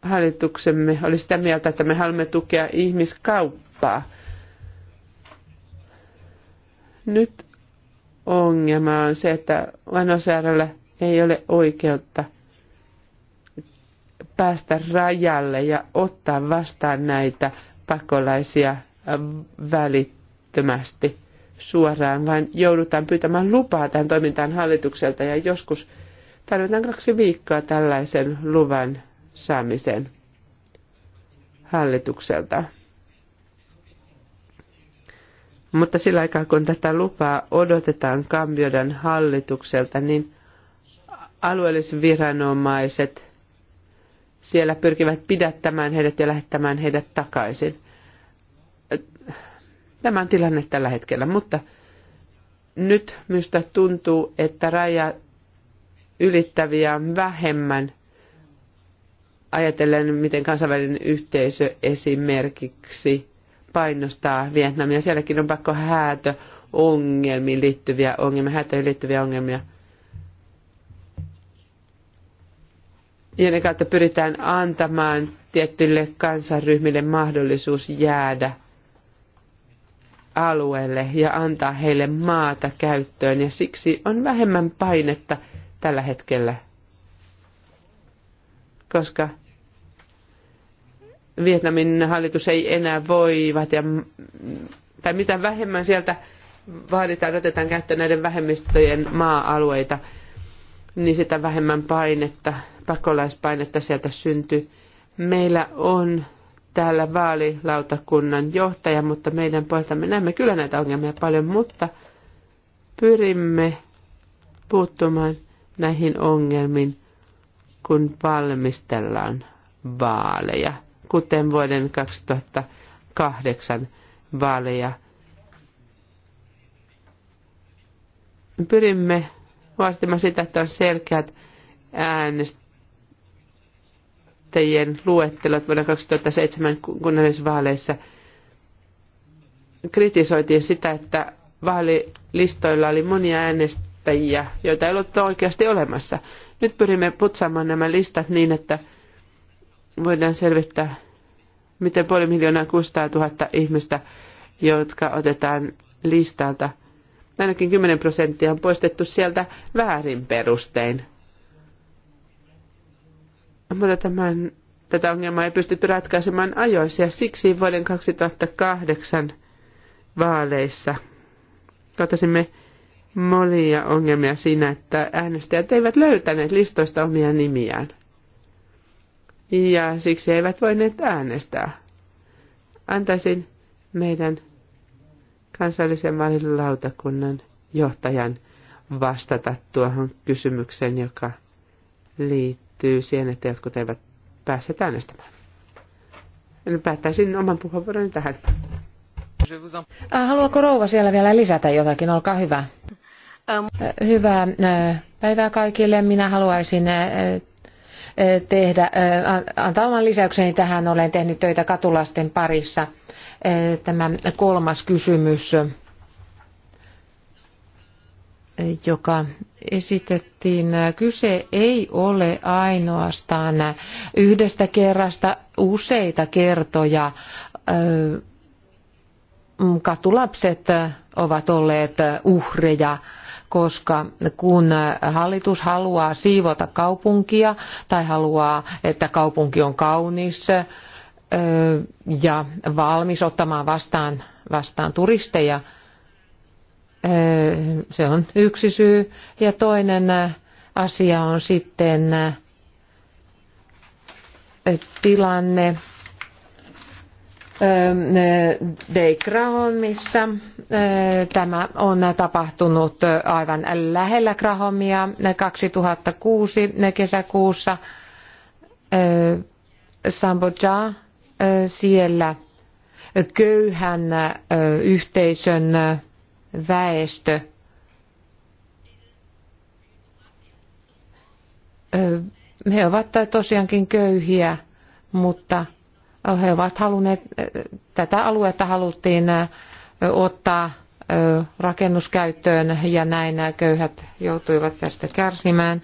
hallituksemme oli sitä mieltä, että me haluamme tukea ihmiskauppaa. Nyt ongelma on se, että Vanosäärällä ei ole oikeutta – päästä rajalle ja ottaa vastaan näitä pakolaisia välittömästi suoraan, vaan joudutaan pyytämään lupaa tähän toimintaan hallitukselta ja joskus tarvitaan kaksi viikkoa tällaisen luvan saamiseen hallitukselta. Mutta sillä aikaa, kun tätä lupaa odotetaan Kambiodan hallitukselta, niin alueellisviranomaiset siellä pyrkivät pidättämään heidät ja lähettämään heidät takaisin. Tämä on tilanne tällä hetkellä, mutta nyt minusta tuntuu, että raja ylittäviä on vähemmän ajatellen, miten kansainvälinen yhteisö esimerkiksi painostaa Vietnamia. Sielläkin on pakko häätö ongelmiin liittyviä ongelmia, häätöihin liittyviä ongelmia – joiden kautta pyritään antamaan tiettyille kansanryhmille mahdollisuus jäädä alueelle ja antaa heille maata käyttöön. Ja siksi on vähemmän painetta tällä hetkellä, koska Vietnamin hallitus ei enää voivat ja, tai mitä vähemmän sieltä vaaditaan, otetaan käyttöön näiden vähemmistöjen maa-alueita, niin sitä vähemmän painetta pakolaispainetta sieltä syntyi. Meillä on täällä vaalilautakunnan johtaja, mutta meidän me näemme kyllä näitä ongelmia paljon, mutta pyrimme puuttumaan näihin ongelmiin, kun valmistellaan vaaleja, kuten vuoden 2008 vaaleja. Pyrimme vaatimaan sitä, että on selkeät äänestä äänestäjien luettelot vuonna 2007 kunnallisvaaleissa kritisoitiin sitä, että vaalilistoilla oli monia äänestäjiä, joita ei ollut oikeasti olemassa. Nyt pyrimme putsaamaan nämä listat niin, että voidaan selvittää, miten puoli miljoonaa 600 000 ihmistä, jotka otetaan listalta. Ainakin 10 prosenttia on poistettu sieltä väärin perustein mutta tämän, tätä ongelmaa ei pystytty ratkaisemaan ajoissa ja siksi vuoden 2008 vaaleissa Katsimme monia ongelmia siinä, että äänestäjät eivät löytäneet listoista omia nimiään. Ja siksi eivät voineet äänestää. Antaisin meidän kansallisen vaalilautakunnan johtajan vastata tuohon kysymykseen, joka liittyy liittyy siihen, että jotkut eivät pääse äänestämään. Eli päättäisin oman puheenvuoroni tähän. Äh, haluaako rouva siellä vielä lisätä jotakin? Olkaa hyvä. Ähm. Äh, hyvää äh, päivää kaikille. Minä haluaisin tehdä, antaa oman lisäykseni tähän. Olen tehnyt töitä katulasten parissa. Tämä kolmas kysymys joka esitettiin. Kyse ei ole ainoastaan yhdestä kerrasta useita kertoja. Katulapset ovat olleet uhreja koska kun hallitus haluaa siivota kaupunkia tai haluaa, että kaupunki on kaunis ja valmis ottamaan vastaan, vastaan turisteja, se on yksi syy. Ja toinen asia on sitten tilanne De Tämä on tapahtunut aivan lähellä Krahomia 2006 kesäkuussa. Samboja siellä köyhän yhteisön väestö he ovat tosiaankin köyhiä, mutta he ovat halunneet, tätä aluetta haluttiin ottaa rakennuskäyttöön ja näin nämä köyhät joutuivat tästä kärsimään.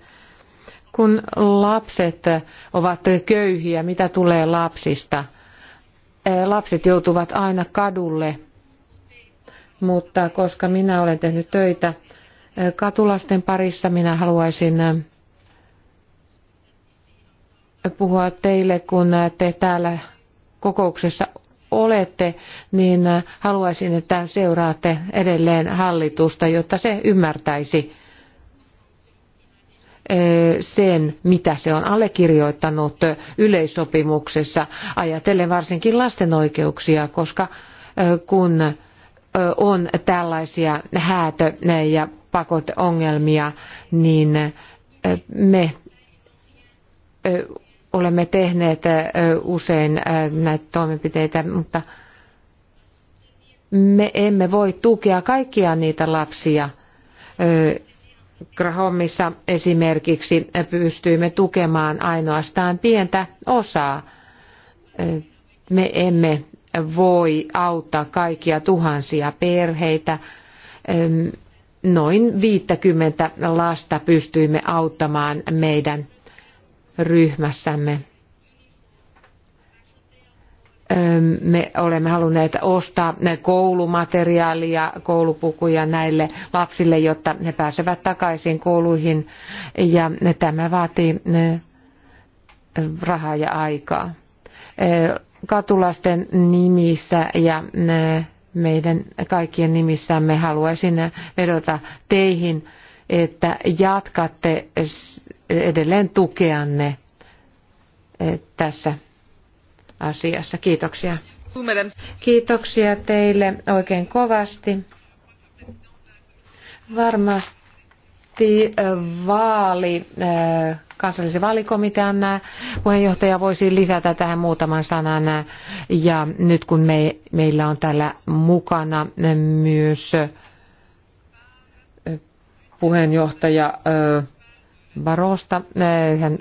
Kun lapset ovat köyhiä, mitä tulee lapsista? Lapset joutuvat aina kadulle mutta koska minä olen tehnyt töitä eh, katulasten parissa, minä haluaisin eh, puhua teille, kun eh, te täällä kokouksessa olette, niin haluaisin, että seuraatte edelleen hallitusta, jotta se ymmärtäisi sen, mitä se on allekirjoittanut yleissopimuksessa, ajatellen varsinkin lasten oikeuksia, koska kun on tällaisia häätö- ja pakoteongelmia, niin me olemme tehneet usein näitä toimenpiteitä, mutta me emme voi tukea kaikkia niitä lapsia. Grahomissa esimerkiksi pystyimme tukemaan ainoastaan pientä osaa. Me emme voi auttaa kaikkia tuhansia perheitä. Noin 50 lasta pystyimme auttamaan meidän ryhmässämme. Me olemme halunneet ostaa koulumateriaalia, koulupukuja näille lapsille, jotta he pääsevät takaisin kouluihin. Ja tämä vaatii eh, rahaa ja aikaa eh, katulasten nimissä ja meidän kaikkien nimissä me haluaisin vedota teihin, että jatkatte edelleen tukeanne eh, tässä asiassa. Kiitoksia. Kiitoksia teille oikein kovasti. Varmasti Presidentti, eh, vaali, eh, kansallisen vaalikomitean eh, puheenjohtaja voisi lisätä tähän muutaman sanan. Ja nyt kun me, meillä on täällä mukana myös puheenjohtaja Barosta, hän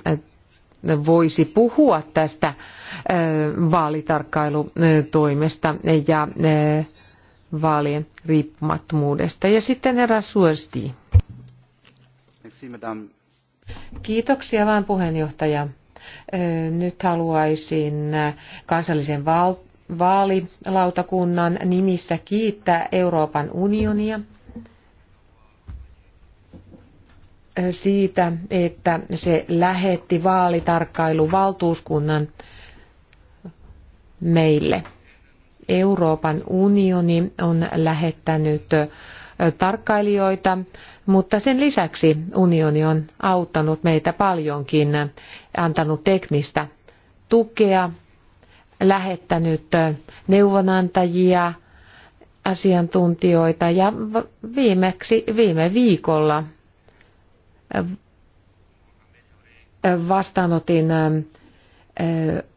voisi puhua tästä vaalitarkkailutoimesta ja vaalien riippumattomuudesta. Ja sitten herra Suosti. Merci, madame. Kiitoksia vaan puheenjohtaja. Nyt haluaisin kansallisen val- vaalilautakunnan nimissä kiittää Euroopan unionia siitä, että se lähetti vaalitarkkailuvaltuuskunnan meille. Euroopan unioni on lähettänyt tarkkailijoita, mutta sen lisäksi unioni on auttanut meitä paljonkin, antanut teknistä tukea, lähettänyt neuvonantajia, asiantuntijoita ja viimeksi viime viikolla vastaanotin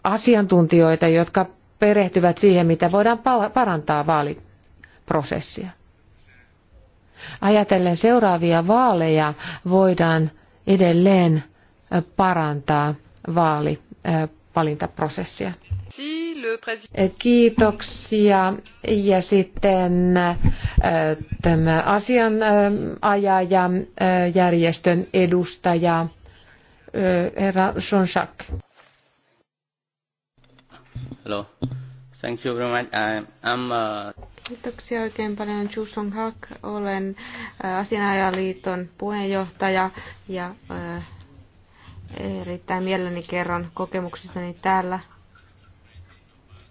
asiantuntijoita, jotka perehtyvät siihen, mitä voidaan parantaa vaaliprosessia. Ajatellen seuraavia vaaleja voidaan edelleen parantaa vaalivalintaprosessia. Kiitoksia. Ja sitten tämä asianajaja, järjestön edustaja, herra Sonsak. Hello. Thank you very much. I'm, uh... Kiitoksia oikein paljon. Chu Song Hak, olen äh, Asianajaliiton puheenjohtaja ja uh, erittäin mielelläni kerron kokemuksistani täällä.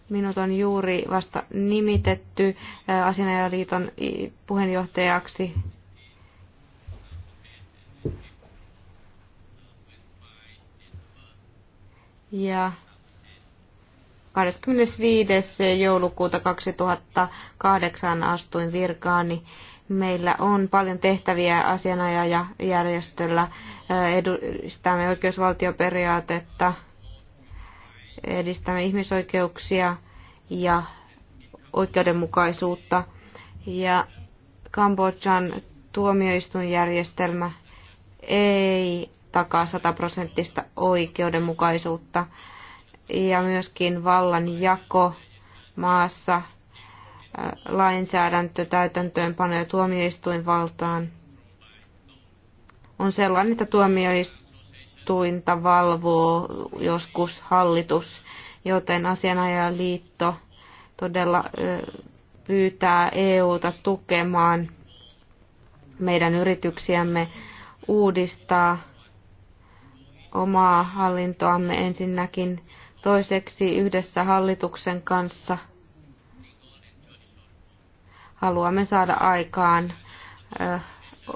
Minut on juuri vasta nimitetty äh, Asianajaliiton puheenjohtajaksi. Ja yeah 25. joulukuuta 2008 astuin virkaani. Meillä on paljon tehtäviä asianajajärjestöllä. Äh, edistämme oikeusvaltioperiaatetta, edistämme ihmisoikeuksia ja oikeudenmukaisuutta. Ja Kambodjan tuomioistuinjärjestelmä ei takaa sataprosenttista oikeudenmukaisuutta ja myöskin jako maassa, äh, lainsäädäntö, täytäntöönpano ja tuomioistuinvaltaan on sellainen, että tuomioistuinta valvoo joskus hallitus, joten asianajaliitto todella pyytää EUta tukemaan meidän yrityksiämme uudistaa omaa hallintoamme ensinnäkin Toiseksi yhdessä hallituksen kanssa haluamme saada aikaan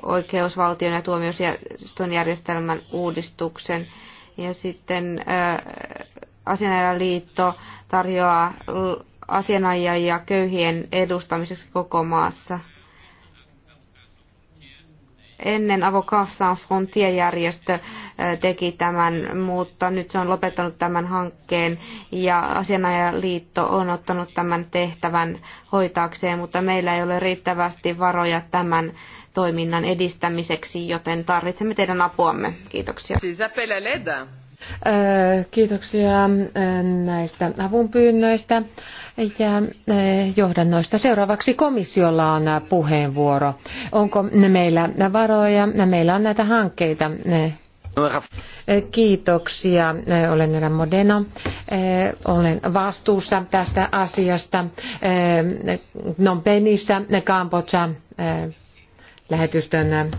oikeusvaltion ja tuomioistuin järjestelmän uudistuksen. Ja sitten asianajaliitto tarjoaa asianajajia köyhien edustamiseksi koko maassa. Ennen Avocats Sans Frontier-järjestö äh, teki tämän, mutta nyt se on lopettanut tämän hankkeen ja Asianajaliitto on ottanut tämän tehtävän hoitaakseen, mutta meillä ei ole riittävästi varoja tämän toiminnan edistämiseksi, joten tarvitsemme teidän apuamme. Kiitoksia. Siis Kiitoksia näistä avunpyynnöistä ja johdannoista. Seuraavaksi komissiolla on puheenvuoro. Onko meillä varoja? Meillä on näitä hankkeita. Kiitoksia. Olen Eran Modeno. Olen vastuussa tästä asiasta. Nompenissä, Kambodža lähetystön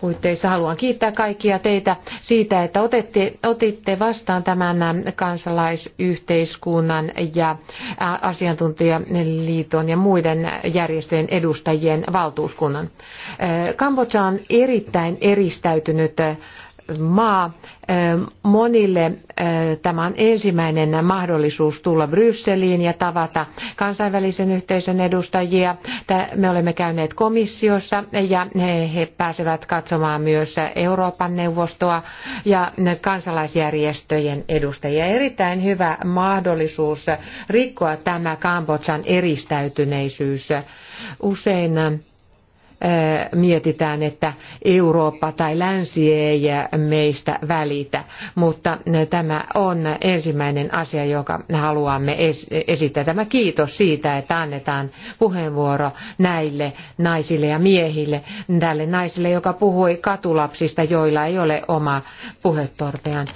puitteissa. Haluan kiittää kaikkia teitä siitä, että otette, otitte vastaan tämän kansalaisyhteiskunnan ja asiantuntijaliiton ja muiden järjestöjen edustajien valtuuskunnan. Kambodža on erittäin eristäytynyt maa. Monille tämä on ensimmäinen mahdollisuus tulla Brysseliin ja tavata kansainvälisen yhteisön edustajia. Me olemme käyneet komissiossa ja he pääsevät katsomaan myös Euroopan neuvostoa ja kansalaisjärjestöjen edustajia. Erittäin hyvä mahdollisuus rikkoa tämä Kambodsan eristäytyneisyys. Usein mietitään, että Eurooppa tai länsi ei meistä välitä, mutta tämä on ensimmäinen asia, jonka haluamme esittää. Tämä kiitos siitä, että annetaan puheenvuoro näille naisille ja miehille, tälle naiselle, joka puhui katulapsista, joilla ei ole omaa puhetorpeaan.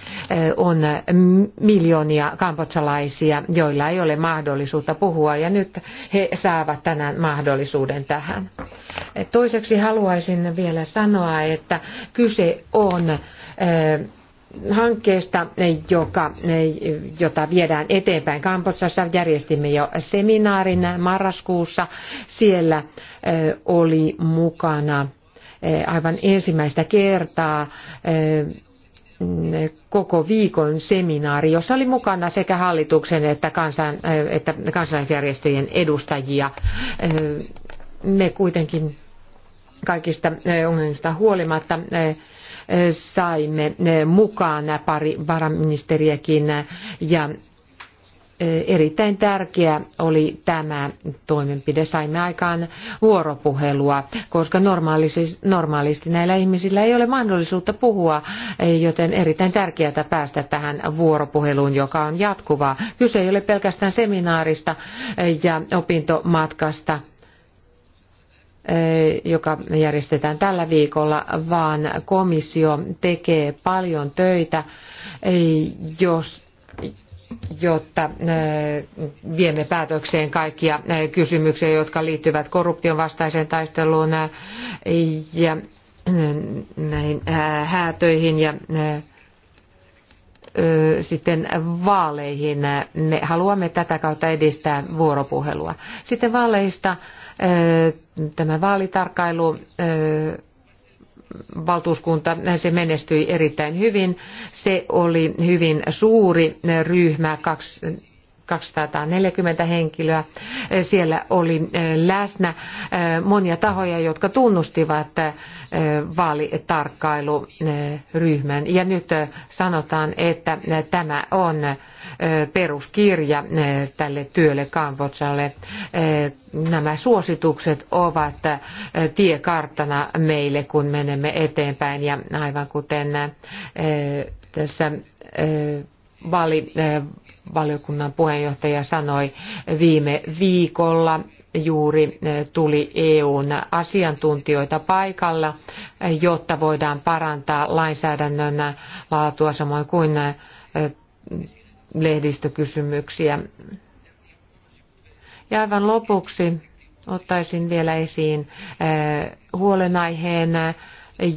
On miljoonia kambotsalaisia, joilla ei ole mahdollisuutta puhua ja nyt he saavat tänään mahdollisuuden tähän. Toiseksi haluaisin vielä sanoa, että kyse on eh, hankkeesta, joka, eh, jota viedään eteenpäin Kambodsassa. Järjestimme jo seminaarin marraskuussa. Siellä eh, oli mukana aivan ensimmäistä kertaa koko viikon seminaari, jossa oli mukana sekä hallituksen että, kansan, että kansalaisjärjestöjen edustajia. Me kuitenkin kaikista eh, ongelmista huolimatta eh, eh, saimme mukaan pari varaministeriäkin ja Erittäin tärkeä oli tämä toimenpide. Saimme aikaan vuoropuhelua, koska normaalisti, näillä ihmisillä ei ole mahdollisuutta puhua, joten erittäin tärkeää päästä tähän vuoropuheluun, joka on jatkuvaa. Kyse ei ole pelkästään seminaarista ja opintomatkasta, Eh, joka järjestetään tällä viikolla, vaan komissio tekee paljon töitä, eh, jos, jotta eh, viemme päätökseen kaikkia kysymyksiä, jotka liittyvät korruption vastaiseen taisteluun ja näihin häätöihin ja sitten vaaleihin. Me haluamme tätä kautta edistää vuoropuhelua. Sitten vaaleista Tämä vaalitarkkailu valtuuskunta, se menestyi erittäin hyvin. Se oli hyvin suuri ryhmä, kaksi. 240 henkilöä. Siellä oli eh, läsnä eh, monia tahoja, jotka tunnustivat eh, vaalitarkkailuryhmän. Ja nyt sanotaan, että tämä on peruskirja tälle työlle Kambodžalle. Nämä suositukset ovat tiekarttana meille, kun menemme eteenpäin. Ja aivan kuten tässä vali valiokunnan puheenjohtaja sanoi viime viikolla. Juuri eh, tuli EUn asiantuntijoita paikalla, eh, jotta voidaan parantaa lainsäädännön laatua samoin kuin eh, lehdistökysymyksiä. Ja aivan lopuksi ottaisin vielä esiin huolenaiheen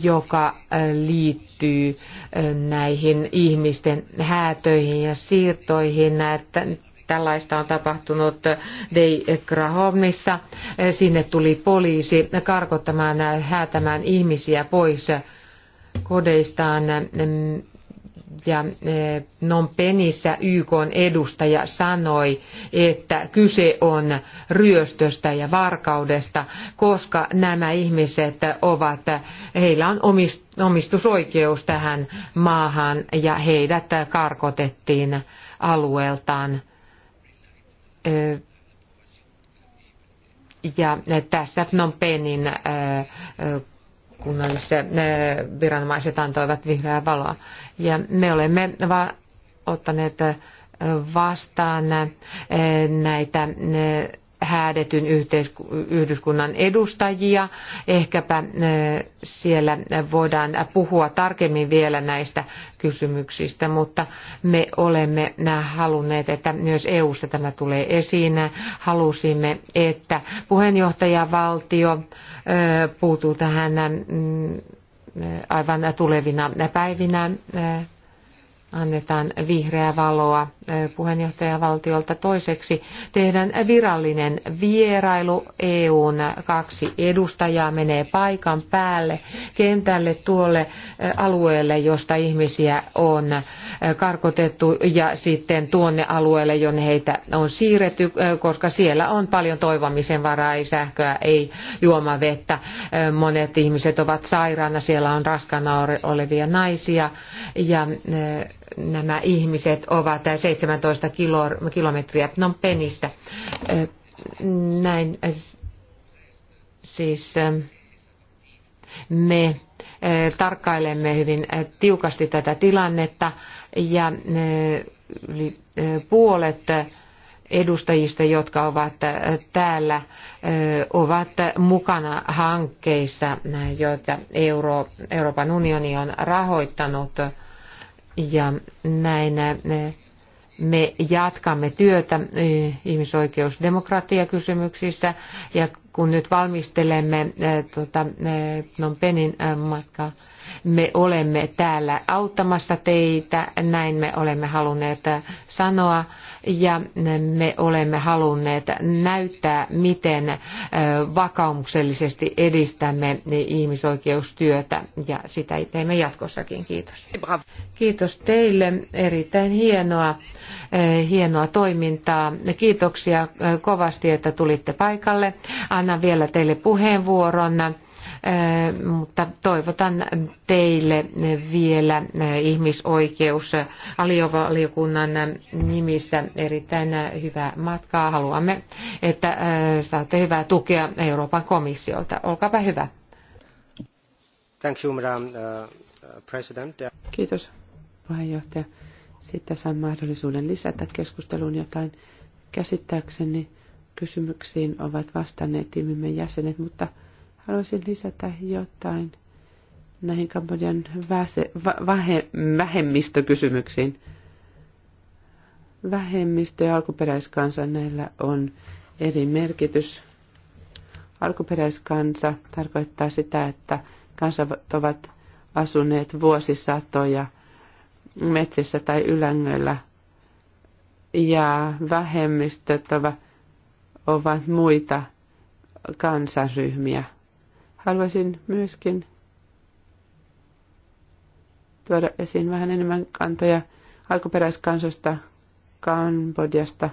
joka äh, liittyy äh, näihin ihmisten häätöihin ja siirtoihin. Tällaista on tapahtunut Dei Krahomnissa. Äh, sinne tuli poliisi karkottamaan, häätämään ihmisiä pois kodeistaan ja eh, Nompenissä YK edustaja sanoi, että kyse on ryöstöstä ja varkaudesta, koska nämä ihmiset ovat, heillä on omistusoikeus tähän maahan ja heidät karkotettiin alueeltaan. Eh, ja tässä Phnom Penin eh, kunnallisviranomaiset antoivat vihreää valoa. Ja me olemme va- ottaneet vastaan eh, näitä häädetyn yhdyskunnan edustajia. Ehkäpä äh, siellä voidaan puhua tarkemmin vielä näistä kysymyksistä, mutta me olemme halunneet, että myös EU-ssa tämä tulee esiin. Halusimme, että puheenjohtajavaltio äh, puutuu tähän mm, äh, aivan tulevina päivinä annetaan vihreää valoa puheenjohtajavaltiolta. Toiseksi tehdään virallinen vierailu. EUn kaksi edustajaa menee paikan päälle kentälle tuolle alueelle, josta ihmisiä on karkotettu ja sitten tuonne alueelle, jonne heitä on siirretty, koska siellä on paljon toivomisen varaa, ei sähköä, ei juomavettä. Monet ihmiset ovat sairaana, siellä on raskana olevia naisia ja nämä ihmiset ovat 17 kilometriä Phnom Penistä. Näin siis me tarkkailemme hyvin tiukasti tätä tilannetta ja yli puolet edustajista, jotka ovat täällä, ovat mukana hankkeissa, joita Euro, Euroopan unioni on rahoittanut – ja näin eh, me jatkamme työtä eh, ihmisoikeusdemokratiakysymyksissä ja kun nyt valmistelemme eh, tuota, Penin matkaa, me olemme täällä auttamassa teitä, näin me olemme halunneet sanoa ja me olemme halunneet näyttää, miten vakaumuksellisesti edistämme ihmisoikeustyötä ja sitä teemme jatkossakin. Kiitos. Kiitos teille, erittäin hienoa, hienoa toimintaa. Kiitoksia kovasti, että tulitte paikalle. Annan vielä teille puheenvuoron mutta toivotan teille vielä ihmisoikeus aliovaliokunnan nimissä erittäin hyvää matkaa. Haluamme, että saatte hyvää tukea Euroopan komissiolta. Olkaapa hyvä. Thank you, Madam uh, uh, President. Kiitos puheenjohtaja. Sitten saan mahdollisuuden lisätä keskusteluun jotain. Käsittääkseni kysymyksiin ovat vastanneet tiimimme jäsenet, mutta Haluaisin lisätä jotain näihin Kambodjan väse, vahe, vähemmistökysymyksiin. Vähemmistö ja alkuperäiskansa näillä on eri merkitys. Alkuperäiskansa tarkoittaa sitä, että kansat ovat asuneet vuosisatoja metsissä tai ylängöillä ja vähemmistöt ovat muita kansaryhmiä. Haluaisin myöskin tuoda esiin vähän enemmän kantoja alkuperäiskansosta Kambodjasta.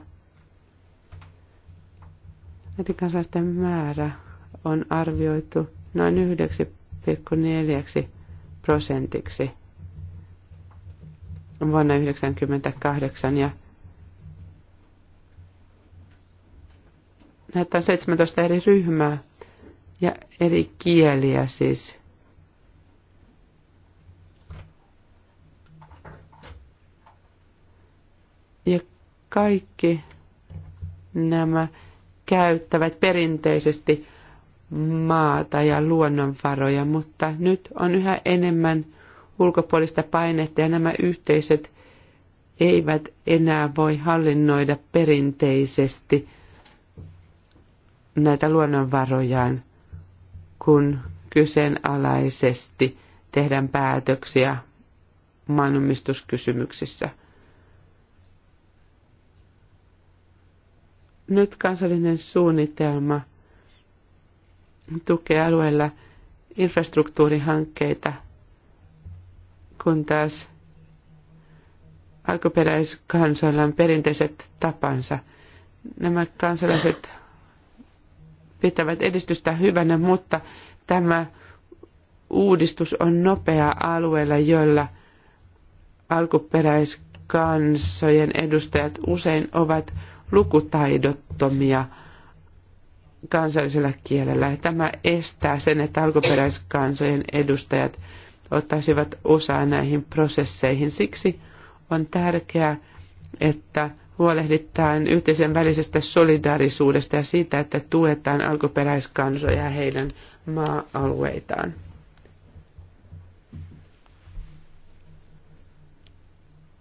Näiden kansalaisten määrä on arvioitu noin 9,4 prosentiksi vuonna 1998 ja näitä on 17 eri ryhmää ja eri kieliä siis. Ja kaikki nämä käyttävät perinteisesti maata ja luonnonvaroja, mutta nyt on yhä enemmän ulkopuolista painetta ja nämä yhteisöt eivät enää voi hallinnoida perinteisesti näitä luonnonvarojaan kun kyseenalaisesti tehdään päätöksiä maanomistuskysymyksissä. Nyt kansallinen suunnitelma tukee alueella infrastruktuurihankkeita, kun taas alkuperäiskansoilla on perinteiset tapansa. Nämä kansalaiset pitävät edistystä hyvänä, mutta tämä uudistus on nopea alueella, joilla alkuperäiskansojen edustajat usein ovat lukutaidottomia kansallisella kielellä. Ja tämä estää sen, että alkuperäiskansojen edustajat ottaisivat osaa näihin prosesseihin. Siksi on tärkeää, että huolehditaan yhteisen välisestä solidaarisuudesta ja siitä, että tuetaan alkuperäiskansoja ja heidän maa-alueitaan.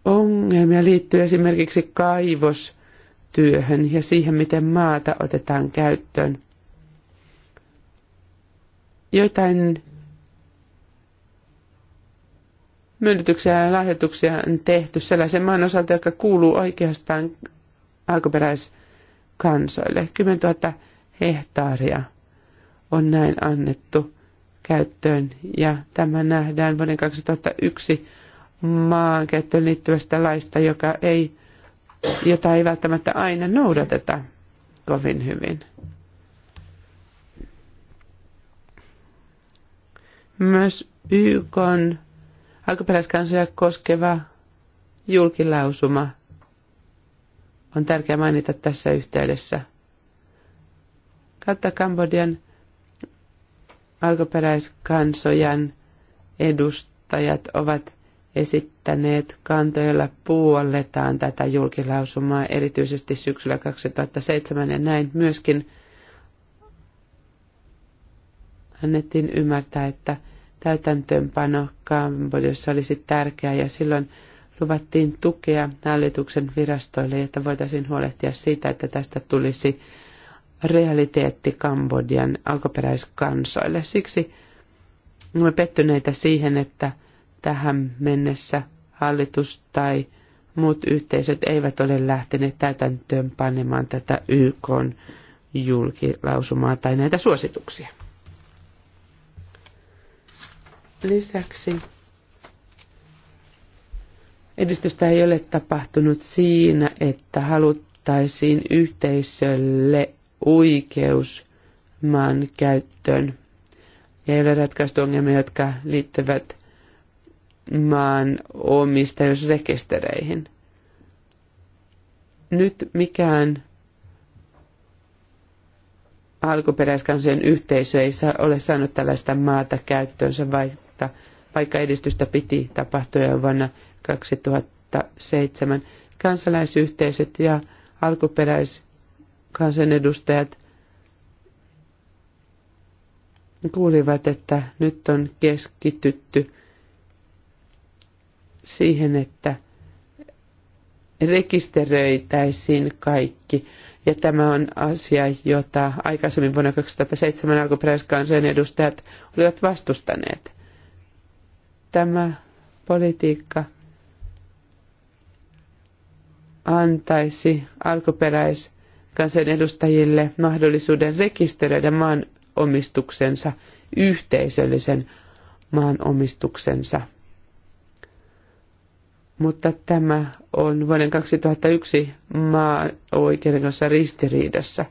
Ongelmia liittyy esimerkiksi kaivostyöhön ja siihen, miten maata otetaan käyttöön. Joitain myönnytyksiä ja lahjoituksia on tehty sellaisen maan osalta, joka kuuluu oikeastaan alkuperäiskansoille. 10 000 hehtaaria on näin annettu käyttöön ja tämä nähdään vuoden 2001 maankäyttöön liittyvästä laista, joka ei, jota ei välttämättä aina noudateta kovin hyvin. Myös YK on Alkuperäiskansoja koskeva julkilausuma on tärkeää mainita tässä yhteydessä. Kautta Kambodjan alkuperäiskansojan edustajat ovat esittäneet kantoilla puolletaan tätä julkilausumaa erityisesti syksyllä 2007 ja näin myöskin annettiin ymmärtää, että täytäntöönpano Kambodjassa olisi tärkeää ja silloin luvattiin tukea hallituksen virastoille, että voitaisiin huolehtia siitä, että tästä tulisi realiteetti Kambodjan alkuperäiskansoille. Siksi olemme pettyneitä siihen, että tähän mennessä hallitus tai muut yhteisöt eivät ole lähteneet täytäntöön panemaan tätä YK julkilausumaa tai näitä suosituksia. Lisäksi edistystä ei ole tapahtunut siinä, että haluttaisiin yhteisölle oikeus maan käyttöön. Ja ei ole ratkaistu ongelmia, jotka liittyvät maan omistajuusrekistereihin. Nyt mikään alkuperäiskansojen yhteisö ei ole saanut tällaista maata käyttöönsä, vaikka että vaikka edistystä piti tapahtua jo vuonna 2007. Kansalaisyhteisöt ja alkuperäiskansanedustajat kuulivat, että nyt on keskitytty siihen, että rekisteröitäisiin kaikki. Ja tämä on asia, jota aikaisemmin vuonna 2007 alkuperäiskansojen edustajat olivat vastustaneet tämä politiikka antaisi alkuperäiskansan edustajille mahdollisuuden rekisteröidä maanomistuksensa, yhteisöllisen maanomistuksensa. Mutta tämä on vuoden 2001 maa-oikeuden kanssa ristiriidassa.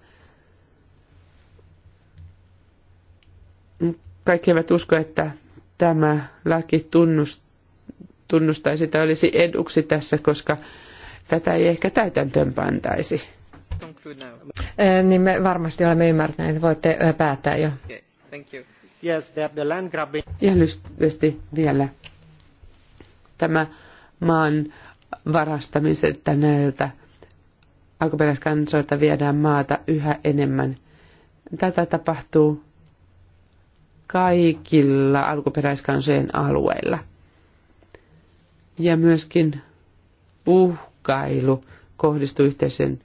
Kaikki eivät usko, että tämä laki tunnust, tunnustaisi tai olisi eduksi tässä, koska tätä ei ehkä täytäntöön pantaisi. Niin me varmasti olemme ymmärtäneet, voitte päättää jo. Ja lyhyesti vielä tämä maan varastamisen näiltä alkuperäiskansoilta viedään maata yhä enemmän. Tätä tapahtuu kaikilla alkuperäiskansojen alueilla. Ja myöskin uhkailu kohdistui yhteisen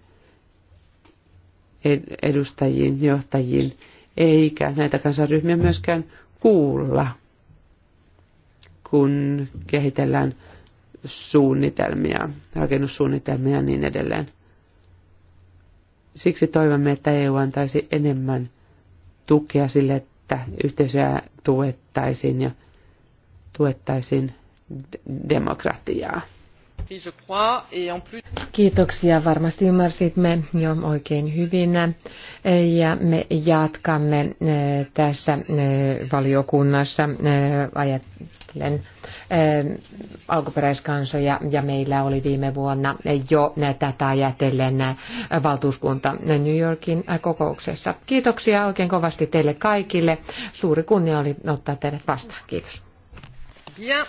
edustajiin, johtajiin, eikä näitä kansanryhmiä myöskään kuulla, kun kehitellään suunnitelmia, rakennussuunnitelmia ja niin edelleen. Siksi toivomme, että EU antaisi enemmän tukea sille, että että yhteisöä tuettaisiin ja tuettaisiin demokratiaa. Kiitoksia. Varmasti ymmärsimme jo oikein hyvin. Ja me jatkamme eh, tässä eh, valiokunnassa eh, ajattelen alkuperäiskansoja ja meillä oli viime vuonna jo tätä ajatellen valtuuskunta New Yorkin kokouksessa. Kiitoksia oikein kovasti teille kaikille. Suuri kunnia oli ottaa teidät vastaan. Kiitos. Bien.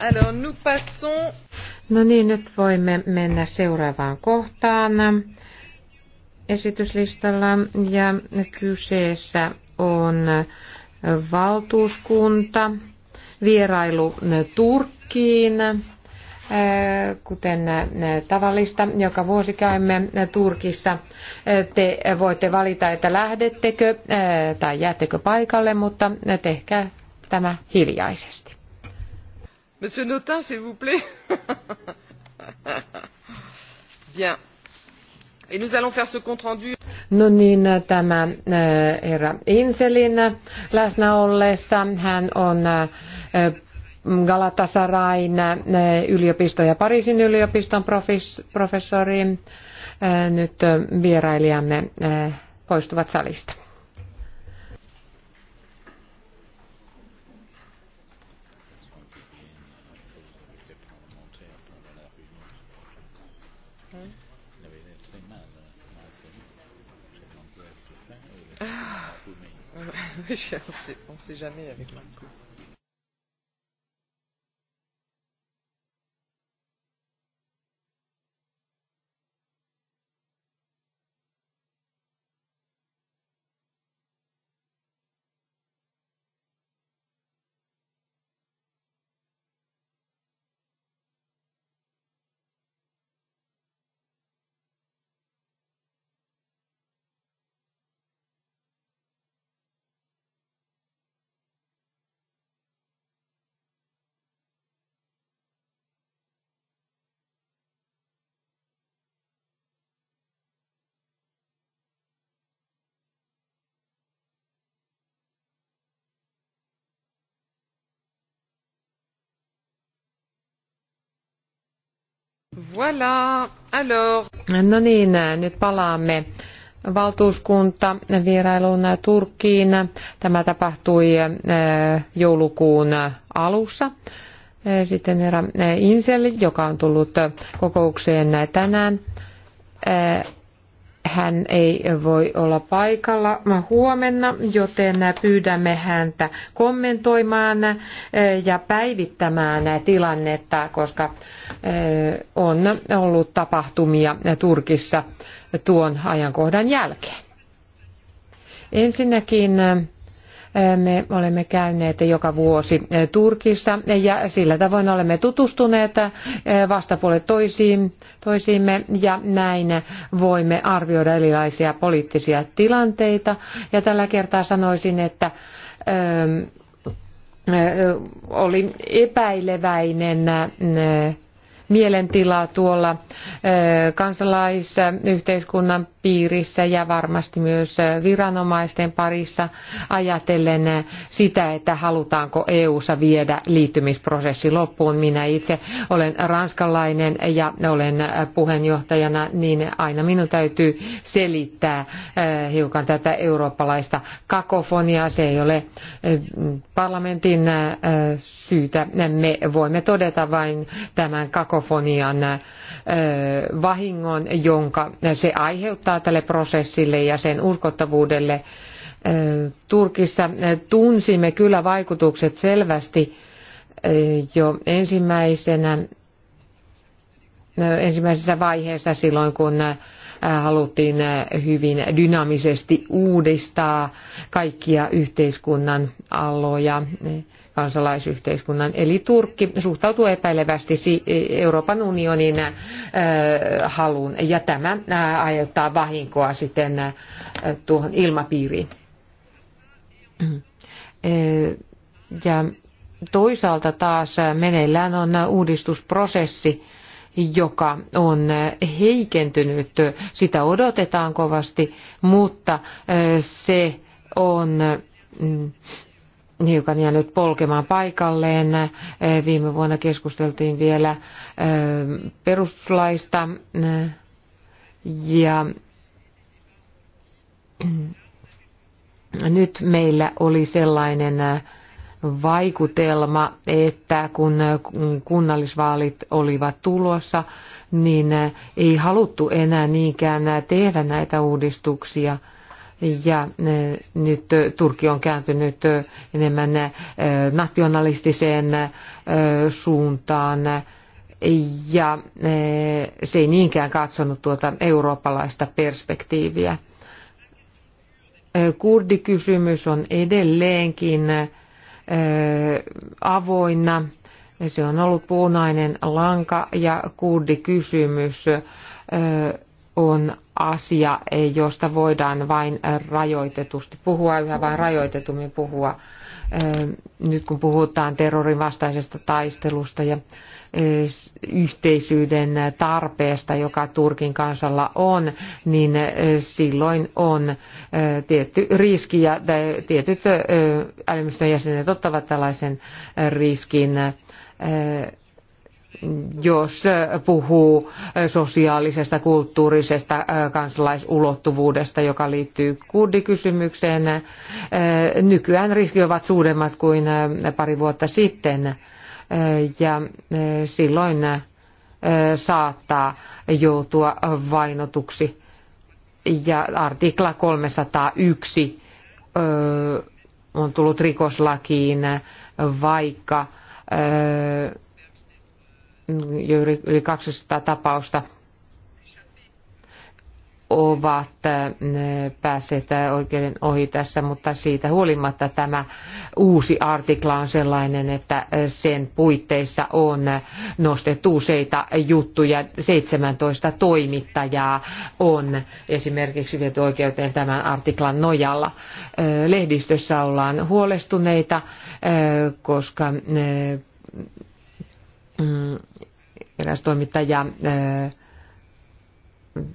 Alors, nous passons... No niin, nyt voimme mennä seuraavaan kohtaan esityslistalla ja kyseessä on valtuuskunta vierailu Turkkiin, äh, kuten äh, tavallista, joka vuosi käymme äh, Turkissa. Te voitte valita, että lähdettekö tai jäättekö paikalle, mutta tehkää tämä hiljaisesti monsieur notin s'il vous plaît. Bien. Et nous allons faire ce compte rendu. No niin, tämä eh, herra Inselin läsnä ollessa, hän on eh, Galatasarain eh, yliopisto ja Pariisin yliopiston professori. Nyt vierailijamme poistuvat salista. Oui, on ne sait jamais avec Marco. Voilà, alors. No niin, nyt palaamme valtuuskunta vierailuun Turkkiin. Tämä tapahtui äh, joulukuun alussa. Äh, sitten herra Insel, joka on tullut kokoukseen tänään, äh, hän ei voi olla paikalla huomenna, joten pyydämme häntä kommentoimaan eh, ja päivittämään tilannetta, koska eh, on ollut tapahtumia Turkissa tuon ajankohdan jälkeen. Ensinnäkin eh, me olemme käyneet joka vuosi eh, Turkissa ja sillä tavoin olemme tutustuneet eh, vastapuolet toisiin, toisiimme ja näin voimme arvioida erilaisia poliittisia tilanteita. Ja tällä kertaa sanoisin, että eh, oli epäileväinen mielentila tuolla kansalaisyhteiskunnan piirissä ja varmasti myös viranomaisten parissa ajatellen sitä, että halutaanko EU-ssa viedä liittymisprosessi loppuun. Minä itse olen ranskalainen ja olen puheenjohtajana, niin aina minun täytyy selittää eh, hiukan tätä eurooppalaista kakofoniaa. Se ei ole eh, parlamentin eh, syytä. Me voimme todeta vain tämän kakofonian vahingon, jonka se aiheuttaa antaa tälle prosessille ja sen uskottavuudelle. Turkissa tunsimme kyllä vaikutukset selvästi jo ensimmäisenä, ensimmäisessä vaiheessa silloin, kun haluttiin hyvin dynaamisesti uudistaa kaikkia yhteiskunnan aloja kansalaisyhteiskunnan. Eli Turkki suhtautuu epäilevästi Euroopan unionin äh, haluun ja tämä äh, aiheuttaa vahinkoa sitten äh, tuohon ilmapiiriin. Ja toisaalta taas meneillään on uudistusprosessi, joka on heikentynyt. Sitä odotetaan kovasti, mutta se on mm, hiukan jäänyt polkemaan paikalleen. Eh, viime vuonna keskusteltiin vielä eh, perustuslaista eh, ja nyt meillä oli sellainen vaikutelma, että kun kunnallisvaalit olivat tulossa, niin ei haluttu enää niinkään tehdä näitä uudistuksia – ja e, nyt Turkki on kääntynyt enemmän e, nationalistiseen e, suuntaan ja se ei niinkään katsonut tuota eurooppalaista perspektiiviä. Kurdikysymys on edelleenkin avoinna. Se on ollut punainen lanka ja kurdikysymys on asia, josta voidaan vain rajoitetusti puhua, yhä vain rajoitetummin puhua. Nyt kun puhutaan terrorin vastaisesta taistelusta ja yhteisyyden tarpeesta, joka Turkin kansalla on, niin silloin on tietty riski ja tietyt älymystön jäsenet ottavat tällaisen riskin jos puhuu sosiaalisesta, kulttuurisesta kansalaisulottuvuudesta, joka liittyy kurdikysymykseen. Nykyään riski ovat suuremmat kuin pari vuotta sitten ja silloin saattaa joutua vainotuksi. Ja artikla 301 on tullut rikoslakiin, vaikka jo yli 200 tapausta ovat äh, päässeet äh, oikeuden ohi tässä, mutta siitä huolimatta tämä uusi artikla on sellainen, että äh, sen puitteissa on nostettu useita juttuja. 17 toimittajaa on esimerkiksi viety oikeuteen tämän artiklan nojalla. Lehdistössä ollaan huolestuneita, koska mm, eräs toimittaja eh,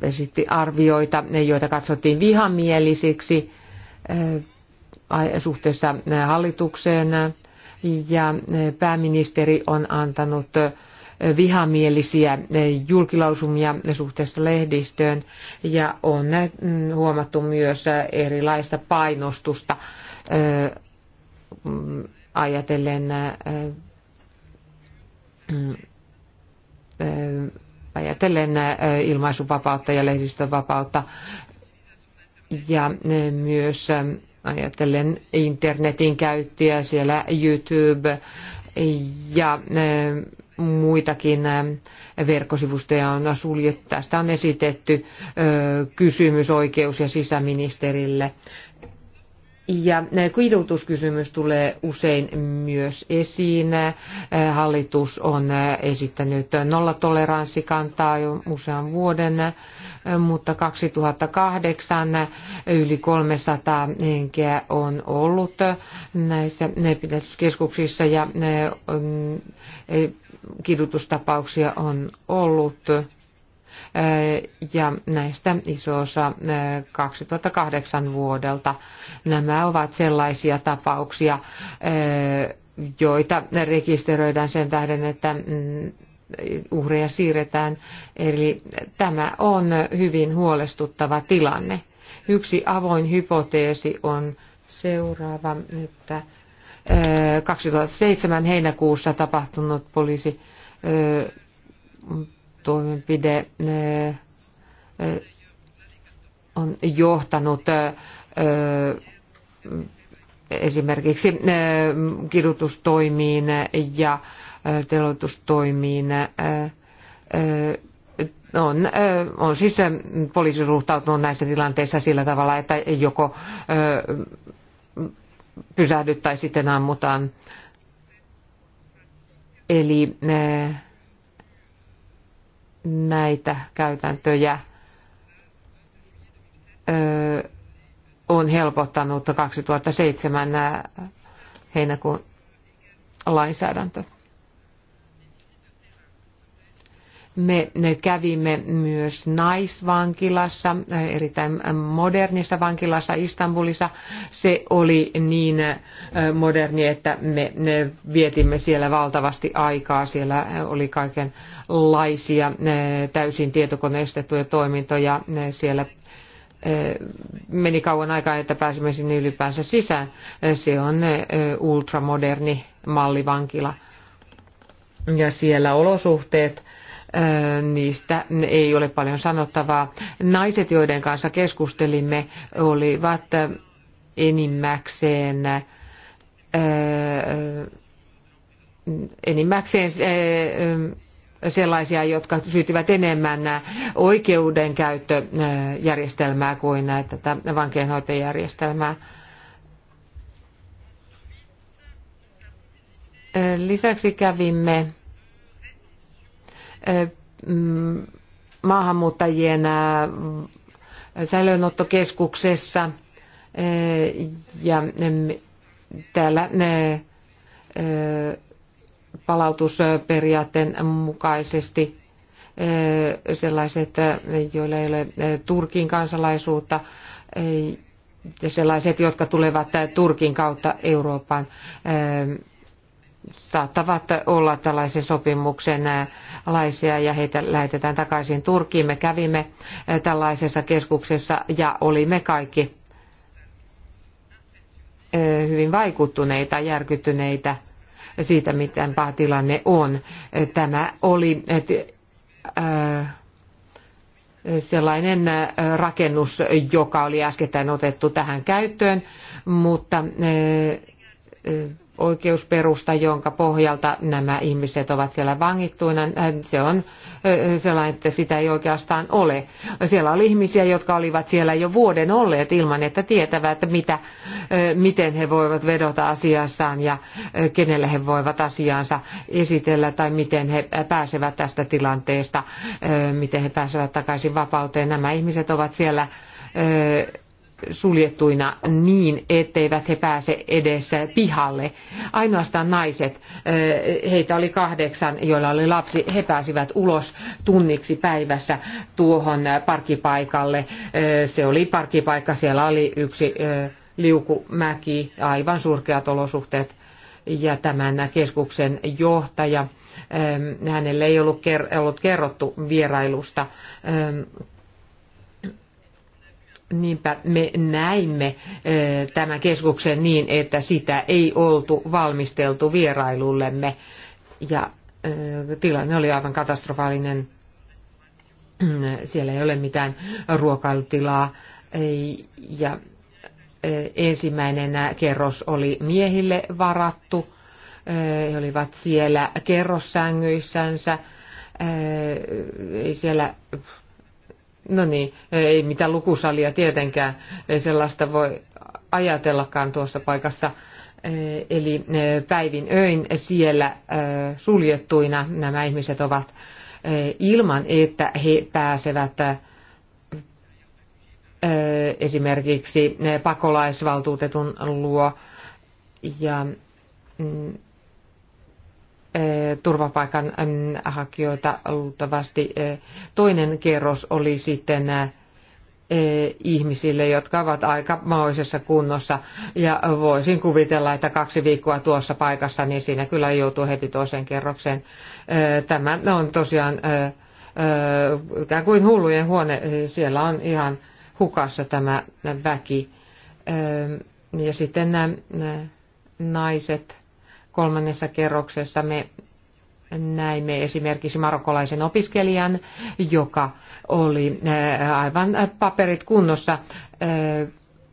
esitti arvioita, joita katsottiin vihamielisiksi eh, suhteessa eh, hallitukseen ja pääministeri on antanut vihamielisiä julkilausumia suhteessa lehdistöön ja on mm, huomattu myös erilaista painostusta mm, ajatellen mm, Äh, ajatellen äh, ilmaisuvapautta ja lehdistönvapautta ja äh, myös ähm, ajatellen internetin käyttöä siellä YouTube ja muitakin verkkosivustoja on suljettu. Tästä on esitetty kysymys oikeus- ja sisäministerille ja kidutuskysymys tulee usein myös esiin. Hallitus on esittänyt nollatoleranssikantaa jo usean vuoden, mutta 2008 yli 300 henkeä on ollut näissä pidätyskeskuksissa ja kidutustapauksia on ollut ja näistä iso osa 2008 vuodelta. Nämä ovat sellaisia tapauksia, joita rekisteröidään sen tähden, että mm, uhreja siirretään. Eli tämä on hyvin huolestuttava tilanne. Yksi avoin hypoteesi on seuraava, että 2007 heinäkuussa tapahtunut poliisi toimenpide eh, eh, on johtanut eh, esimerkiksi kidutustoimiin ja teloitustoimiin. On, on siis poliisi suhtautunut näissä tilanteissa sillä tavalla, että joko pysähdyt tai sitten ammutaan. Eli äh, näitä käytäntöjä on helpottanut 2007 heinäkuun lainsäädäntö. Me kävimme myös naisvankilassa, erittäin modernissa vankilassa Istanbulissa. Se oli niin moderni, että me vietimme siellä valtavasti aikaa. Siellä oli kaikenlaisia täysin tietokoneistettuja toimintoja. Siellä e, meni kauan aikaa, että pääsimme sinne ylipäänsä sisään. Se on e, ultramoderni mallivankila. Ja siellä olosuhteet niistä ei ole paljon sanottavaa. Naiset, joiden kanssa keskustelimme, olivat enimmäkseen enimmäkseen sellaisia, jotka syytivät enemmän oikeudenkäyttöjärjestelmää kuin tätä vankeenhoitajärjestelmää. Lisäksi kävimme Mm, maahanmuuttajien säilöönottokeskuksessa ja täällä palautusperiaatteen mukaisesti sellaiset, joilla ei ole Turkin kansalaisuutta, ja sellaiset, jotka tulevat Turkin kautta Euroopan saattavat olla tällaisen sopimuksen alaisia ja heitä lähetetään takaisin Turkkiin. Me kävimme eh, tällaisessa keskuksessa ja olimme kaikki eh, hyvin vaikuttuneita, järkyttyneitä siitä, miten paha tilanne on. Eh, tämä oli sellainen rakennus, joka oli äskettäin otettu tähän käyttöön, mutta oikeusperusta, jonka pohjalta nämä ihmiset ovat siellä vangittuina. Se on sellainen, että sitä ei oikeastaan ole. Siellä oli ihmisiä, jotka olivat siellä jo vuoden olleet ilman, että tietävät, mitä, miten he voivat vedota asiassaan ja kenelle he voivat asiaansa esitellä tai miten he pääsevät tästä tilanteesta, miten he pääsevät takaisin vapauteen. Nämä ihmiset ovat siellä suljettuina niin, etteivät he pääse edes pihalle. Ainoastaan naiset, eh, heitä oli kahdeksan, joilla oli lapsi, he pääsivät ulos tunniksi päivässä tuohon parkkipaikalle. Eh, se oli parkkipaikka, siellä oli yksi eh, liukumäki, aivan surkeat olosuhteet. Ja tämän keskuksen johtaja, hänelle ei ollut kerrottu vierailusta Niinpä me näimme tämän keskuksen niin, että sitä ei oltu valmisteltu vierailullemme. Ja tilanne oli aivan katastrofaalinen. Siellä ei ole mitään ruokailutilaa. Ja ensimmäinen kerros oli miehille varattu. He olivat siellä kerrossängyissänsä. Ei siellä No niin, ei mitään lukusalia tietenkään, ei sellaista voi ajatellakaan tuossa paikassa. Eh, eli eh, päivin öin siellä eh, suljettuina nämä ihmiset ovat ilman, että he pääsevät esimerkiksi pakolaisvaltuutetun luo ja mm, turvapaikan hakijoita luultavasti. Toinen kerros oli sitten ihmisille, jotka ovat aika maoisessa kunnossa. Ja voisin kuvitella, että kaksi viikkoa tuossa paikassa, niin siinä kyllä joutuu heti toiseen kerrokseen. Tämä on tosiaan ikään kuin hullujen huone. Siellä on ihan hukassa tämä väki. Ja sitten nämä naiset kolmannessa kerroksessa me näimme esimerkiksi marokkolaisen opiskelijan, joka oli äh, aivan paperit kunnossa, äh,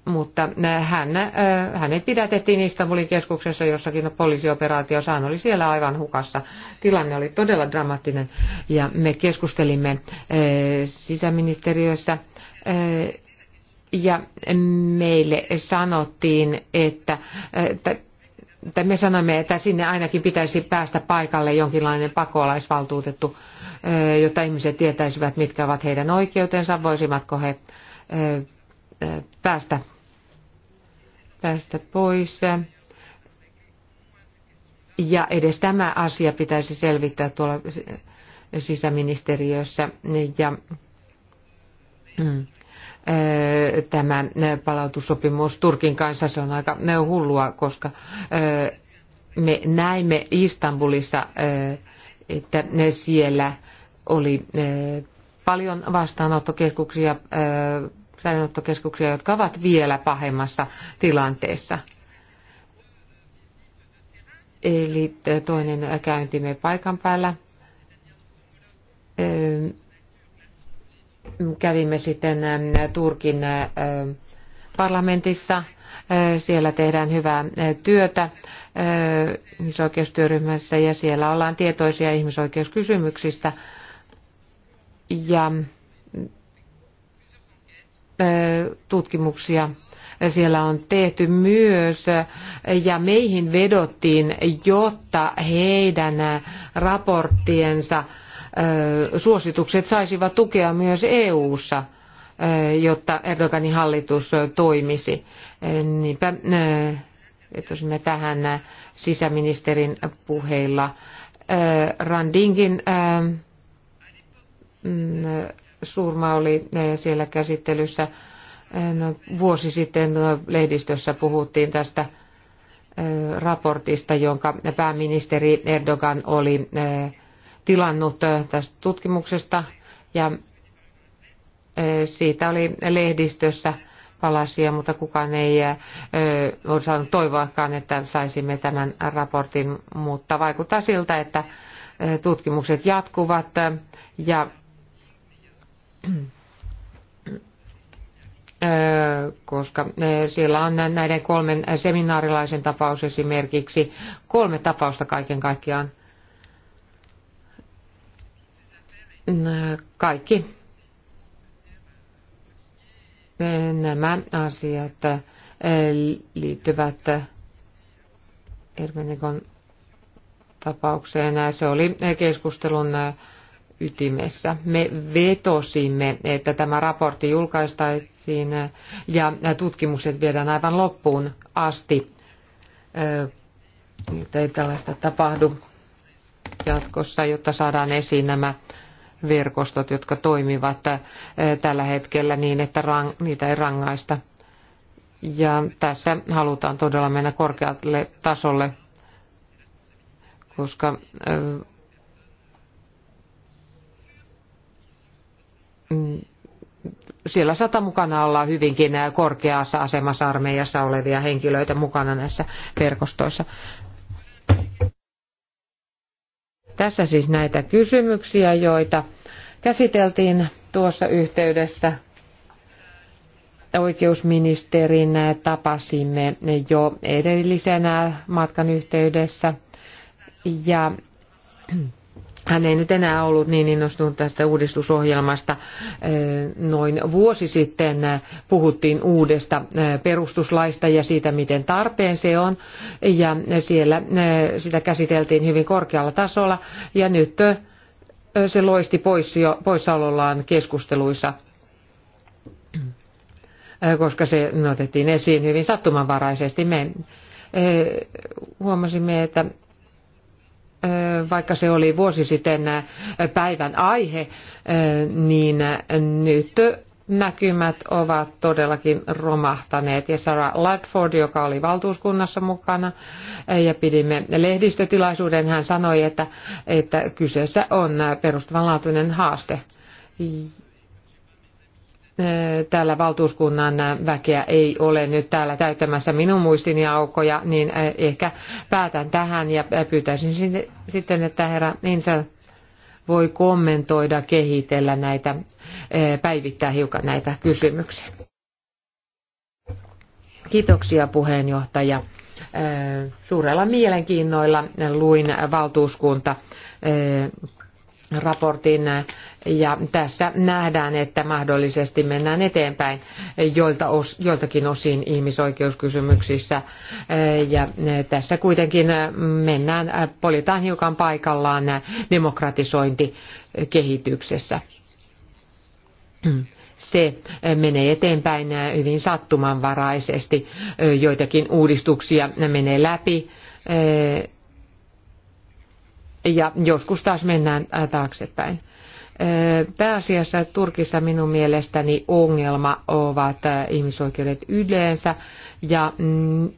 mutta hän, äh, hänet pidätettiin Istanbulin keskuksessa jossakin poliisioperaatiossa. Hän oli siellä aivan hukassa. Tilanne oli todella dramaattinen ja me keskustelimme sisäministeriössä ja meille sanottiin, että tai me sanoimme, että sinne ainakin pitäisi päästä paikalle jonkinlainen pakolaisvaltuutettu, jotta ihmiset tietäisivät, mitkä ovat heidän oikeutensa, voisivatko he päästä, päästä pois. Ja edes tämä asia pitäisi selvittää tuolla sisäministeriössä. Ja, mm tämä palautussopimus Turkin kanssa. Se on aika hullua, koska me näimme Istanbulissa, että siellä oli paljon vastaanottokeskuksia, säilönottokeskuksia, jotka ovat vielä pahemmassa tilanteessa. Eli toinen käyntimme paikan päällä Kävimme sitten ähm, Turkin äh, parlamentissa. Äh, siellä tehdään hyvää äh, työtä ihmisoikeustyöryhmässä ja siellä ollaan tietoisia ihmisoikeuskysymyksistä. Ja tutkimuksia siellä on tehty myös ja meihin vedottiin, jotta heidän raporttiensa suositukset saisivat tukea myös EU-ssa, jotta Erdoganin hallitus toimisi. Niinpä me tähän sisäministerin puheilla. Randingin mm, surma oli siellä käsittelyssä no, vuosi sitten lehdistössä puhuttiin tästä raportista, jonka pääministeri Erdogan oli tilannut tästä tutkimuksesta ja siitä oli lehdistössä palasia, mutta kukaan ei ole saanut toivoakaan, että saisimme tämän raportin, mutta vaikuttaa siltä, että tutkimukset jatkuvat ja koska siellä on näiden kolmen seminaarilaisen tapaus esimerkiksi kolme tapausta kaiken kaikkiaan kaikki nämä asiat eh, liittyvät eh, Ermenikon tapaukseen. Se oli keskustelun eh, ytimessä. Me vetosimme, että tämä raportti julkaistaisiin ja tutkimukset viedään aivan loppuun asti, Nyt ei tällaista tapahdu jatkossa, jotta saadaan esiin nämä verkostot, jotka toimivat tällä hetkellä niin, että niitä ei rangaista. Ja tässä halutaan todella mennä korkealle tasolle, koska siellä sata mukana ollaan hyvinkin korkeassa asemassa armeijassa olevia henkilöitä mukana näissä verkostoissa. Tässä siis näitä kysymyksiä, joita käsiteltiin tuossa yhteydessä oikeusministerin tapasimme jo edellisenä matkan yhteydessä. Ja hän ei nyt enää ollut niin innostunut tästä uudistusohjelmasta. Noin vuosi sitten puhuttiin uudesta perustuslaista ja siitä, miten tarpeen se on. Ja siellä sitä käsiteltiin hyvin korkealla tasolla. Ja nyt se loisti pois jo, poissaolollaan keskusteluissa koska se otettiin esiin hyvin sattumanvaraisesti. Me huomasimme, että vaikka se oli vuosi sitten päivän aihe, niin nyt näkymät ovat todellakin romahtaneet. Ja Sarah Ladford, joka oli valtuuskunnassa mukana ja pidimme lehdistötilaisuuden, hän sanoi, että, että kyseessä on perustavanlaatuinen haaste täällä valtuuskunnan väkeä ei ole nyt täällä täyttämässä minun muistini aukoja, niin ehkä päätän tähän ja pyytäisin sitten, että herra Insel voi kommentoida, kehitellä näitä, päivittää hiukan näitä kysymyksiä. Kiitoksia puheenjohtaja. Suurella mielenkiinnoilla luin valtuuskunta raportin ja tässä nähdään, että mahdollisesti mennään eteenpäin joilta os, joiltakin osin ihmisoikeuskysymyksissä. Ja tässä kuitenkin mennään, poljetaan hiukan paikallaan demokratisointikehityksessä. Se menee eteenpäin hyvin sattumanvaraisesti. Joitakin uudistuksia menee läpi ja joskus taas mennään äh, taaksepäin. Äh, pääasiassa Turkissa minun mielestäni ongelma ovat äh, ihmisoikeudet yleensä ja mm,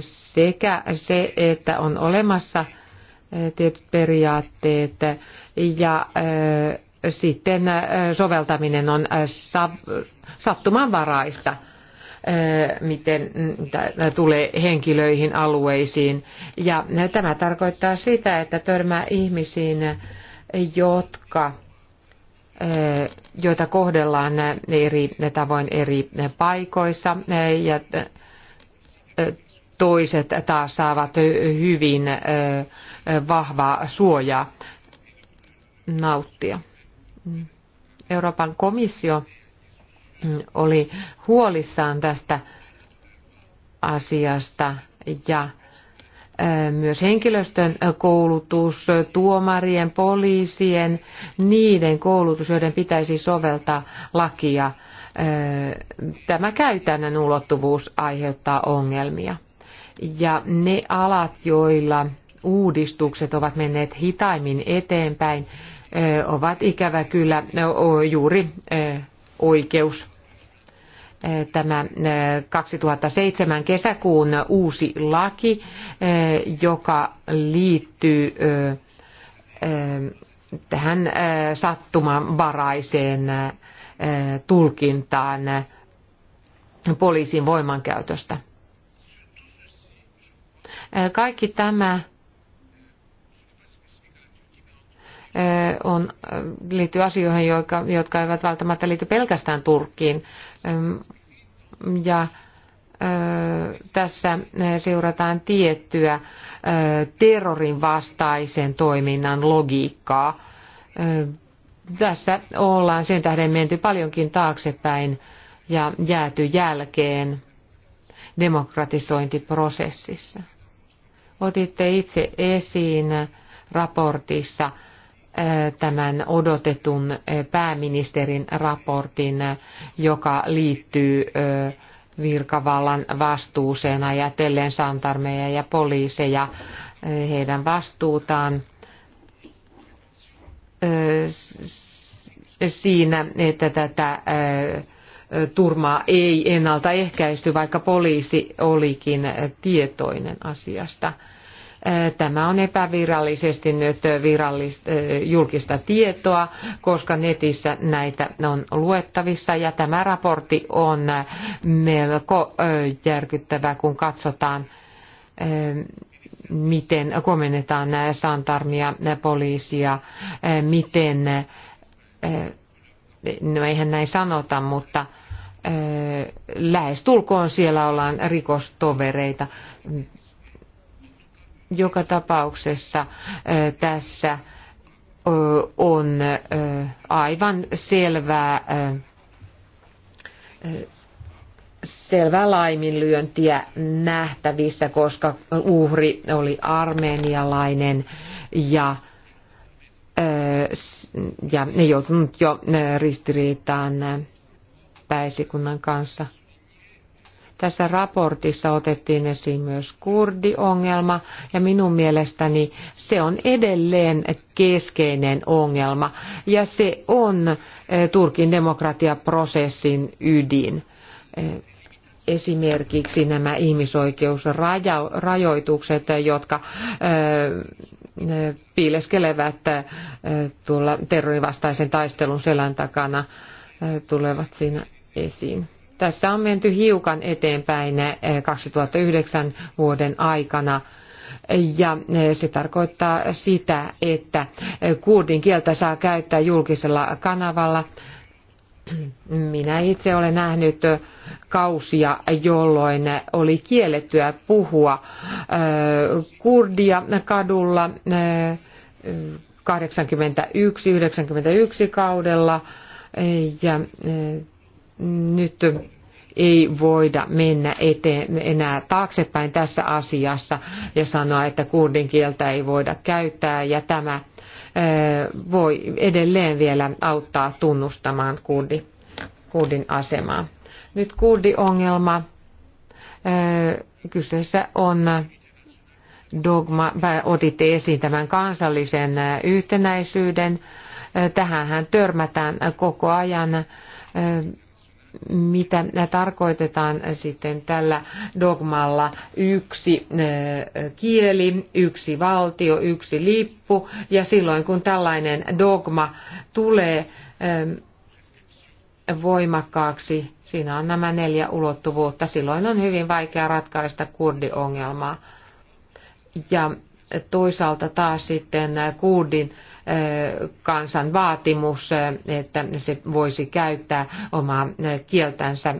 sekä se, että on olemassa tietyt periaatteet ja sitten soveltaminen on sattumanvaraista miten mm, tulee henkilöihin, alueisiin. Ja tämä tarkoittaa sitä, että törmää ihmisiin, jotka joita kohdellaan eri tavoin eri paikoissa ja toiset taas saavat hyvin vahvaa suojaa nauttia. Mm. Euroopan komissio oli huolissaan tästä asiasta ja myös henkilöstön koulutus, tuomarien, poliisien, niiden koulutus, joiden pitäisi soveltaa lakia. Tämä käytännön ulottuvuus aiheuttaa ongelmia. Ja ne alat, joilla uudistukset ovat menneet hitaimmin eteenpäin, ovat ikävä kyllä juuri oikeus tämä 2007 kesäkuun uusi laki, joka liittyy tähän sattumanvaraiseen tulkintaan poliisin voimankäytöstä. Kaikki tämä on, liittyy asioihin, jotka, jotka eivät välttämättä liity pelkästään Turkkiin. Ja tässä seurataan tiettyä terrorin vastaisen toiminnan logiikkaa. Tässä ollaan sen tähden menty paljonkin taaksepäin ja jääty jälkeen demokratisointiprosessissa. Otitte itse esiin raportissa tämän odotetun eh, pääministerin raportin, eh, joka liittyy eh, virkavallan vastuuseen ajatellen santarmeja ja poliiseja heidän vastuutaan siinä, että tätä turmaa ei ennaltaehkäisty, vaikka poliisi olikin tietoinen asiasta. Tämä on epävirallisesti nyt virallista, julkista tietoa, koska netissä näitä on luettavissa ja tämä raportti on melko järkyttävä, kun katsotaan miten komennetaan santarmia, poliisia, miten, no eihän näin sanota, mutta lähestulkoon siellä ollaan rikostovereita joka tapauksessa tässä on aivan selvää, selvää laiminlyöntiä nähtävissä, koska uhri oli armenialainen ja ja ne joutunut jo ristiriitaan pääsikunnan kanssa. Tässä raportissa otettiin esiin myös kurdiongelma ja minun mielestäni se on edelleen keskeinen ongelma ja se on eh, Turkin demokratiaprosessin ydin eh, esimerkiksi nämä ihmisoikeusrajoitukset, jotka eh, piileskelevät tuolla terrorivastaisen taistelun selän takana, tulevat siinä esiin. Tässä on menty hiukan eteenpäin 2009 eh, vuoden aikana ja eh, se tarkoittaa sitä, että eh, kurdin kieltä saa käyttää julkisella kanavalla. Minä itse olen nähnyt kausia, jolloin oli kiellettyä puhua kurdia kadulla 81-91 kaudella ja nyt ei voida mennä eteen, enää taaksepäin tässä asiassa ja sanoa, että kurdin kieltä ei voida käyttää ja tämä voi edelleen vielä auttaa tunnustamaan kurdi, kurdin asemaa. Nyt kurdiongelma. Kyseessä on dogma, otitte esiin tämän kansallisen yhtenäisyyden. Tähänhän törmätään koko ajan mitä tarkoitetaan sitten tällä dogmalla yksi eh, kieli, yksi valtio, yksi lippu. Ja silloin kun tällainen dogma tulee eh, voimakkaaksi, siinä on nämä neljä ulottuvuutta, silloin on hyvin vaikea ratkaista kurdiongelmaa. Ja toisaalta taas sitten kurdin kansan vaatimus, että se voisi käyttää omaa kieltänsä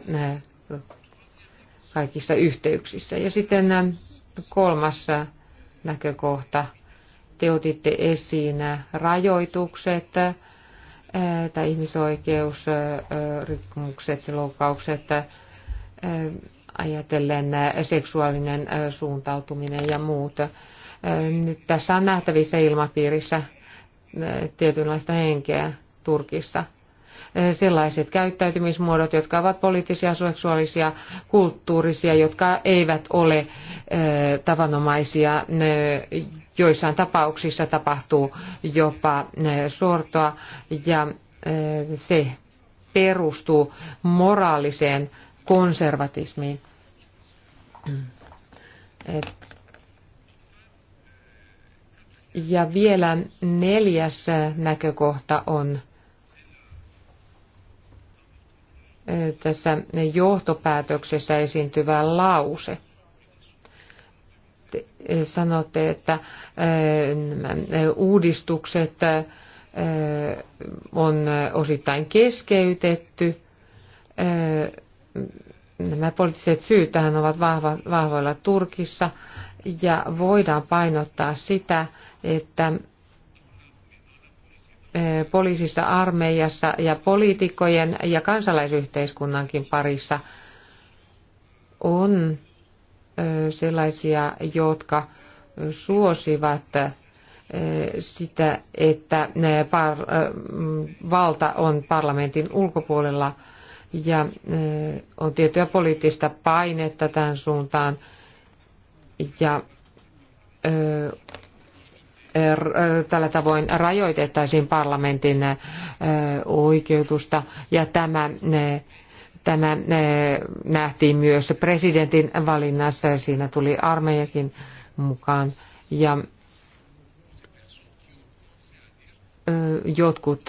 kaikissa yhteyksissä. Ja sitten kolmas näkökohta. Te otitte esiin rajoitukset tai ihmisoikeusrikkomukset ja loukkaukset ajatellen seksuaalinen suuntautuminen ja muut. Nyt tässä on nähtävissä ilmapiirissä tietynlaista henkeä Turkissa. Sellaiset käyttäytymismuodot, jotka ovat poliittisia, seksuaalisia, kulttuurisia, jotka eivät ole tavanomaisia. Joissain tapauksissa tapahtuu jopa sortoa ja se perustuu moraaliseen konservatismiin. Et ja vielä neljäs näkökohta on tässä johtopäätöksessä esiintyvä lause. Te sanotte, että uudistukset on osittain keskeytetty. Nämä poliittiset syyt tähän ovat vahvoilla Turkissa ja voidaan painottaa sitä, että e, poliisissa, armeijassa ja poliitikkojen ja kansalaisyhteiskunnankin parissa on e, sellaisia, jotka suosivat e, sitä, että valta on parlamentin ulkopuolella ja on tiettyä poliittista painetta tämän suuntaan ja tällä tavoin rajoitettaisiin parlamentin oikeutusta ja tämä, tämä nähtiin myös presidentin valinnassa ja siinä tuli armeijakin mukaan ja jotkut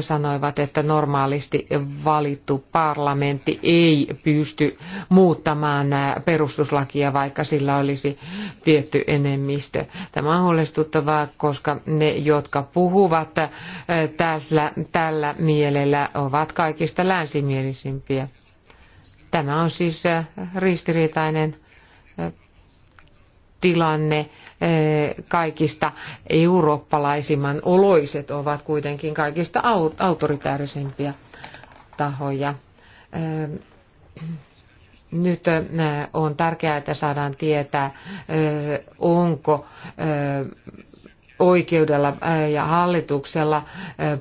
sanoivat, että normaalisti valittu parlamentti ei pysty muuttamaan perustuslakia, vaikka sillä olisi tietty enemmistö. Tämä on huolestuttavaa, koska ne, jotka puhuvat tällä, tällä mielellä, ovat kaikista länsimielisimpiä. Tämä on siis ristiriitainen tilanne Eh, kaikista eurooppalaisimman oloiset ovat kuitenkin kaikista autoritäärisimpiä tahoja. Eh, nyt eh, on tärkeää, että saadaan tietää, onko oikeudella ja hallituksella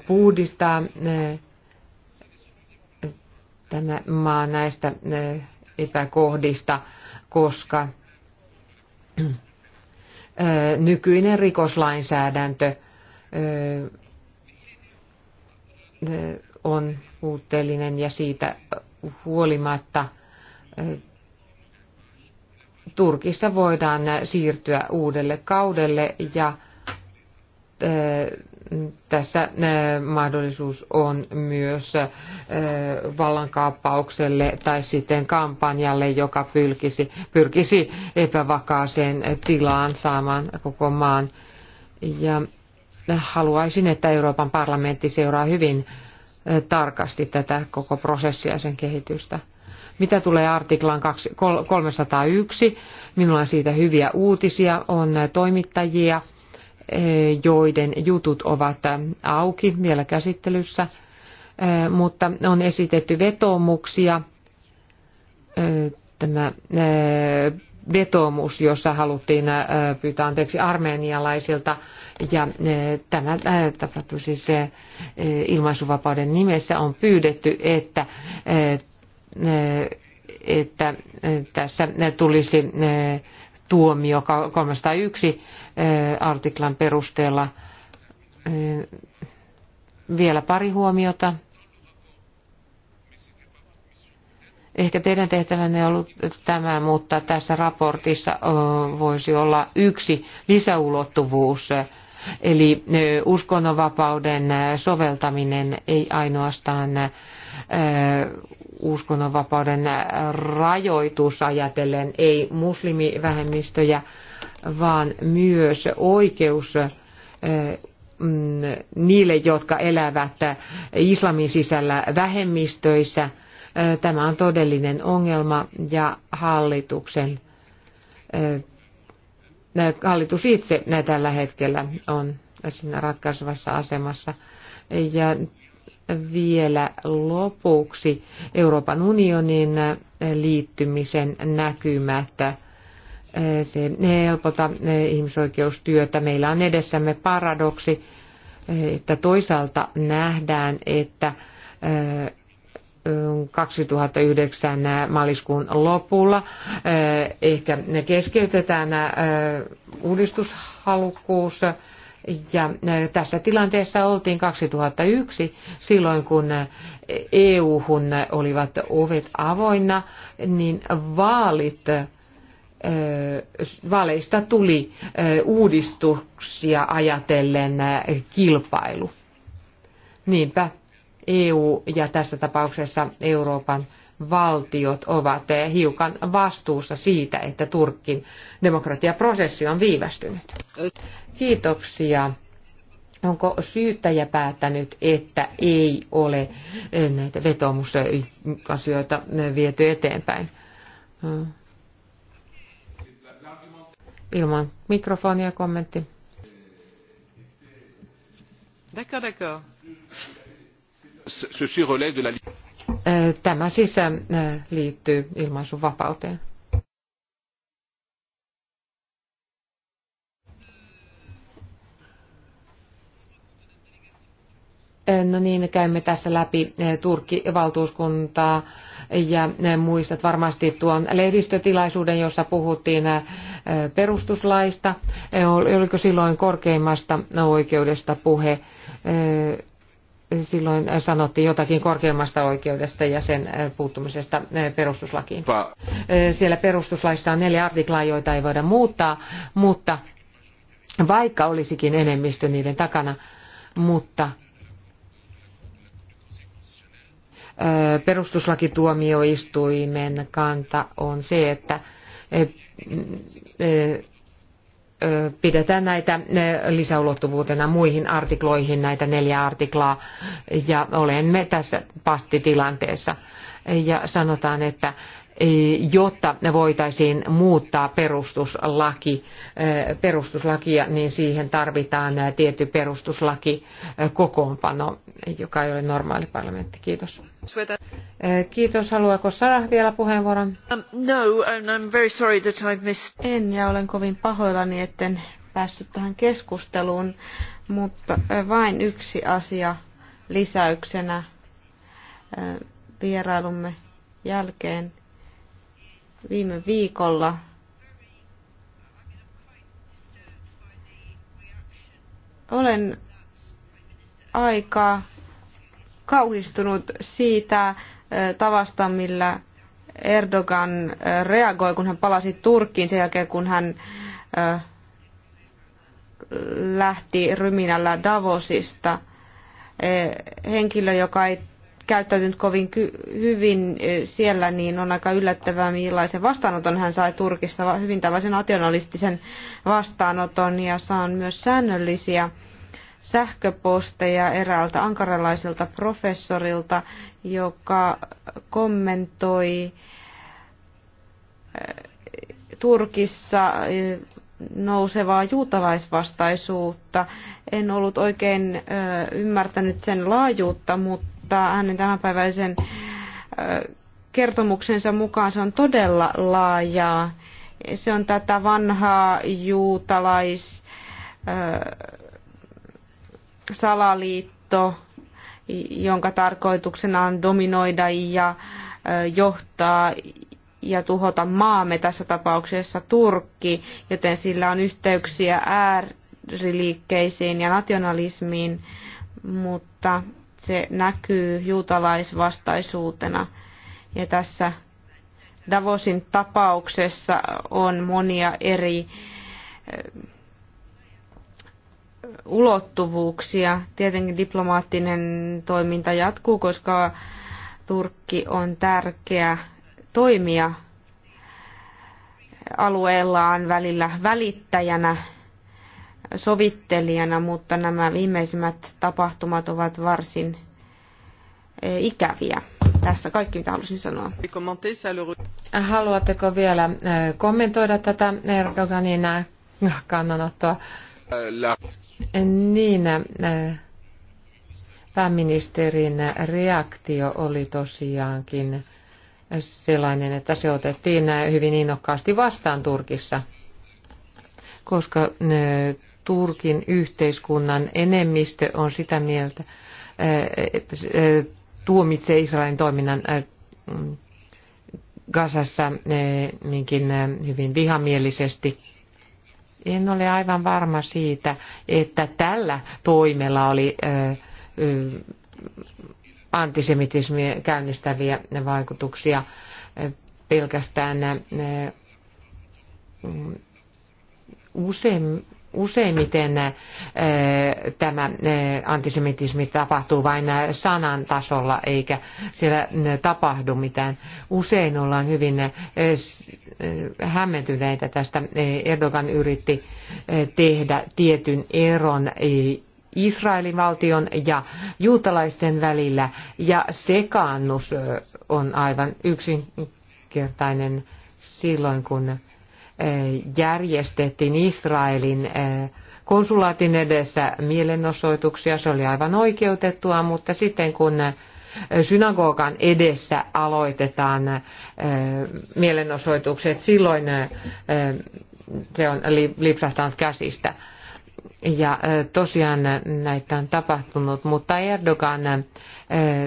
puhdistaa tämä maa näistä epäkohdista, koska nykyinen rikoslainsäädäntö on puutteellinen ja siitä huolimatta Turkissa voidaan siirtyä uudelle kaudelle ja tässä mahdollisuus on myös vallankaappaukselle tai sitten kampanjalle, joka pyrkisi, pyrkisi epävakaaseen tilaan saamaan koko maan. Ja haluaisin, että Euroopan parlamentti seuraa hyvin tarkasti tätä koko prosessia ja sen kehitystä. Mitä tulee artiklaan 301, minulla on siitä hyviä uutisia, on toimittajia, Eh, joiden jutut ovat auki vielä käsittelyssä, eh, mutta on esitetty vetoomuksia. Eh, tämä vetoomus, jossa haluttiin pyytää anteeksi armeenialaisilta, Ja tämä tapahtui siis ilmaisuvapauden nimessä on pyydetty, että, että tässä tulisi tuomio 301 artiklan perusteella. Vielä pari huomiota. Ehkä teidän tehtävänne on ollut tämä, mutta tässä raportissa voisi olla yksi lisäulottuvuus, eli uskonnonvapauden soveltaminen ei ainoastaan uskonnonvapauden rajoitus ajatellen, ei muslimivähemmistöjä, vaan myös oikeus eh, mm, niille, jotka elävät islamin sisällä vähemmistöissä. Eh, tämä on todellinen ongelma ja hallituksen, eh, hallitus itse tällä hetkellä on siinä ratkaisevassa asemassa. Ja vielä lopuksi Euroopan unionin liittymisen näkymättä se ei helpota eh, ihmisoikeustyötä. Meillä on edessämme paradoksi, eh, että toisaalta nähdään, että 2009 eh, mm, maaliskuun lopulla ehkä keskeytetään uudistushalukkuus. Ja tässä tilanteessa oltiin 2001 silloin, kun EU-hun e olivat ovet avoinna, niin vaalit vaaleista tuli uudistuksia ajatellen kilpailu. Niinpä EU ja tässä tapauksessa Euroopan valtiot ovat hiukan vastuussa siitä, että Turkin demokratiaprosessi on viivästynyt. Kiitoksia. Onko syyttäjä päättänyt, että ei ole näitä vetoomusasioita viety eteenpäin? ilman mikrofonia kommentti. D'accord, d'accord. Tämä siis liittyy ilmaisun vapauteen. No niin, käymme tässä läpi eh, Turkki-valtuuskuntaa ja eh, muistat varmasti tuon lehdistötilaisuuden, jossa puhuttiin eh, perustuslaista. Oliko silloin korkeimmasta oikeudesta puhe? Silloin sanottiin jotakin korkeimmasta oikeudesta ja sen puuttumisesta perustuslakiin. Siellä perustuslaissa on neljä artiklaa, joita ei voida muuttaa, mutta vaikka olisikin enemmistö niiden takana, mutta perustuslakituomioistuimen kanta on se, että pidetään näitä lisäulottuvuutena muihin artikloihin, näitä neljä artiklaa, ja olemme tässä pastitilanteessa. Ja sanotaan, että jotta voitaisiin muuttaa perustuslaki, perustuslakia, niin siihen tarvitaan tietty perustuslaki kokoonpano joka ei ole normaali parlamentti. Kiitos. Eh, kiitos. Haluaako Sarah vielä puheenvuoron? Um, no, I'm very sorry that I missed. En ja olen kovin pahoillani, etten päässyt tähän keskusteluun, mutta vain yksi asia lisäyksenä vierailumme jälkeen viime viikolla olen aika kauhistunut siitä tavasta, millä Erdogan reagoi, kun hän palasi Turkkiin sen jälkeen, kun hän lähti ryminällä Davosista. E, henkilö, joka ei käyttäytynyt kovin hyvin e, siellä, niin on aika yllättävää, millaisen vastaanoton hän sai Turkista, hyvin tällaisen nationalistisen vastaanoton, ja saan myös säännöllisiä sähköposteja eräältä ankaralaiselta professorilta, joka kommentoi eh, Turkissa eh, nousevaa juutalaisvastaisuutta. En ollut oikein eh, ymmärtänyt sen laajuutta, mutta hänen tämänpäiväisen kertomuksensa mukaan se on todella laajaa. Se on tätä vanhaa juutalais salaliitto, jonka tarkoituksena on dominoida ja johtaa ja tuhota maamme, tässä tapauksessa Turkki, joten sillä on yhteyksiä ääriliikkeisiin ja nationalismiin, mutta se näkyy juutalaisvastaisuutena. Ja tässä Davosin tapauksessa on monia eri ulottuvuuksia. Tietenkin diplomaattinen toiminta jatkuu, koska Turkki on tärkeä toimija alueellaan välillä välittäjänä, sovittelijana, mutta nämä viimeisimmät tapahtumat ovat varsin eh, ikäviä. Tässä kaikki, mitä halusin sanoa. Haluatteko vielä eh, kommentoida tätä Erdoganin eh, kannanottoa? Niin, äh, pääministerin reaktio oli tosiaankin sellainen, että se otettiin hyvin innokkaasti vastaan Turkissa, koska äh, Turkin yhteiskunnan enemmistö on sitä mieltä, äh, että tuomitsee Israelin toiminnan Gazassa hyvin vihamielisesti. En ole aivan varma siitä, että tällä toimella oli antisemitismi käynnistäviä vaikutuksia pelkästään usein useimmiten eh, tämä eh, antisemitismi tapahtuu vain eh, sanan tasolla eikä siellä tapahdu mitään. Usein ollaan hyvin hämmentyneitä tästä. Erdogan yritti tehdä tietyn eron Israelin valtion ja juutalaisten välillä ja sekaannus on aivan yksinkertainen silloin, kun järjestettiin Israelin konsulaatin edessä mielenosoituksia. Se oli aivan oikeutettua, mutta sitten kun synagogan edessä aloitetaan mielenosoitukset, silloin se on lipsahtanut käsistä. Ja tosiaan näitä on tapahtunut, mutta Erdogan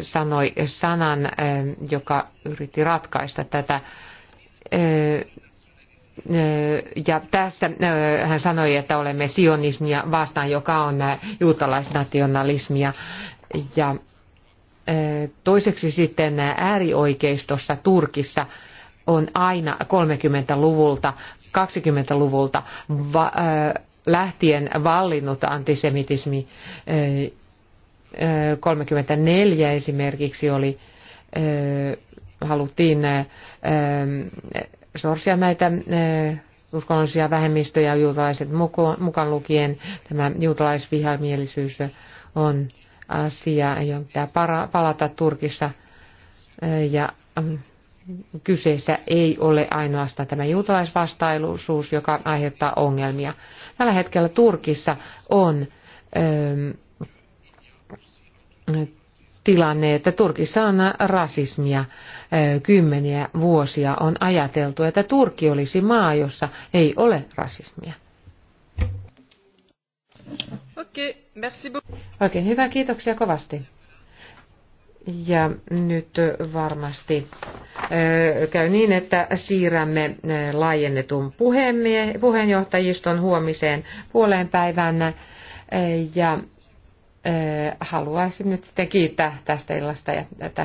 sanoi sanan, joka yritti ratkaista tätä ja tässä hän sanoi, että olemme sionismia vastaan, joka on juutalaisnationalismia. Ja toiseksi sitten äärioikeistossa Turkissa on aina 30-luvulta, 20-luvulta lähtien vallinnut antisemitismi. 34 esimerkiksi oli, haluttiin sorsia näitä uskonnollisia vähemmistöjä, juutalaiset mukaan lukien. Tämä juutalaisvihamielisyys on asia, johon pitää palata Turkissa. Ja kyseessä ei ole ainoastaan tämä juutalaisvastailuisuus, joka aiheuttaa ongelmia. Tällä hetkellä Turkissa on tilanne, että Turkissa on rasismia. Kymmeniä vuosia on ajateltu, että Turkki olisi maa, jossa ei ole rasismia. Okei, merci Oikein hyvä, kiitoksia kovasti. Ja nyt varmasti käy niin, että siirrämme laajennetun puheenjohtajiston huomiseen puoleen Ja haluaisin nyt sitten kiittää tästä illasta ja tästä